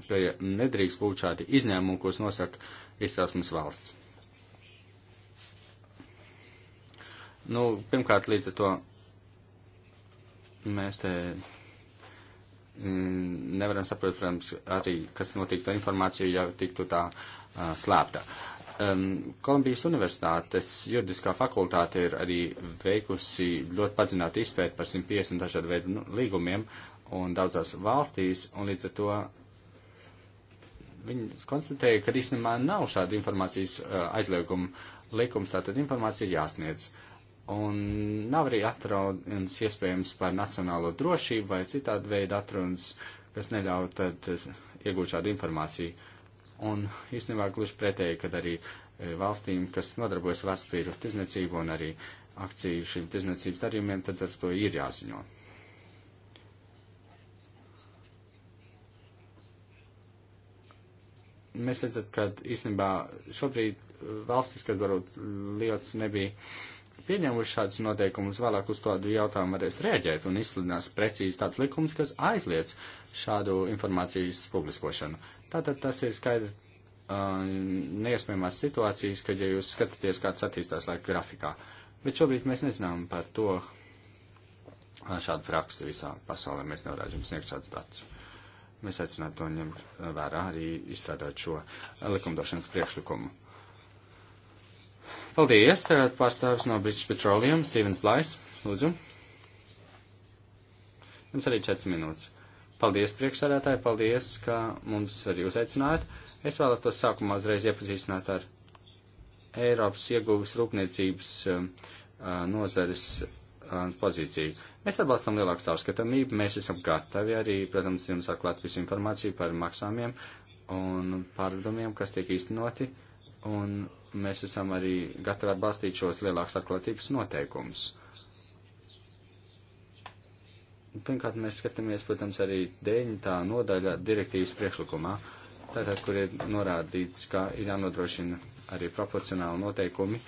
C: ka nedrīkst būt šādi izņēmumi, kurus nosaka izcelsmes valsts. Nu, pirmkārt, līdz ar to mēs te mm, nevaram saprast, protams, arī, kas notiktu ar informāciju, ja tiktu tā uh, slēpta. Uh, Um, Kolumbijas Universitātes juridiskā fakultāte ir arī veikusi ļoti padzinātu izpēti par 150 dažādu veidu nu, līgumiem un daudzās valstīs, un līdz ar to viņi konstatēja, ka īstenībā nav šāda informācijas uh, aizlieguma likums, tātad informācija ir jāsniedz. Un nav arī atrunas iespējams par nacionālo drošību vai citādu veidu atrunas, kas neļauj tad iegūt šādu informāciju. Un īstenībā gluži pretēji, kad arī e, valstīm, kas nodarbojas vērtspīru tirzniecību un arī akciju šīm tirzniecības darījumiem, tad ar to ir jāziņo. Mēs redzam, ka īstenībā šobrīd e, valstis, kas varbūt lietas nebija pieņēmuši šādus noteikumus, vēlāk uz tādu jautājumu varēs rēģēt un izsludinās precīzi tāds likums, kas aizliedz šādu informācijas publiskošanu. Tātad tas ir skaidri uh, neiespējamās situācijas, kad ja jūs skatāties, kāds attīstās laika grafikā. Bet šobrīd mēs nezinām par to uh, šādu praksi visā pasaulē. Mēs nevarētu jums sniegt šādus datus. Mēs aicinātu to ņemt vērā arī izstrādāt šo likumdošanas priekšlikumu. Paldies, tātad pārstāvis no British Petroleum, Stevens Blais, lūdzu. Jums arī 4 minūtes. Paldies, priekšsēdētāji, paldies, ka mums arī uzaicinājāt. Es vēlētos sākumā uzreiz iepazīstināt ar Eiropas ieguvis rūpniecības um, uh, nozares um, pozīciju. Mēs atbalstam lielāku caurskatāmību, mēs esam gatavi arī, protams, jums atklāt visu informāciju par maksājumiem un pārdumiem, kas tiek īstenoti. Un mēs esam arī gatavi atbalstīt šos lielākas atklātības noteikumus. Pirmkārt, mēs skatāmies, protams, arī 9. nodaļa direktīvas priekšlikumā, tātad, kur ir norādīts, ka ir jānodrošina arī proporcionāli noteikumi,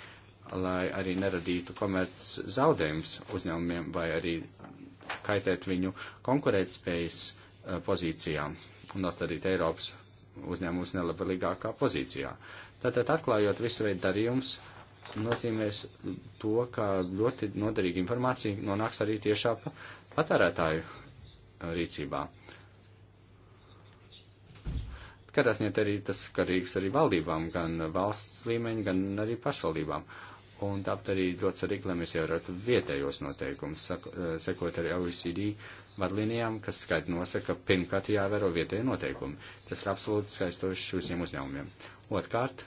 C: lai arī neradītu komerc zaudējums uzņēmumiem vai arī kaitēt viņu konkurētspējas eh, pozīcijām un nostādīt Eiropas uzņēmumus nelabvēlīgākā pozīcijā. Uh, Tātad atklājot visu veidu darījumus, nozīmēs to, ka ļoti noderīga informācija nonāks arī tiešā patērētāju uh, rīcībā. Katrā ziņā arī tas karīgs arī valdībām, gan valsts līmeņa, gan arī pašvaldībām. Un tāpat arī ļoti svarīgi, lai mēs ievērotu vietējos noteikumus, uh, sekot arī OECD vadlinijām, kas skaidri nosaka, ka pirmkārt jāvēro vietējie noteikumi. Tas ir absolūti skaistoši šiem uzņēmumiem. Otkārt,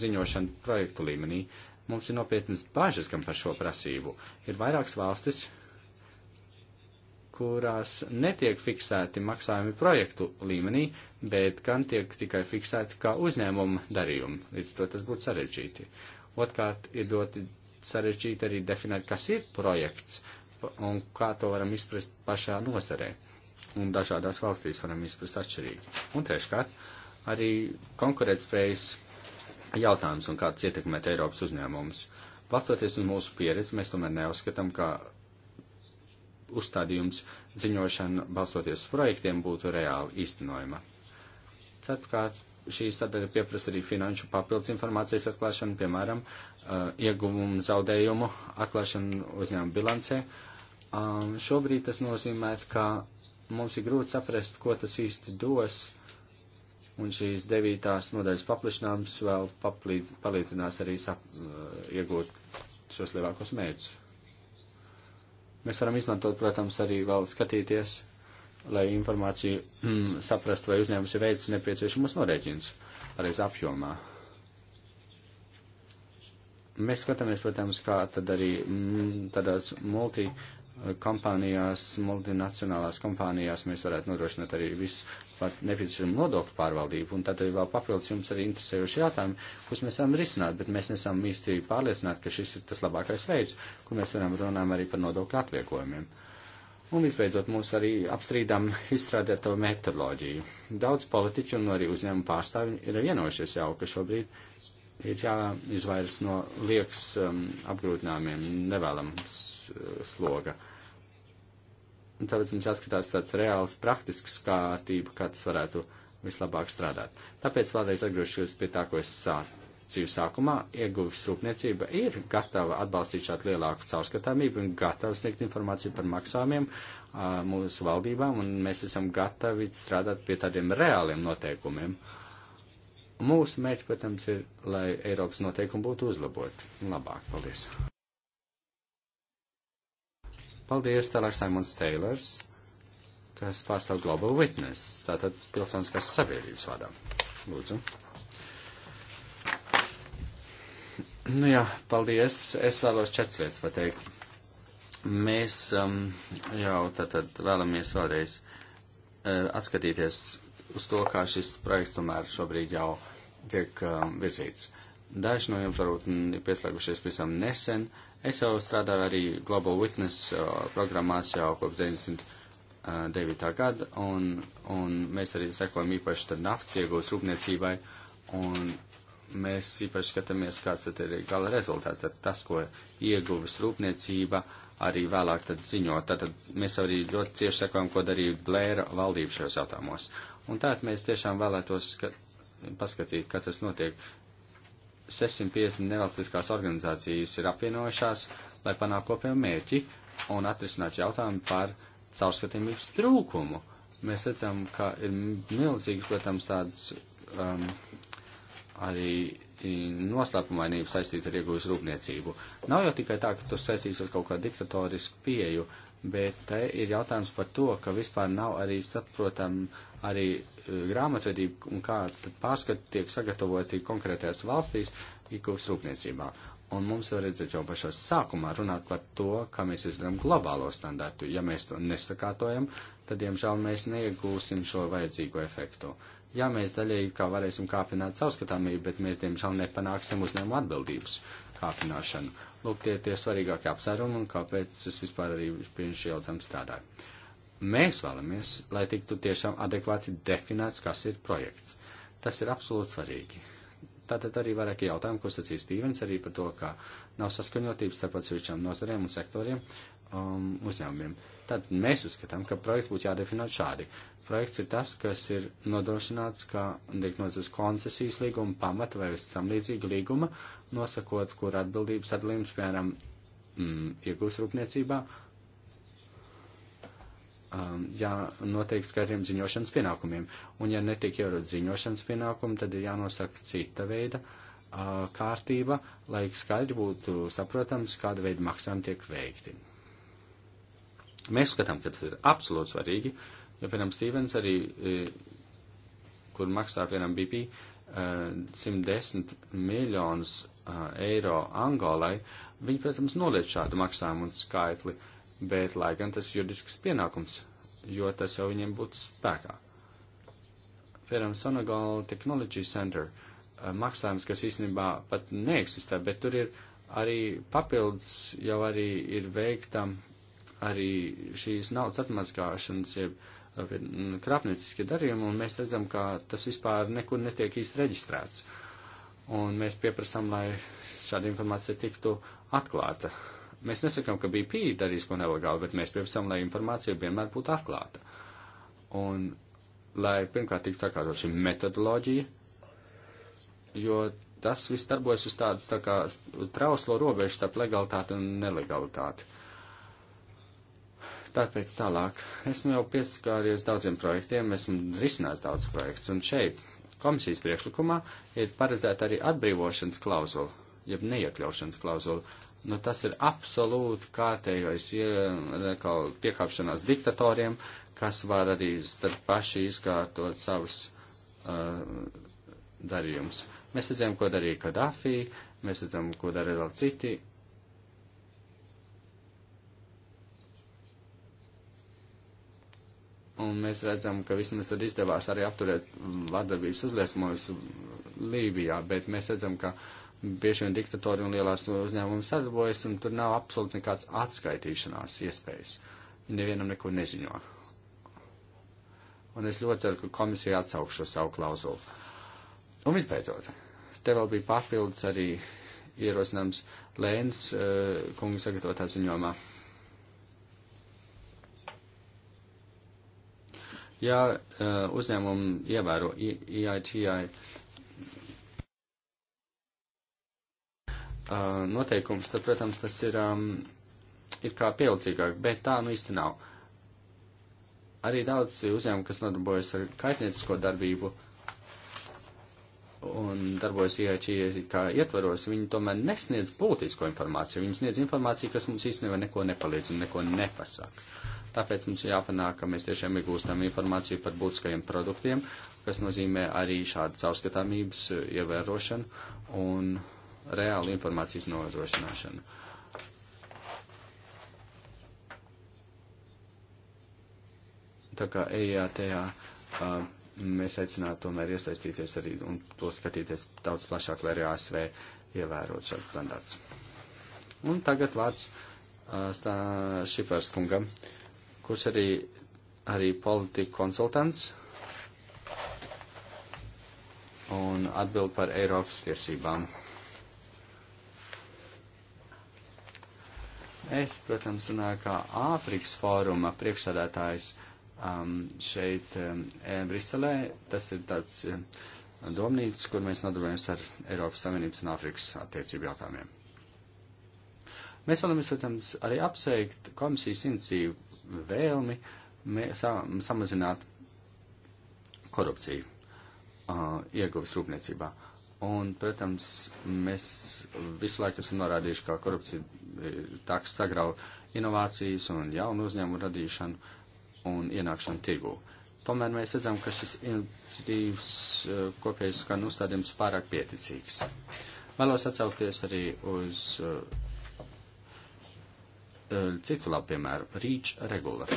C: ziņošana projektu līmenī mums ir nopietnas bažas gan par šo prasību. Ir vairākas valstis, kurās netiek fiksēti maksājumi projektu līmenī, bet gan tiek tikai fiksēti kā uzņēmuma darījumi. Līdz to tas būtu sarežģīti. Otkārt, ir ļoti sarežģīti arī definēt, kas ir projekts un kā to varam izprast pašā nosarē. Un dažādās valstīs varam izprast atšķirīgi. Un treškārt, arī konkurētspējas jautājums un kāds ietekmēt Eiropas uzņēmumus. Balstoties uz mūsu pieredzi, mēs tomēr neuzskatām, ka uzstādījums ziņošana balstoties uz projektiem būtu reāli īstenojama. Ceturkārt, šī sadaļa pieprasa arī finanšu papildus informācijas atklāšanu, piemēram, uh, ieguvumu zaudējumu atklāšanu uzņēmuma bilancē. Um, šobrīd tas nozīmē, ka mums ir grūti saprast, ko tas īsti dos. Uh, un šīs devītās nodaļas paplašinājums vēl paplīd, palīdzinās arī sap, eh, iegūt šos lielākos mērķus. Mēs varam izmantot, protams, arī vēl skatīties, lai informāciju saprastu, vai uzņēmums ir veicis nepieciešamos norēķins pareiz apjomā. Mēs skatāmies, protams, kā tad arī m, mm, tādās multi eh, kompānijās, multinacionālās kompānijās mēs varētu nodrošināt arī visu par nepieciešamu nodokļu pārvaldību, un tad ir vēl papildus jums arī interesējuši jautājumi, kurus mēs varam risināt, bet mēs nesam īsti pārliecināti, ka šis ir tas labākais veids, kur mēs varam runāt arī par nodokļu atvieglojumiem. Un visbeidzot, mūs arī apstrīdam izstrādēto metodoloģiju. Daudz politiķu un arī uzņēmumu pārstāvju ir vienojušies jau, ka šobrīd ir jāizvairas no liekas um, apgrūtinājumiem, nevēlams uh, sloga. Uh, Un tāpēc mums jāskatās tāds reāls, praktisks kārtība, kā tas varētu vislabāk strādāt. Tāpēc vēlreiz atgriežos pie tā, ko es sācīju sākumā. Ieguvis rūpniecība ir gatava atbalstīt šādu lielāku caurskatāmību un gatava sniegt informāciju par maksājumiem mūsu valdībām, un mēs esam gatavi strādāt pie tādiem reāliem noteikumiem. Mūsu mērķis, protams, ir, lai Eiropas noteikumi būtu uzlaboti un labāk. Paldies! Paldies, tālāk Simons Teilers, kas pārstāv Global Witness, tātad pilsoniskās sabiedrības vārdā. Lūdzu. Nu jā, paldies. Es vēlos četras lietas pateikt. Mēs um, jau tātad vēlamies vēlreiz uh, atskatīties uz to, kā šis projekts tomēr šobrīd jau tiek um, virzīts. Daži no jums varbūt ir pieslēgušies visam nesen. Uh, Es jau strādāju arī Global Witness uh, programmās jau kopš 99. Uh, gada, un, un mēs arī sekojam īpaši tad naftas iegūs rūpniecībai, un mēs īpaši skatāmies, kāds tad ir gala rezultāts, tad tas, ko ieguvis rūpniecība, arī vēlāk tad ziņo. Tātad mēs arī ļoti cieši sekojam, ko darīja Blēra valdība šajos jautājumos. Un tātad mēs tiešām vēlētos, ka paskatīt, kā tas notiek. 650 nevalstiskās organizācijas ir apvienojušās, lai panāktu kopējo mērķi un atrisinātu jautājumu par caurskatāmības trūkumu. Mēs redzam, ka ir milzīgs, protams, tāds um, arī noslēpumainība saistīta ar iegūst rūpniecību. Nav jau tikai tā, ka tu saistīts ar kaut kādu diktatorisku pieju, bet te ir jautājums par to, ka vispār nav arī saprotam arī eh, grāmatvedība un kā pārskati tiek sagatavoti konkrētajās valstīs ikūs rūpniecībā. Un mums var redzēt jau pašā sākumā runāt par to, kā mēs izdarām globālo standartu. Ja mēs to nesakārtojam, tad, diemžēl, mēs neiegūsim šo vajadzīgo efektu. Jā, mēs daļēji kā varēsim kāpināt caurskatāmību, bet mēs, diemžēl, nepanāksim uzņēmumu atbildības kāpināšanu. Lūk, tie tie svarīgākie apsvērumi un kāpēc es vispār arī pie šī jautājuma strādāju. Mēs vēlamies, lai tiktu tiešām adekvāti definēts, kas ir projekts. Tas ir absolūti svarīgi. Tātad arī vairāki jautājumi, ko sacīja Stīvens, arī par to, ka nav saskaņotības starp atsevišķām nozarēm un sektoriem um, uzņēmumiem. Tad mēs uzskatām, ka projekts būtu jādefinē šādi. Projekts ir tas, kas ir nodrošināts, ka tiek nozīst koncesijas līguma pamata vai samlīdzīga līguma, nosakot, kur atbildības sadalījums, piemēram, mm, iegūs rūpniecībā um, jānotiek skaidriem ziņošanas pienākumiem. Un, ja netiek ievērot ziņošanas pienākumi, tad ir jānosaka cita veida uh, kārtība, lai skaidri būtu saprotams, kāda veida maksājumi tiek veikti. Mēs skatām, ka tas ir absolūti svarīgi, jo, piemēram, Stīvens arī, eh, kur maksā, piemēram, BP, 110 eh, miljonus eh, eiro Angolai, viņi, protams, noliedz šādu maksājumu un skaitli. Uh, bet lai gan tas juridisks pienākums, jo tas jau viņiem būtu spēkā. Piemēram, Sonagal Technology Center eh, maksājums, kas īstenībā pat neeksistē, bet tur ir arī papildus jau arī ir veikta arī šīs naudas atmazgāšanas, jeb eh, krāpnieciskie darījumi, un mēs redzam, ka tas vispār nekur netiek īsti reģistrēts. Un mēs pieprasām, lai šāda informācija tiktu atklāta. Mēs nesakām, ka BP darīs ko nelegāli, bet mēs pieprasām, lai informācija vienmēr būtu atklāta. Un lai pirmkārt tiktu sakārtot šī metodoloģija, jo tas viss darbojas uz tādas tā kā trauslo robežu starp legalitāti un nelegalitāti. Tāpēc tālāk, esmu jau pieskāries daudziem projektiem, esmu risinājis daudz projekts, un šeit komisijas priekšlikumā ir paredzēta arī atbrīvošanas klauzula jeb neiekļaušanas klauzulu. Nu, tas ir absolūti kārtējais piekāpšanās diktatoriem, kas var arī tad paši izkārtot savus uh, darījumus. Mēs redzējām, ko darīja Kadafī, mēs redzam, ko dara vēl citi. Un mēs redzam, ka vismaz tad izdevās arī apturēt vardarbības uzliesmojumus Lībijā, bet mēs redzam, ka uh, bieži vien diktatori un lielās uzņēmumi sadarbojas, un tur nav absolūti nekāds atskaitīšanās iespējas. Nevienam neko neziņo. Un es ļoti ceru, ka komisija atsaukšu šo savu klauzulu. Un visbeidzot, te vēl bija papildus arī ierosinājums Lēns eh, kungu sagatavotā ziņomā. Ja eh, uzņēmumi ievēro IITI noteikums, tad, protams, tas ir um, it kā pielicīgāk, bet tā nu īsti nav. Arī daudz uzņēmumu, kas nodarbojas ar kaitniecisko darbību un darbojas IHI kā ietvaros, viņi tomēr nesniedz politisko informāciju. Viņi sniedz informāciju, kas mums īstenībā neko nepalīdz un neko nepasaka. Tāpēc mums jāpanāk, ka mēs tiešām iegūstam informāciju par būtiskajiem produktiem, kas nozīmē arī šādu caurskatāmības ievērošanu un uh, reālu informācijas nodrošināšanu. Tā kā EJTA mēs aicinātu tomēr iesaistīties arī un to skatīties daudz plašāk, lai arī ASV ievērot šāds standarts. Un tagad vārds stā Šifers kungam, kurš arī, arī politika konsultants un atbild par Eiropas tiesībām. Es, protams, runāju kā Āfrikas fóruma priekšsādātājs um, šeit um, e, Briselē. Tas ir tāds um, domnīca, kur mēs nodarbojamies ar Eiropas Savienības un Āfrikas attiecību jautājumiem. Mēs vēlamies, protams, arī apsveikt komisijas iniciatīvu vēlmi mē, sa, samazināt korupciju uh, ieguvis rūpniecībā. Un, protams, mēs visu laiku esam norādījuši, kā korupcija e, tāks sagrau inovācijas un jaunu uzņēmumu radīšanu un ienākšanu tirgū. Tomēr mēs redzam, ka šis iniciatīvas e, kopējais skan uzstādījums pārāk pieticīgs. Vēlos atsaukties arī uz e, citu labu piemēru - rīč regula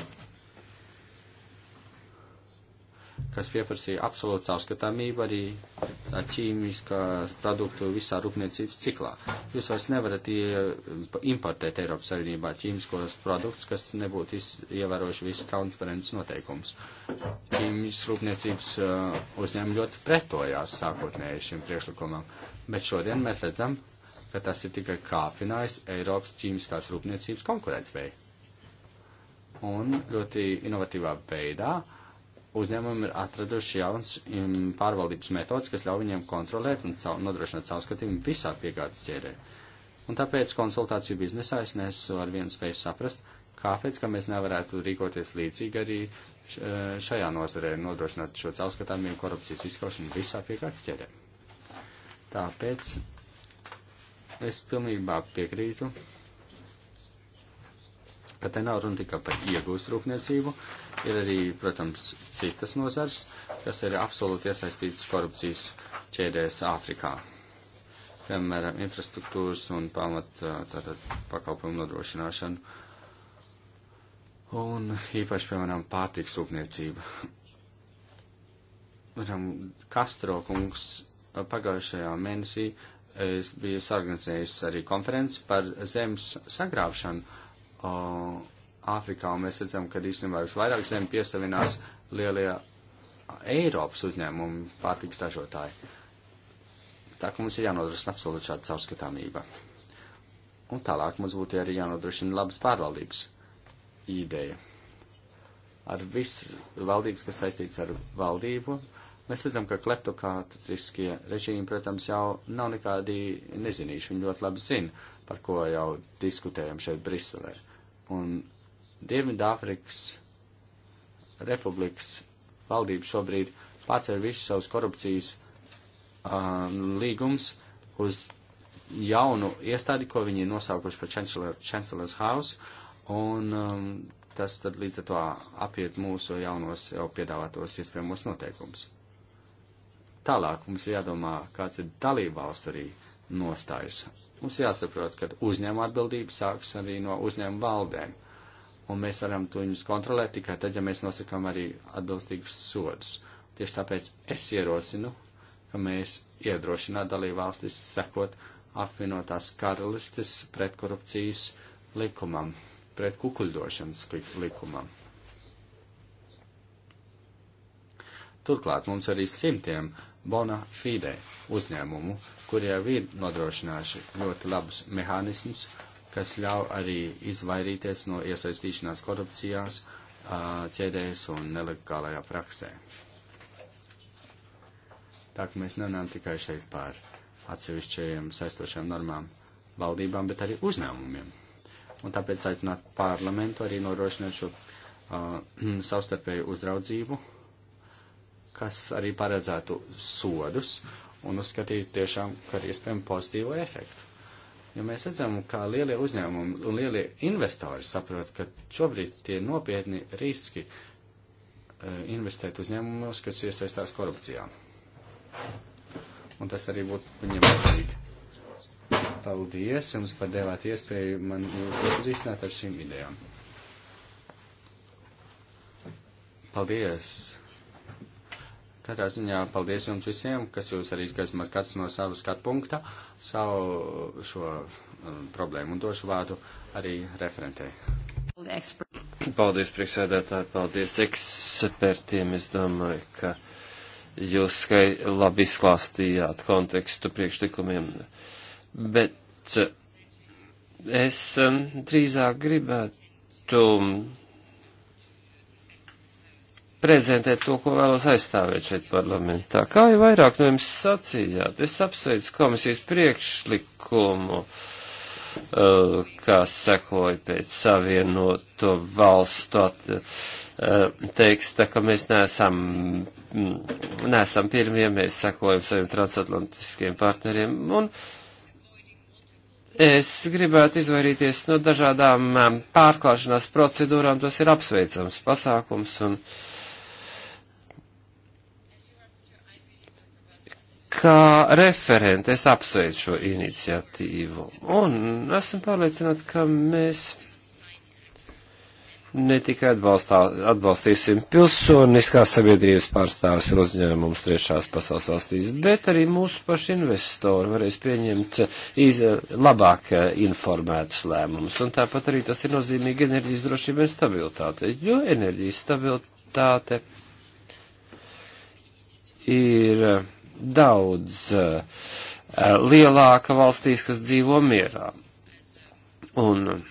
C: kas pieprasīja absolūtu caurskatāmību arī ķīmiskās produktu visā rūpniecības ciklā. Jūs vairs nevarat importēt Eiropas Savienībā ķīmiskos produktus, kas nebūtu ievērojuši visu transparences noteikumus. Ķīmijas rūpniecības uh, uzņēmumi ļoti pretojās sākotnēji šim priekšlikumam, bet šodien mēs redzam, ka tas ir tikai kāpinājis Eiropas ķīmiskās rūpniecības konkurētspēju. Un ļoti inovatīvā veidā uh, uzņēmumi ir atraduši jauns pārvaldības metodas, kas ļauj viņiem kontrolēt un caur, nodrošināt caurskatījumu visā piegādes ķērē. Un tāpēc konsultāciju biznesā es nesu ar vienu spēju saprast, kāpēc, ka mēs nevarētu rīkoties līdzīgi arī šajā nozarē, nodrošināt šo caurskatāmību korupcijas izskaušanu visā piegādes ķērē. Tāpēc es pilnībā piekrītu, ka te nav runa tikai par iegūst rūpniecību, Ir arī, protams, citas nozars, kas ir absolūti iesaistītas korupcijas ķēdēs Āfrikā. Piemēram, infrastruktūras un pamat tātad, pakalpojumu nodrošināšanu. Un īpaši, piemēram, pārtiks rūpniecība. Piemēram, Kastro kungs pagājušajā mēnesī es biju sarganizējis arī konferenci par zemes sagrāvšanu. Uh, Āfrikā, un mēs redzam, ka īstenībā visvairāk zem piesavinās lielie Eiropas uzņēmumi pārtiks ražotāji. Tā ka mums ir jānodrošina absolūti šāda caurskatāmība. Un tālāk mums būtu arī jānodrošina labas pārvaldības ideja. Ar visu valdības, kas saistīts ar valdību, mēs redzam, ka kleptokātriskie režīmi, protams, jau nav nekādi nezinīši. Viņi ļoti labi zina, par ko jau diskutējam šeit Briselē. Un Dienvidāfrikas republikas valdība šobrīd pārceļ visus savus korupcijas um, līgumus uz jaunu iestādi, ko viņi ir nosaukuši par Chancellor, Chancellor's House, un um, tas tad līdz ar to apiet mūsu jaunos jau piedāvātos iespējamos noteikumus. Tālāk mums ir jādomā, kāds ir dalība valsts arī nostājas. Mums jāsaprot, ka uzņēmuma atbildība sāks arī no uzņēmuma valdēm. Uh, un mēs varam to viņus kontrolēt tikai tad, ja mēs nosakām arī atbilstīgus sodus. Tieši tāpēc es ierosinu, ka mēs iedrošinātu dalībvalstis sekot apvienotās karalistes pretkorupcijas likumam, pret kukuļdošanas likumam. Turklāt mums arī simtiem bona fide uzņēmumu, kurie ir nodrošinājuši ļoti labus mehānismus, kas ļauj arī izvairīties no iesaistīšanās korupcijās, ķēdēs un nelegālajā praksē. Tā ka mēs nenām tikai šeit par atsevišķajiem saistošiem normām valdībām, bet arī uzņēmumiem. Un tāpēc aicināt parlamentu arī norošināt šo uh, savstarpēju uzraudzību, kas arī paredzētu sodus un uzskatīt tiešām, ka ir iespējami pozitīvo efektu. Jo mēs redzam, kā lielie uzņēmumi un lielie investori saprot, ka šobrīd tie nopietni riski eh, investēt uzņēmumos, kas iesaistās korupcijā. Un tas arī būtu viņiem vajadzīgi. Paldies jums par devāt iespēju man jūs iepazīstināt ar šīm idejām. Paldies! Katrā ziņā paldies jums visiem, kas jūs arī skaismāt kāds no savas skatu punkta, savu šo um, problēmu un došu vārdu arī referentē.
B: Paldies, priekšsēdētāji, paldies ekspertiem. Es domāju, ka jūs skai labi izklāstījāt kontekstu priekšlikumiem, bet es um, drīzāk gribētu prezentēt to, ko vēlos aizstāvēt šeit parlamentā. Kā jau vairāk no jums sacījāt, es apsveicu komisijas priekšlikumu, uh, kas sekoja pēc savienoto valstu at, uh, teksta, ka mēs neesam, mm, neesam pirmie, mēs sekojam saviem transatlantiskiem partneriem. Un, Es gribētu izvairīties no dažādām eh, pārklāšanās procedūrām, tas ir apsveicams pasākums, un uh, kā referente es apsveicu šo iniciatīvu un esmu pārliecināti, ka mēs ne tikai atbalstā, atbalstīsim pilsoniskās sabiedrības pārstāvis un uzņēmumus trešās pasaules valstīs, bet arī mūsu paši investori varēs pieņemt eh, iz, labāk eh, informētus lēmumus. Un tāpat arī tas ir nozīmīgi enerģijas drošība un stabilitāte, jo enerģijas stabilitāte ir eh, daudz eh, lielāka valstīs, kas dzīvo mierā. Un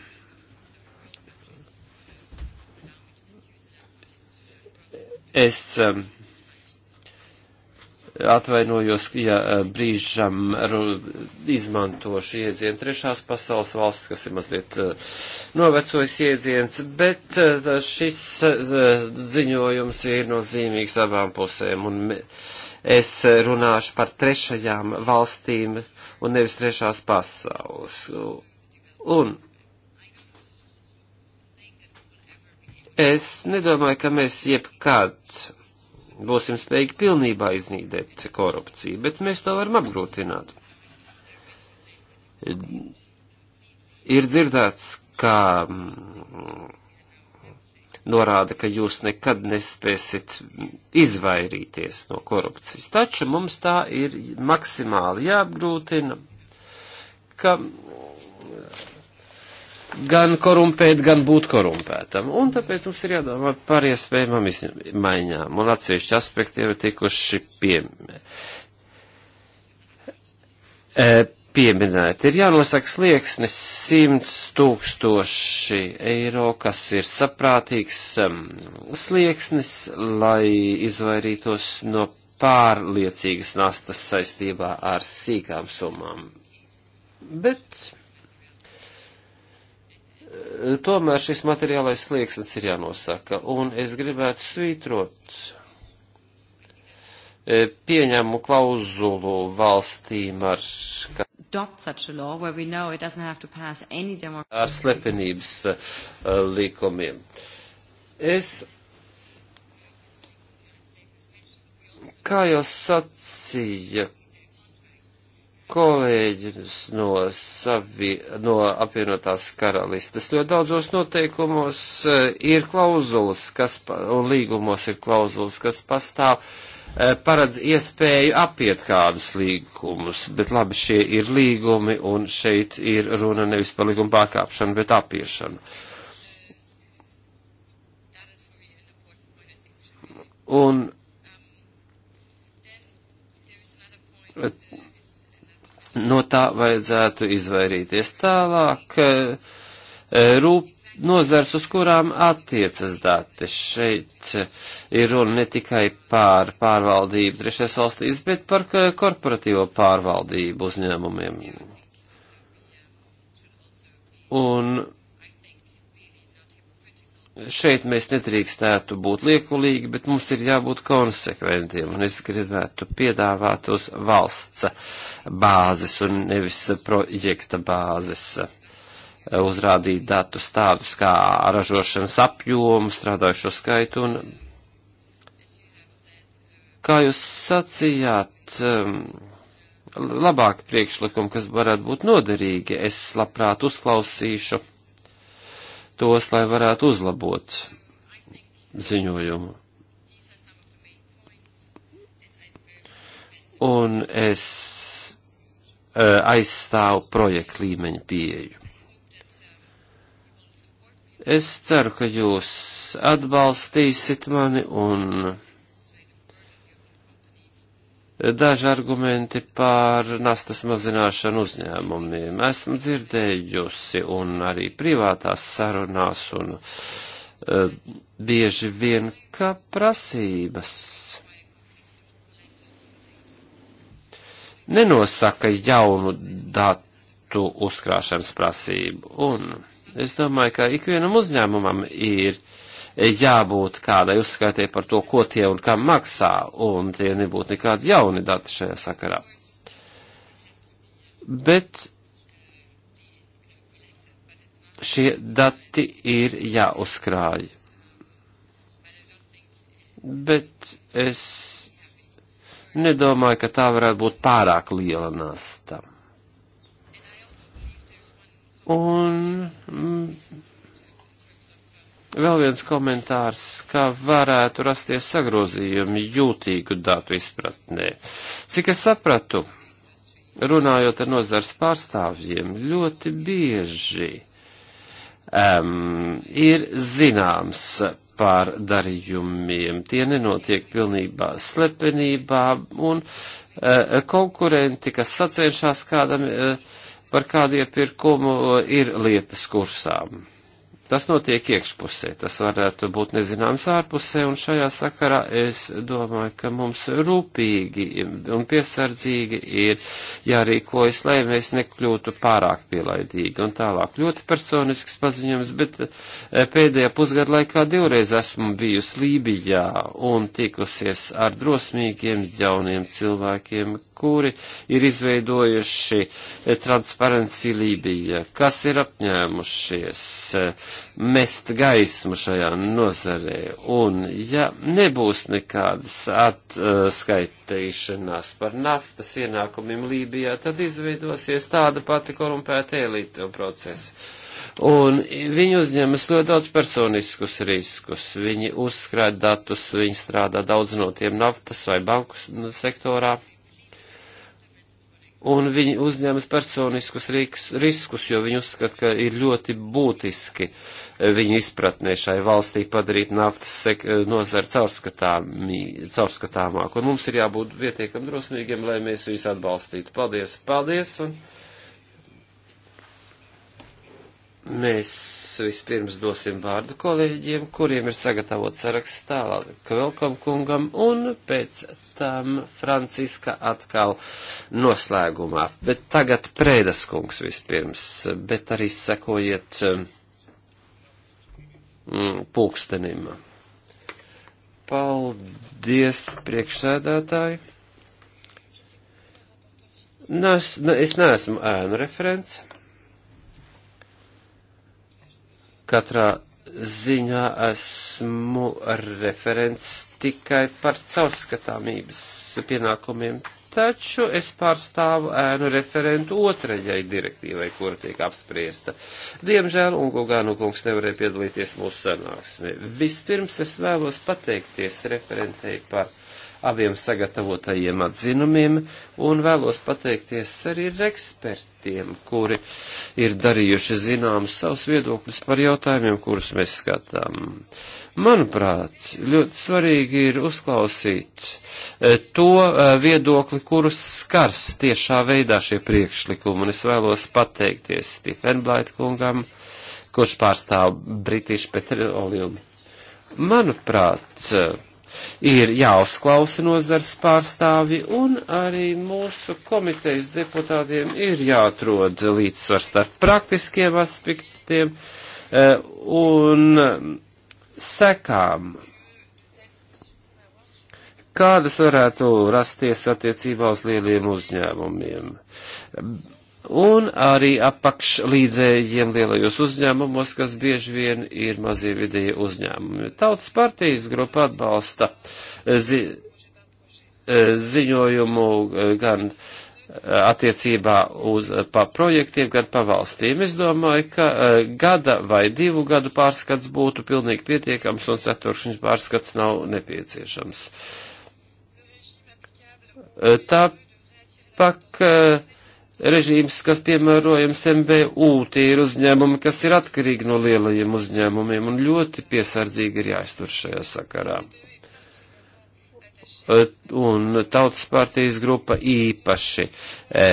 B: es eh, atvainojos, ja eh, brīžam izmantošu iedzienu trešās pasaules valsts, kas ir mazliet novecojis iedziens, bet šis ziņojums ir nozīmīgs abām pusēm. Un, me, es runāšu par trešajām valstīm un nevis trešās pasaules. Un es nedomāju, ka mēs jebkad būsim spējīgi pilnībā iznīdēt korupciju, bet mēs to varam apgrūtināt. Ir dzirdēts, ka norāda, ka jūs nekad nespēsit izvairīties no korupcijas. Taču mums tā ir maksimāli jāapgrūtina, ka gan korumpēt, gan būt korumpētam. Un tāpēc mums ir jādomā par iespējamām izmaiņām. Un atsevišķi aspekti jau ir tikuši pieminēti. E, pieminēti. Ir jānosaka slieksnis 100 tūkstoši eiro, kas ir saprātīgs um, slieksnis, lai izvairītos no pārliecīgas nastas saistībā ar sīkām summām. Bet eh, tomēr šis materiālais slieksnis ir jānosaka, un es gribētu svītrot Eh, pieņemu klauzulu valstīm ar ar slepenības eh, likumiem. Es, kā jau sacīja kolēģis no, savi, no apvienotās karalistes, ļoti daudzos noteikumos eh, ir klauzulas, kas, un līgumos ir klauzulas, kas pastāv Eh, paredz iespēju apiet kādus līgumus, bet labi, šie ir līgumi, un šeit ir runa nevis par līgumu pārkāpšanu, bet apiešanu. Un eh, no tā vajadzētu izvairīties tālāk. Eh, rūp nozars, uz kurām attiecas dati. Šeit ir runa ne tikai par pārvaldību trešais valstīs, bet par korporatīvo pārvaldību uzņēmumiem. Un šeit mēs nedrīkstētu būt liekulīgi, bet mums ir jābūt konsekventiem, un es gribētu piedāvāt uz valsts bāzes un nevis projekta bāzes. Eh, uzrādīt datus tādus kā ražošanas apjomu, strādājušo skaitu un, kā jūs sacījāt, labāk priekšlikumi, kas varētu būt noderīgi, es labprāt uzklausīšu tos, lai varētu uzlabot ziņojumu. Un es eh, aizstāvu projektu līmeņa pieeju. Es ceru, ka jūs atbalstīsit mani un daži argumenti par nastas mazināšanu uzņēmumiem. Esmu dzirdējusi un arī privātās sarunās un uh, bieži vien, ka prasības nenosaka jaunu datu uzkrāšanas prasību. Un Es domāju, ka ikvienam uzņēmumam ir jābūt kādai uzskaitē par to, ko tie un kam maksā, un tie nebūtu nekādi jauni dati šajā sakarā. Bet šie dati ir jāuzkrāj. Bet es nedomāju, ka tā varētu būt pārāk liela nasta. Un mm, vēl viens komentārs, kā varētu rasties sagrozījumi jūtīgu datu izpratnē. Cik es sapratu, runājot ar nozars pārstāvjiem, ļoti bieži um, ir zināms par darījumiem. Tie nenotiek pilnībā slepenībā, un uh, konkurenti, kas sacenšas kādam. Uh, par kādu iepirkumu eh, ir lietas kursām. Tas notiek iekšpusē, tas varētu būt nezināms ārpusē, un šajā sakarā es domāju, ka mums rūpīgi un piesardzīgi ir jārīkojas, lai mēs nekļūtu pārāk pielaidīgi un tālāk. Ļoti personisks paziņojums, bet eh, pēdējā pusgada laikā divreiz esmu bijusi Lībijā un tikusies ar drosmīgiem jauniem cilvēkiem, kuri ir izveidojuši eh, Transparency Lībija, kas ir apņēmušies eh, mest gaismu šajā nozarē. Un ja nebūs nekādas atskaitīšanās par naftas ienākumiem Lībijā, tad izveidosies tāda pati korumpēta elīta procesa. Un viņi uzņemas ļoti daudz personiskus riskus. Viņi uzskrāja datus, viņi strādā daudz no tiem naftas vai banku sektorā un viņi uzņemas personiskus riks, riskus, jo viņi uzskata, ka ir ļoti būtiski eh, viņu izpratnē šai valstī padarīt naftas eh, nozari caurskatāmāku, un mums ir jābūt pietiekam drosmīgiem, lai mēs viņus atbalstītu. Paldies, paldies! Un... Mēs vispirms dosim vārdu kolēģiem, kuriem ir sagatavots saraksts tālāk Kvelkom kungam, un pēc tam Franciska atkal noslēgumā. Bet tagad Prēdas kungs vispirms, bet arī sekojiet um, mm, pulkstenim. Paldies, priekšsēdētāji! Nes, ne, es neesmu ēnu referents. Katrā ziņā esmu referents tikai par caurskatāmības pienākumiem, taču es pārstāvu ēnu referentu otrajai direktīvai, kura tiek apspriesta. Diemžēl Ungogānu kungs nevarēja piedalīties mūsu sanāksmē. Vispirms es vēlos pateikties referentei par abiem sagatavotajiem atzinumiem un vēlos pateikties arī ar ekspertiem, kuri ir darījuši zināmas savus viedokļus par jautājumiem, kurus mēs skatām. Manuprāt, ļoti svarīgi ir uzklausīt e, to e, viedokli, kurus skars tiešā veidā šie priekšlikumi, un es vēlos pateikties Stefenblait kungam, kurš pārstāv British Petroleum. Manuprāt, e, ir jāuzklausa nozars pārstāvi un arī mūsu komitejas deputātiem ir jāatrod līdzsvars starp praktiskiem aspektiem e, un sekām, kādas varētu rasties attiecībā uz lieliem uzņēmumiem un arī apakšlīdzējiem lielajos uzņēmumos, kas bieži vien ir mazie vidēji uzņēmumi. Tautas partijas grupa atbalsta zi, e, ziņojumu e, gan e, attiecībā uz pa projektiem, gan pa valstīm. Es domāju, ka gada vai divu gadu pārskats būtu pilnīgi pietiekams un ceturkšņas pārskats nav nepieciešams. Tāpak režīms, kas piemērojams MBU, tie ir uzņēmumi, kas ir atkarīgi no lielajiem uzņēmumiem un ļoti piesardzīgi ir jāiztur šajā sakarā. E, un tautas partijas grupa īpaši e,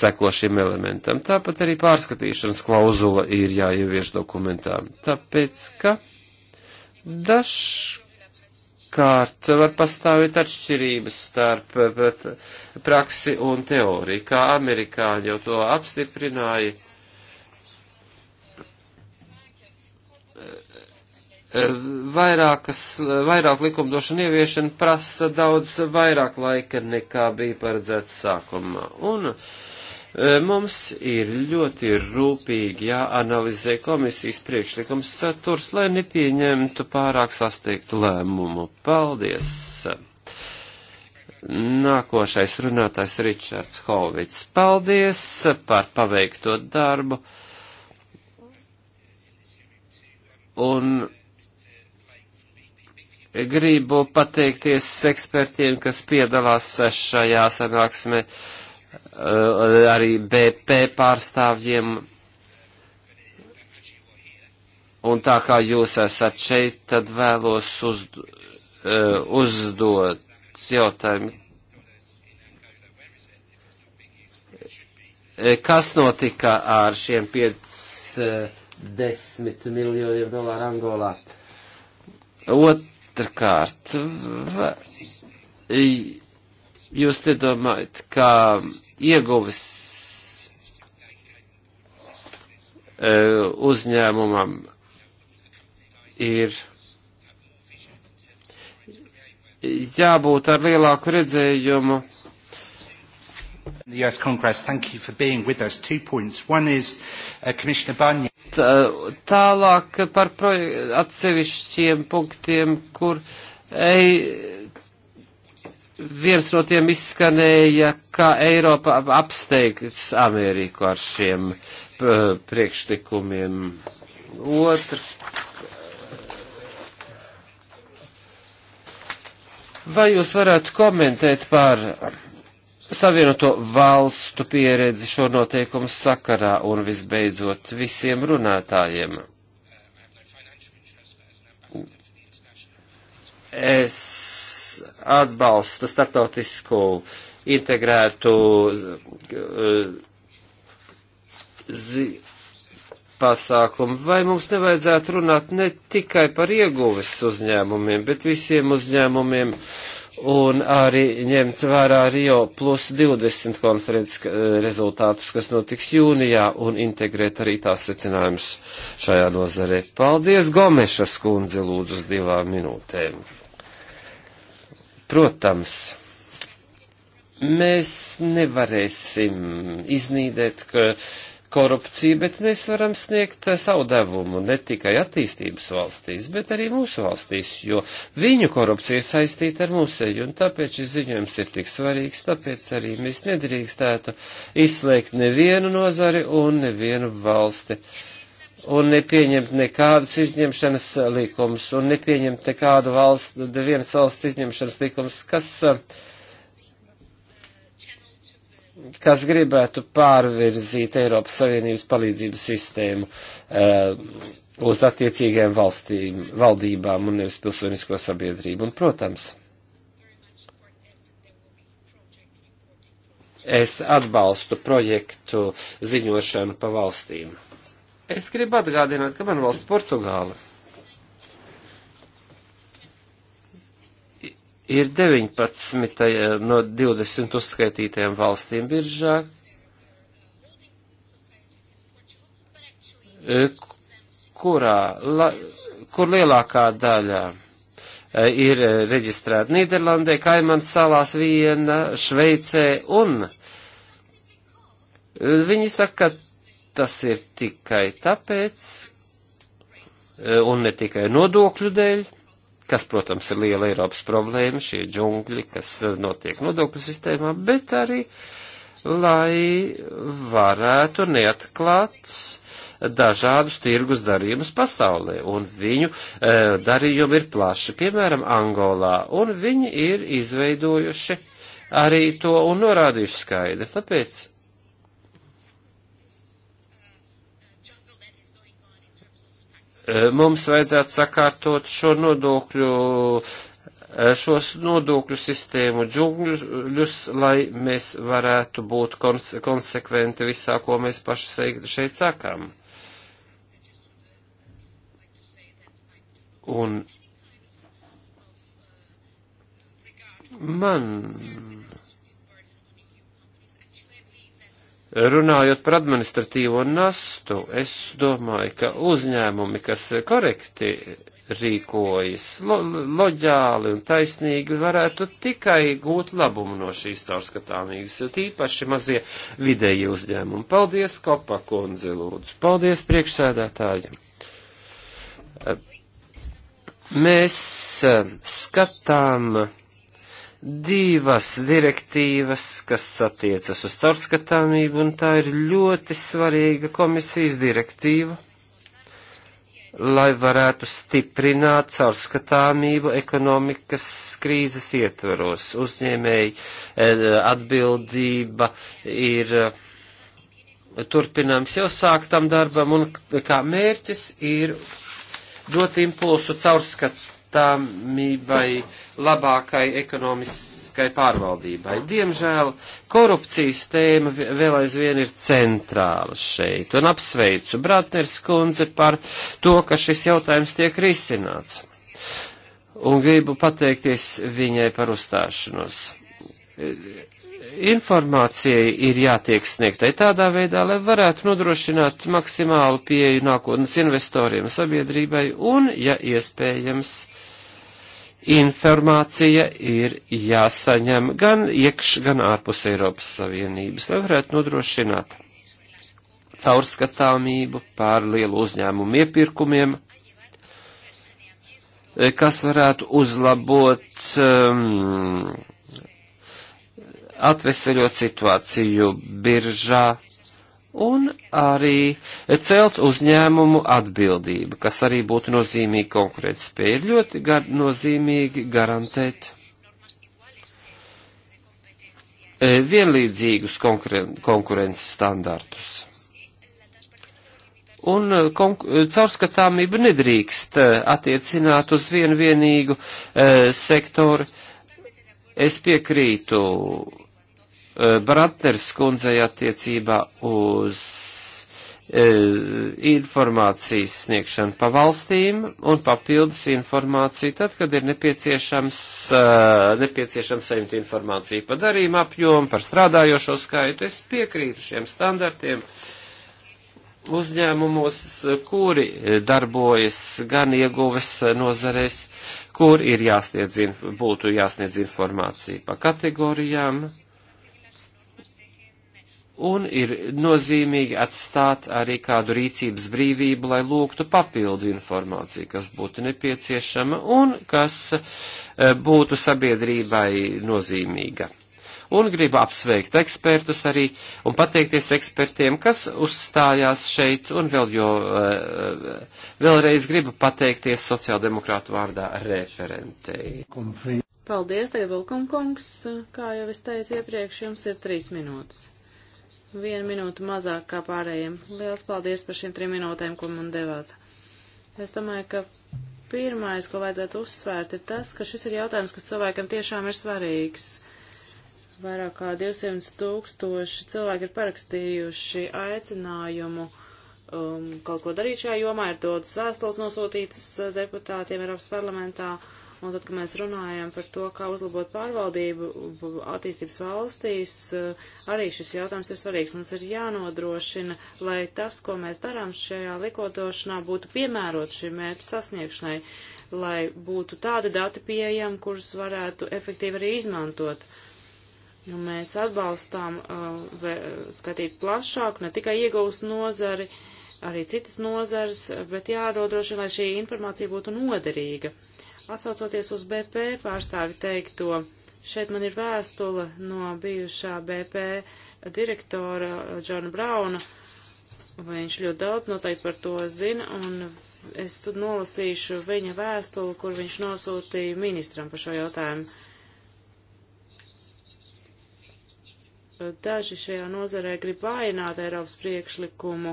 B: seko šim elementam. Tāpat arī pārskatīšanas klauzula ir jāievieš dokumentā. Tāpēc, ka dažs Dažkārt var pastāvēt atšķirības starp eh, bet, praksi un teoriju, kā amerikāņi jau to apstiprināja. Eh, vairākas, vairāk likumdošana ieviešana prasa daudz vairāk laika nekā bija paredzēts sākumā. Un, uh, E, mums ir ļoti rūpīgi jāanalizē komisijas priekšlikums saturs, lai nepieņemtu pārāk sasteigtu lēmumu. Paldies! Nākošais runātājs Ričards Hovits. Paldies par paveikto darbu. Un gribu pateikties ekspertiem, kas piedalās šajā sanāksmē. Uh, Eh, arī BP pārstāvjiem. Un tā kā jūs esat šeit, tad vēlos uzd eh, uzdot jautājumu. Eh, kas notika ar šiem 50 miljoniem dolāru Angolā? Otrkārt, jūs te domājat, ka ieguvis e, uzņēmumam ir jābūt ar lielāku redzējumu. The US Congress, thank you for being with us. Two points. One is uh, Commissioner Barnier. Tālāk par atsevišķiem punktiem, kur ei, viens no tiem izskanēja, ka Eiropa apsteigs Ameriku ar šiem priekšlikumiem. Otrs. Vai jūs varētu komentēt par savienoto valstu pieredzi šo noteikumu sakarā un visbeidzot visiem runātājiem? Es atbalsta starptautisku integrētu eh, zi, pasākumu, vai mums nevajadzētu runāt ne tikai par ieguves uzņēmumiem, bet visiem uzņēmumiem un arī ņemt vērā Rio plus 20 konferences eh, rezultātus, kas notiks jūnijā, un integrēt arī tās secinājumus šajā nozarē. Paldies, Gomešas kundze, lūdzu, uz divām minūtēm. Protams, mēs nevarēsim iznīdēt korupciju, bet mēs varam sniegt savu devumu ne tikai attīstības valstīs, bet arī mūsu valstīs, jo viņu korupcija ir saistīta ar mūseju, un tāpēc šis ziņojums ir tik svarīgs, tāpēc arī mēs nedrīkstētu izslēgt nevienu nozari un nevienu valsti. Uh, un nepieņemt nekādus izņemšanas likumus, un nepieņemt nekādu valsts, nevienas valsts izņemšanas likumus, kas, kas gribētu pārvirzīt Eiropas Savienības palīdzības sistēmu uh, uz attiecīgajām valstīm, valdībām un nevis pilsonisko sabiedrību. Un, protams, es atbalstu projektu ziņošanu pa valstīm. Es gribu atgādināt, ka man valsts Portugāla ir 19 eh, no 20 uzskaitītajām valstīm biržā, eh, kurā, la, kur lielākā daļa eh, ir reģistrēta Nīderlandē, Kaimans salās viena, Šveicē un viņi saka, ka tas ir tikai tāpēc, e, un ne tikai nodokļu dēļ, kas, protams, ir liela Eiropas problēma, šie džungļi, kas e, notiek nodokļu sistēmā, bet arī, lai varētu neatklāt dažādus tirgus darījumus pasaulē, un viņu e, darījumi ir plaši, piemēram, Angolā, un viņi ir izveidojuši arī to un norādījuši skaidri, tāpēc Eh, mums vajadzētu sakārtot šo nodokļu, eh, šos nodokļu sistēmu džungļus, lai mēs varētu būt konse konsekventi visā, ko mēs paši šeit sakām. Un man Runājot par administratīvo nastu, es domāju, ka uzņēmumi, kas korekti rīkojas lo loģāli un taisnīgi, varētu tikai gūt labumu no šīs caurskatāmības, jo tīpaši mazie vidēji uzņēmumi. Paldies, Kopa kundze, lūdzu. Paldies priekšsēdētājiem. Mēs eh, skatām divas direktīvas, kas attiecas uz caurskatāmību, un tā ir ļoti svarīga komisijas direktīva, lai varētu stiprināt caurskatāmību ekonomikas krīzes ietveros. Uzņēmēji e, atbildība ir e, turpinājums jau sāktam darbam, un kā mērķis ir dot impulsu caurskatāmību caurskatāmībai, labākai ekonomiskai pārvaldībai. Diemžēl korupcijas tēma vēl aizvien ir centrāla šeit, un apsveicu Bratners kundze par to, ka šis jautājums tiek risināts. Un gribu pateikties viņai par uzstāšanos informācijai ir jātiek sniegtai tādā veidā, lai varētu nodrošināt maksimālu pieeju nākotnes investoriem, sabiedrībai un, ja iespējams, informācija ir jāsaņem gan iekš, gan ārpus Eiropas Savienības, lai varētu nodrošināt caurskatāmību pār lielu uzņēmumu iepirkumiem, eh, kas varētu uzlabot um, atveseļot situāciju biržā un arī celt uzņēmumu atbildību, kas arī būtu nozīmīgi konkurētspēja. Ir ļoti gar, nozīmīgi garantēt e, vienlīdzīgus konkuren, konkurences standartus. Un e, e, caurskatāmība nedrīkst attiecināt uz vienu vienīgu e, sektoru. Es piekrītu Eh, Bratners kundzei attiecībā uz e, informācijas sniegšanu pa valstīm un papildus informāciju tad, kad ir nepieciešams, e, nepieciešams saņemt informāciju par darījumu apjomu, par strādājošo skaitu. Es piekrītu šiem standartiem uzņēmumos, kuri darbojas gan ieguves nozarēs, kur ir jāsniedz, būtu jāsniedz informācija pa kategorijām un ir nozīmīgi atstāt arī kādu rīcības brīvību, lai lūgtu papildu informāciju, kas būtu nepieciešama un kas e, būtu sabiedrībai nozīmīga. Un gribu apsveikt ekspertus arī un pateikties ekspertiem, kas uzstājās šeit, un vēl jo e, e, vēlreiz gribu pateikties sociāldemokrātu vārdā referentei.
A: Paldies, Tev, Kungs. Kā jau es teicu iepriekš, jums ir trīs minūtes vienu minūtu mazāk kā pārējiem. Liels paldies par šiem trim minūtēm, ko man devāt. Es domāju, ka pirmais, ko vajadzētu uzsvērt, ir tas, ka šis ir jautājums, kas cilvēkam tiešām ir svarīgs. Vairāk kā 200 tūkstoši cilvēki ir parakstījuši aicinājumu um, kaut ko darīt šajā jomā, ir dodas vēstules nosūtītas uh, deputātiem Eiropas parlamentā. Uh, Un tad, kad mēs runājam par to, kā uzlabot pārvaldību attīstības valstīs, eh, arī šis jautājums ir svarīgs. Mums ir jānodrošina, lai tas, ko mēs darām šajā likodošanā, būtu piemērots šim mērķu sasniegšanai, lai būtu tādi dati pieejami, kurus varētu efektīvi arī izmantot. Nu, mēs atbalstām uh, skatīt plašāk, ne tikai iegūst nozari, arī citas nozares, bet jānodrošina, lai šī informācija būtu noderīga. Uh, Atsaucoties uz BP pārstāvi teikto, šeit man ir vēstule no bijušā BP direktora Džona Brauna. Viņš ļoti daudz noteikti par to zina, un es tur nolasīšu viņa vēstuli, kur viņš nosūtīja ministram par šo jautājumu. daži šajā nozarē grib vājināt Eiropas priekšlikumu,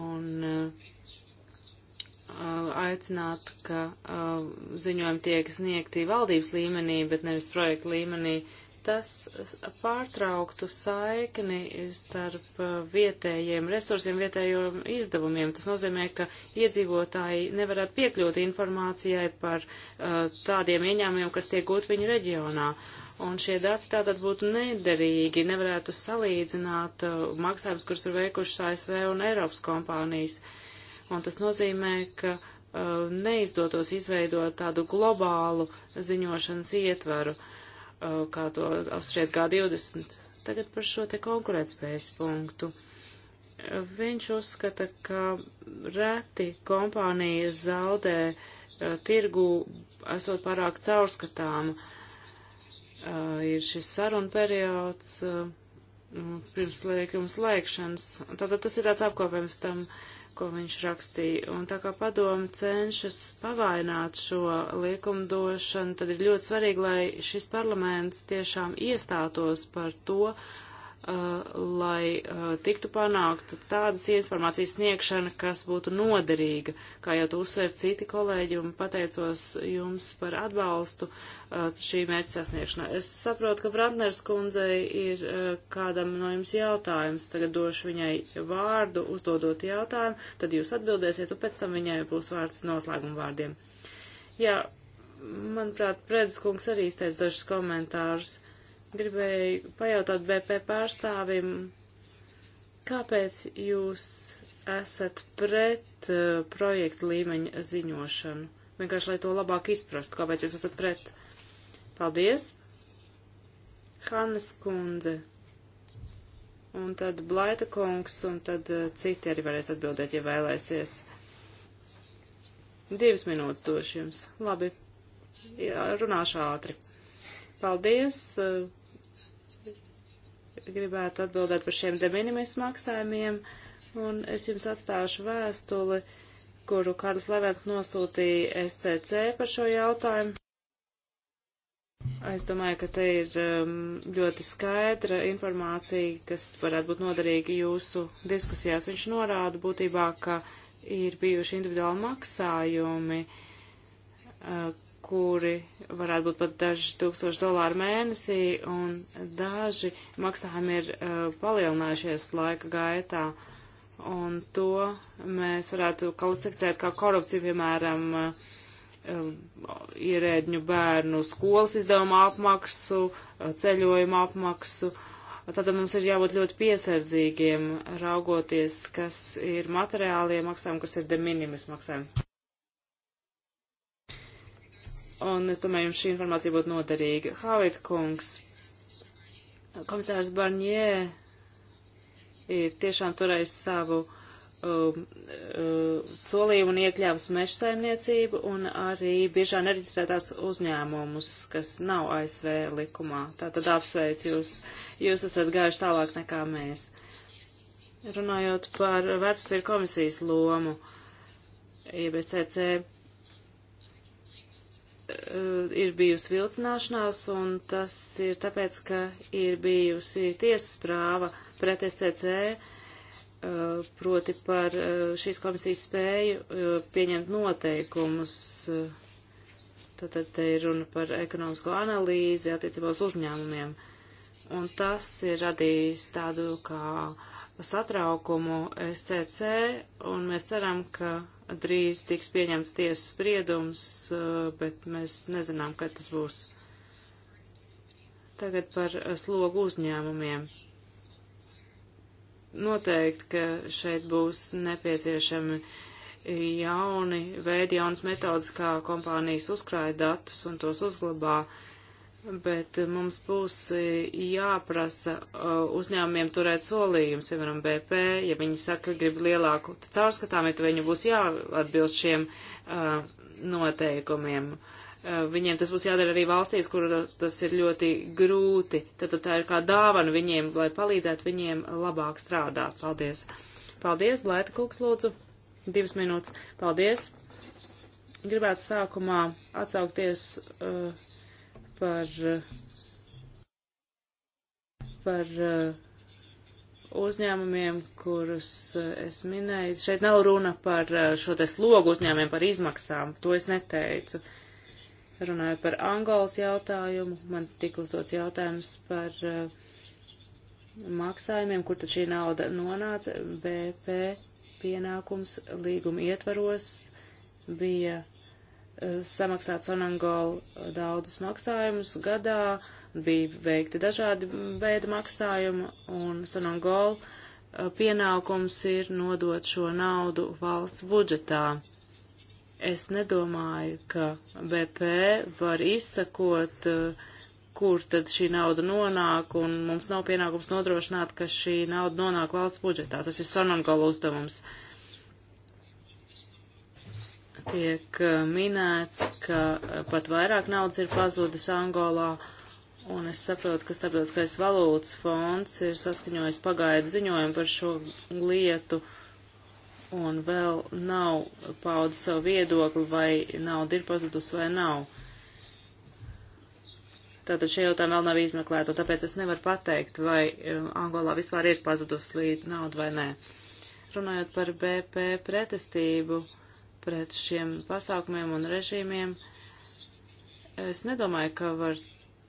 A: un uh, Uh, aicināt, ka uh, ziņojumi tiek sniegti valdības līmenī, bet nevis projekta līmenī. Tas pārtrauktu saikni starp uh, vietējiem resursiem, vietējiem izdevumiem. Tas nozīmē, ka iedzīvotāji nevarētu piekļūt informācijai par tādiem ieņēmumiem, kas tiek gūt viņu reģionā un šie dati tātad būtu nederīgi, nevarētu salīdzināt uh, maksājumus, kurus ir veikušas ASV un Eiropas kompānijas un tas nozīmē, ka uh, neizdotos izveidot tādu globālu ziņošanas ietvaru, uh, kā to apspried G20. Tagad par šo te konkurētspējas punktu. Uh, viņš uzskata, ka reti kompānijas zaudē uh, tirgu, esot pārāk caurskatām. Uh, ir šis saruna periods uh, pirms liekuma slēgšanas. Tātad tas ir tāds apkopējums tam. Uh, ko viņš rakstīja. Un tā kā padoma cenšas pavainot šo likumdošanu, tad ir ļoti svarīgi, lai šis parlaments tiešām iestātos par to, Uh, lai uh, tiktu panākta tādas informācijas sniegšana, kas būtu noderīga, kā jau tu uzsver citi kolēģi, un pateicos jums par atbalstu uh, šī mērķa sasniegšanā. Es saprotu, ka Brantners kundzei ir kādam no jums jautājums. Tagad došu viņai vārdu, uzdodot jautājumu, tad jūs atbildēsiet, un pēc tam viņai būs vārds noslēguma vārdiem. Jā, manuprāt, Prēdis kungs arī izteica dažus komentārus gribēju pajautāt BP pārstāvim, kāpēc jūs esat pret uh, projektu līmeņa ziņošanu? Vienkārši, lai to labāk izprastu, kāpēc jūs esat pret. Paldies! Hannes kundze, un tad Blaita kungs, un tad uh, citi arī varēs atbildēt, ja vēlēsies. Divas minūtes došu jums. Labi. Jā, runāšu ātri. Paldies. Uh, gribētu atbildēt par šiem deminimis maksājumiem, un es jums atstāšu vēstuli, kuru Kārlis Levēns nosūtīja SCC par šo jautājumu. Es domāju, ka te ir um, ļoti skaidra informācija, kas varētu būt noderīga jūsu diskusijās. Viņš norāda būtībā, ka ir bijuši individuāli maksājumi, uh, kuri varētu būt pat daži tūkstoši dolāri mēnesī, un daži maksājumi ir uh, palielinājušies laika gaitā. Un to mēs varētu kvalificēt kā korupciju, piemēram, uh, um, ierēdņu bērnu skolas izdevuma apmaksu, uh, ceļojuma apmaksu. Tātad mums ir jābūt ļoti piesardzīgiem, raugoties, kas ir materiālie maksājumi, kas ir de minimis maksājumi un es domāju, jums šī informācija būtu noderīga. Hāvit kungs, komisārs Barņē ir tiešām turējis savu um, um, solījumu un iekļāvus meža saimniecību un arī biežā nereģistrētās uzņēmumus, kas nav ASV likumā. Tātad apsveic jūs, jūs esat gājuši tālāk nekā mēs. Runājot par vecpapīra komisijas lomu, IBCC Eh, ir bijusi vilcināšanās, un tas ir tāpēc, ka ir bijusi tiesas prāva pret SCC, uh, eh, proti par uh, šīs komisijas spēju uh, pieņemt noteikumus. Tātad te ir runa par ekonomisko analīzi attiecībā uz uzņēmumiem. Un tas ir radījis tādu kā satraukumu SCC, un mēs ceram, ka drīz tiks pieņemts tiesas spriedums, eh, bet mēs nezinām, kad tas būs. Tagad par eh, slogu uzņēmumiem. Noteikti, ka šeit būs nepieciešami jauni veidi, jaunas metodas, kā kompānijas uzkrāja datus un tos uzglabā. Uh, bet mums būs e, jāprasa e, uzņēmumiem turēt solījumus, piemēram, BP, ja viņi saka, grib lielāku caurskatāmību, tad viņi būs jāatbilst šiem uh, noteikumiem. Uh, viņiem tas būs jādara arī valstīs, kur tas ir ļoti grūti. Tad, tad tā ir kā dāvana viņiem, lai palīdzētu viņiem labāk strādāt. Paldies. Paldies, Blēta Kungs, lūdzu. Divas minūtes. Paldies. Gribētu sākumā atsaukties. Uh, par, par uh, uzņēmumiem, kurus uh, es minēju. Šeit nav runa par uh, šo te slogu uzņēmumiem, par izmaksām. To es neteicu. Runājot par Angolas jautājumu, man tika uzdots jautājums par maksājumiem, kur tad šī nauda nonāca. BP pienākums līguma ietvaros bija samaksāts Onangol eh, daudzus maksājumus gadā, bija veikti dažādi veidi maksājumi, un Sonangol eh, pienākums ir nodot šo naudu valsts budžetā. Es nedomāju, ka BP var izsakot, eh, kur tad šī nauda nonāk, un mums nav pienākums nodrošināt, ka šī nauda nonāk valsts budžetā. Tas ir Sonangol uzdevums. Uh, tiek eh, minēts, ka eh, pat vairāk naudas ir pazudis Angolā, un es saprotu, ka starptautiskais valūtas fonds ir saskaņojis pagaidu ziņojumu par šo lietu, un vēl nav paudis savu viedokli, vai nauda ir pazudus vai nav. Tātad šie jautājumi vēl nav izmeklēti, un tāpēc es nevaru pateikt, vai eh, Angolā vispār ir pazudus līdz nauda vai nē. Runājot par BP pretestību, uh, pret šiem pasākumiem un režīmiem. Es nedomāju, ka var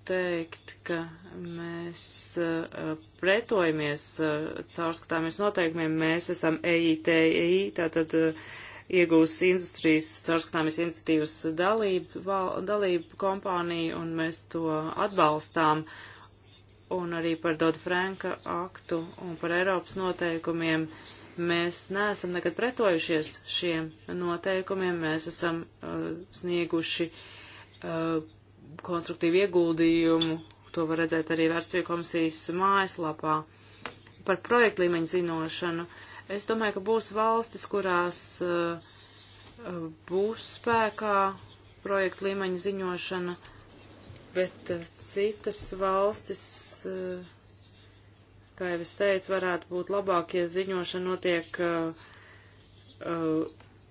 A: teikt, ka mēs uh, pretojamies uh, caurskatāmies noteikumiem. Mēs esam EITI, tātad uh, iegūs industrijas caurskatāmies iniciatīvas dalību, val, dalību kompāniju, un mēs to atbalstām. Un arī par Dodu Franka aktu un par Eiropas noteikumiem. Uh, Mēs neesam nekad pretojušies šiem noteikumiem, mēs esam uh, snieguši uh, konstruktīvu ieguldījumu, to var redzēt arī vērtspēju komisijas mājaslapā. Par projektu līmeņu zinošanu. Es domāju, ka būs valstis, kurās uh, uh būs spēkā projektu līmeņa ziņošana, bet uh, citas valstis uh, kā jau es teicu, varētu būt labāk, ja ziņošana notiek uh, uh,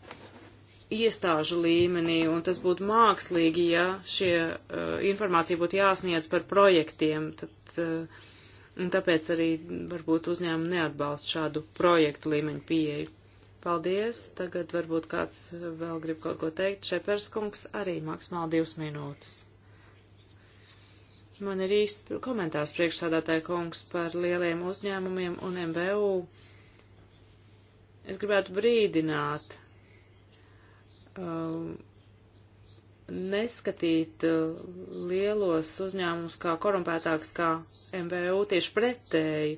A: iestāžu līmenī, un tas būtu mākslīgi, ja šie uh, informācija būtu jāsniedz par projektiem, tad, uh, un tāpēc arī varbūt uzņēmumi neatbalst šādu projektu līmeņu pieeju. Paldies, tagad varbūt kāds vēl grib kaut ko teikt. Šeperskungs arī maksimāli divas minūtes. Man ir īsts komentārs priekšsādātāja kungs par lieliem uzņēmumiem un MVU. Es gribētu brīdināt, um, neskatīt uh, lielos uzņēmumus kā korumpētāks kā MVU tieši pretēji.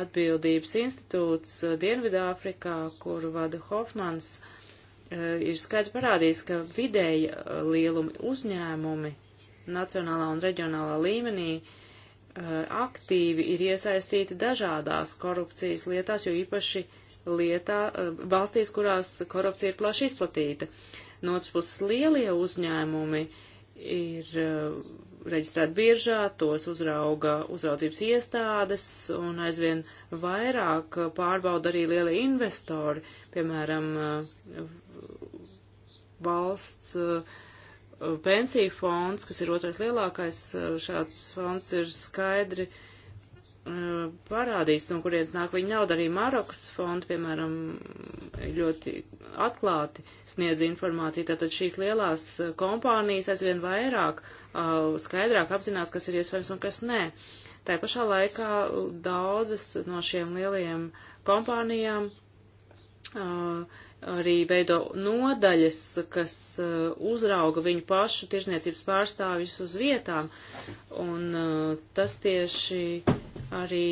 A: Atbildības institūts uh, Dienvidāfrikā, kuru vada Hofmans, uh, ir skaidri parādījis, ka vidēji uh, lielumi uzņēmumi nacionālā un reģionālā līmenī eh, aktīvi ir iesaistīti dažādās korupcijas lietās, jo īpaši lietā, eh, valstīs, kurās korupcija ir plaši izplatīta. No otras puses, lielie uzņēmumi ir eh, reģistrēti biežā, tos uzrauga uzraudzības iestādes un aizvien vairāk pārbauda arī lielie investori, piemēram, valsts uh, Uh, pensiju fonds, kas ir otrais lielākais uh, šāds fonds, ir skaidri uh, parādījis, no kurienes nāk viņa nauda. Arī Marokas fonda, piemēram, ļoti atklāti sniedz informāciju. Tātad šīs lielās uh, kompānijas aizvien vairāk uh, skaidrāk apzinās, kas ir iespējams un kas nē. Tā pašā laikā daudzas no šiem lielajiem kompānijām uh, arī veido nodaļas, kas uh, uzrauga viņu pašu tirzniecības pārstāvjus uz vietām, un uh, tas tieši arī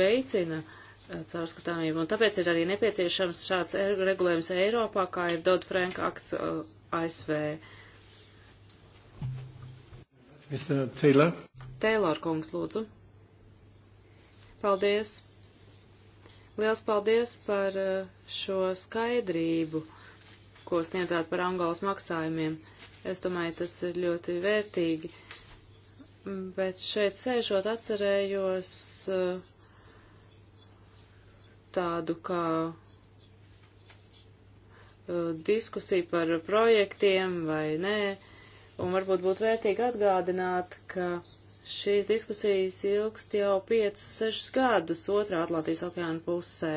A: veicina uh, caurskatāmību. Un tāpēc ir arī nepieciešams šāds er, regulējums Eiropā, kā ir Dodd Frank akts ASV.
B: Mr. Taylor.
A: Taylor kungs, lūdzu. Paldies Liels paldies par eh, šo skaidrību, ko sniedzāt par Angolas maksājumiem. Es domāju, tas ir ļoti vērtīgi. Mm, bet šeit sēžot atcerējos eh, tādu kā eh, diskusiju par projektiem vai nē, un varbūt būtu vērtīgi atgādināt, ka Šīs diskusijas ilgst jau 5-6 gadus otrā Atlantijas okeāna pusē.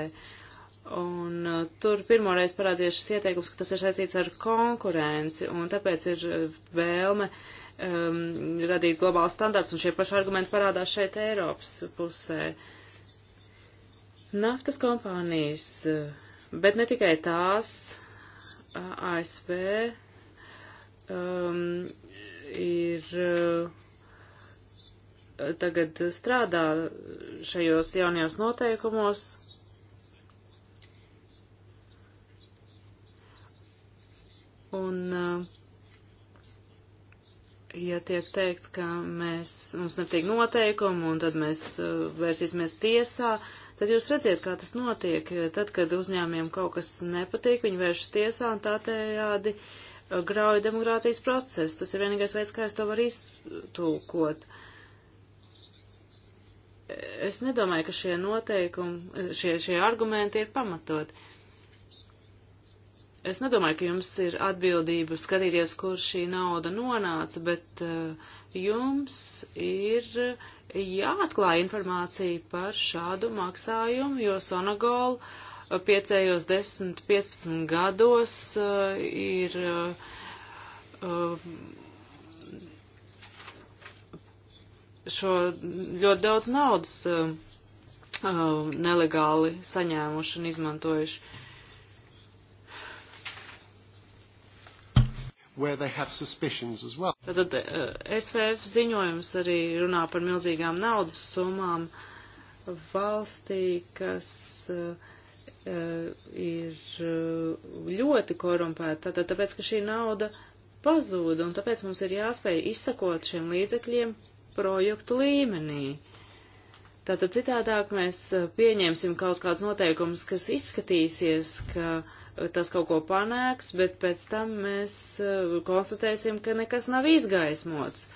A: Un uh, tur pirmoreiz parādījās šis ieteikums, ka tas ir saistīts ar konkurenci, un tāpēc ir uh, vēlme um, radīt globālus standārts, un šie paši argumenti parādās šeit Eiropas pusē. Naftas kompānijas, uh, bet ne tikai tās, uh, ASV um, ir. Uh, tagad strādā šajos jaunajos noteikumos. Un, eh, ja tiek teikts, ka mēs, mums netiek noteikumu un tad mēs eh, vērsīsimies tiesā, tad jūs redziet, kā tas notiek. Tad, kad uzņēmiem kaut kas nepatīk, viņi vēršas tiesā un tā tējādi eh, grauja demokrātijas procesu. Tas ir vienīgais veids, kā es to varu iztūkot. Uh, es nedomāju, ka šie noteikumi, šie, šie argumenti ir pamatot. Es nedomāju, ka jums ir atbildība skatīties, kur šī nauda nonāca, bet uh, jums ir jāatklāj informācija par šādu maksājumu, jo Sonagol 5, 10, 15 gados uh, ir. Uh, šo ļoti daudz naudas uh, uh, nelegāli saņēmuši un izmantojuši. Well. Tad uh, SVF ziņojums arī runā par milzīgām naudas summām valstī, kas uh, uh ir uh, ļoti korumpēta, tātad tāpēc, ka šī nauda pazūda, un tāpēc mums ir jāspēj izsakot šiem līdzekļiem projektu līmenī. Tātad citādāk mēs eh, pieņemsim kaut kāds noteikums, kas izskatīsies, ka eh, tas kaut ko panāks, bet pēc tam mēs eh, konstatēsim, ka nekas nav izgaismots.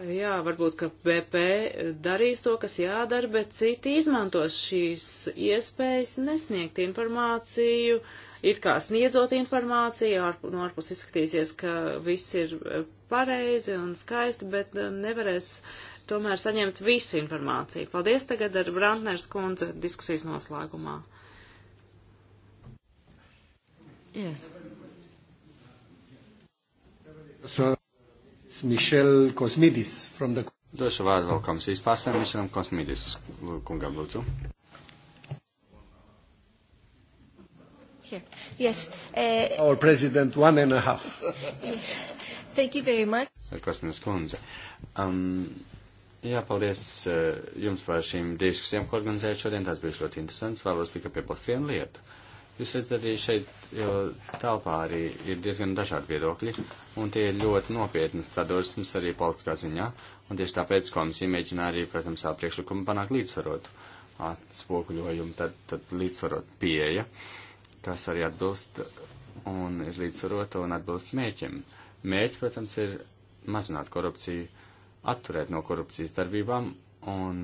A: Jā, varbūt, ka BP darīs to, kas jādara, bet citi izmantos šīs iespējas nesniegt informāciju, it kā sniedzot informāciju, ārp, no ārpus izskatīsies, ka viss ir pareizi un skaisti, bet uh, nevarēs tomēr saņemt visu informāciju. Paldies tagad ar Brantners kundze diskusijas noslēgumā.
B: Yes. Mišel Kosmidis from the...
C: Došu vārdu vēl komisijas pārstāvim Mišelam Kosmidis. Kungam lūdzu.
B: Here. Yes. Uh, Our president, one and a half.
A: yes. Thank you very much.
B: Kosminas kundze.
C: Um, jā, paldies uh, jums par šīm diskusijām, ko organizējat šodien. Tās bija ļoti interesants. Vēlos tikai piebilst vienu lietu. Jūs redzat, arī šeit jau telpā arī ir diezgan dažādi viedokļi, un tie ir ļoti nopietnas sadursmes arī politiskā ziņā, un tieši tāpēc komisija mēģina arī, protams, savu priekšlikumu panākt līdzsvarotu atspoguļojumu, tad, tad līdzsvarot pieeja, kas arī atbilst un ir līdzsvarota un atbilst mēķim. Uh, Mērķis, protams, ir mazināt korupciju, atturēt no korupcijas darbībām un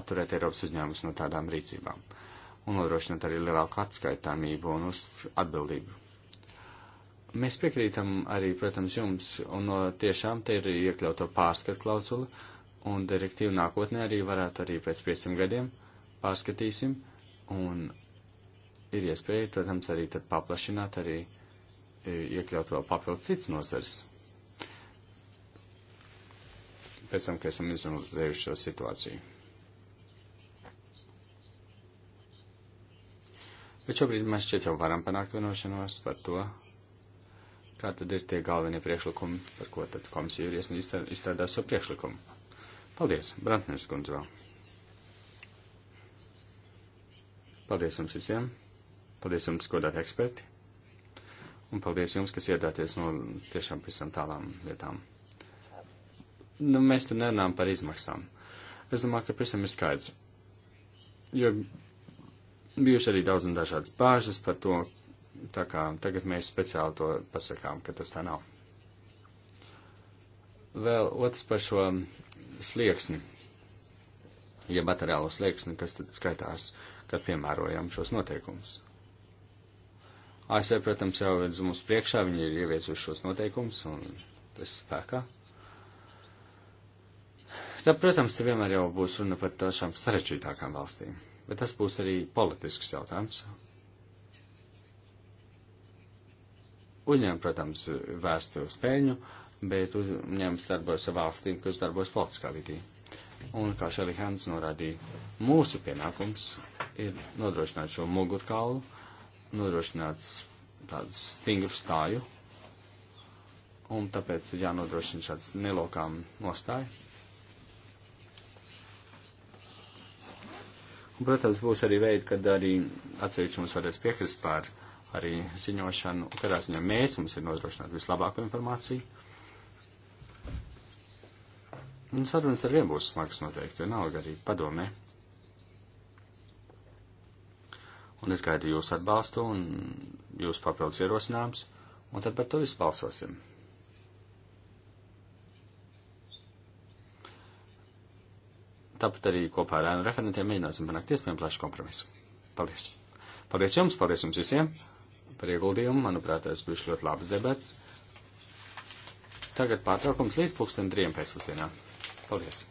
C: atturēt Eiropas uzņēmumus no tādām rīcībām un nodrošināt arī lielāku atskaitāmību un uz atbildību. Mēs piekrītam arī, protams, jums, un no tiešām te ir iekļauta pārskatu klausula, un direktīvu nākotnē arī varētu arī pēc 500 gadiem pārskatīsim, un ir iespēja, protams, arī tad paplašināt arī uh, iekļaut vēl papildus cits nozars. Pēc tam, kad esam izanalizējuši šo situāciju. Bet šobrīd mēs šķiet jau varam panākt vienošanos par to, kā tad ir tie galvenie priekšlikumi, par ko tad komisija ir izstrādājusi savu priekšlikumu. Paldies, Brantners kundze vēl. Paldies jums visiem. Paldies jums, godāt eksperti. Un paldies jums, kas iedāties no tiešām visam tālām lietām. Nu, mēs te nerunājam par izmaksām. Es domāju, ka pavisam ir skaidrs. Jo bijuši arī daudz un dažādas bāžas par to, tā kā tagad mēs speciāli to pasakām, ka tas tā nav. Vēl otrs par šo slieksni, ja materiālo slieksni, kas tad skaitās, kad piemērojam šos noteikumus. ASV, protams, jau ir mums priekšā, viņi ir ieviesuši šos noteikumus un tas spēkā. Tad, protams, te vienmēr jau būs runa par tādām sarežģītākām valstīm, bet tas būs arī politisks jautājums. Uzņēmumi, protams, vērsti uz peļņu, bet uzņēmums darbojas ar valstīm, kas darbojas politiskā vidī. Un, kā Šelihans norādīja, mūsu pienākums ir nodrošināt šo mugurkaulu, nodrošināts tādu stingru stāju, un tāpēc ir jānodrošina šāds nelokām nostāja. Un, protams, būs arī veidi, kad arī atsevišķi mums varēs piekrist par arī ziņošanu, kādā ziņā mērķis mums ir nodrošināt vislabāko informāciju. Un sarunas ar vien būs smagas noteikti, vienalga arī padomē. Un es gaidu jūs atbalstu un jūs papildus ierosinājums, un tad par to visu balsosim. Tāpat arī kopā ar ēnu referentiem mēģināsim panākt iespējami plašu kompromisu. Paldies! Paldies jums, paldies jums visiem par ieguldījumu. Manuprāt, tas bija ļoti labs debats. Tagad pārtraukums līdz pulksten trijiem pēcpusdienā. Paldies!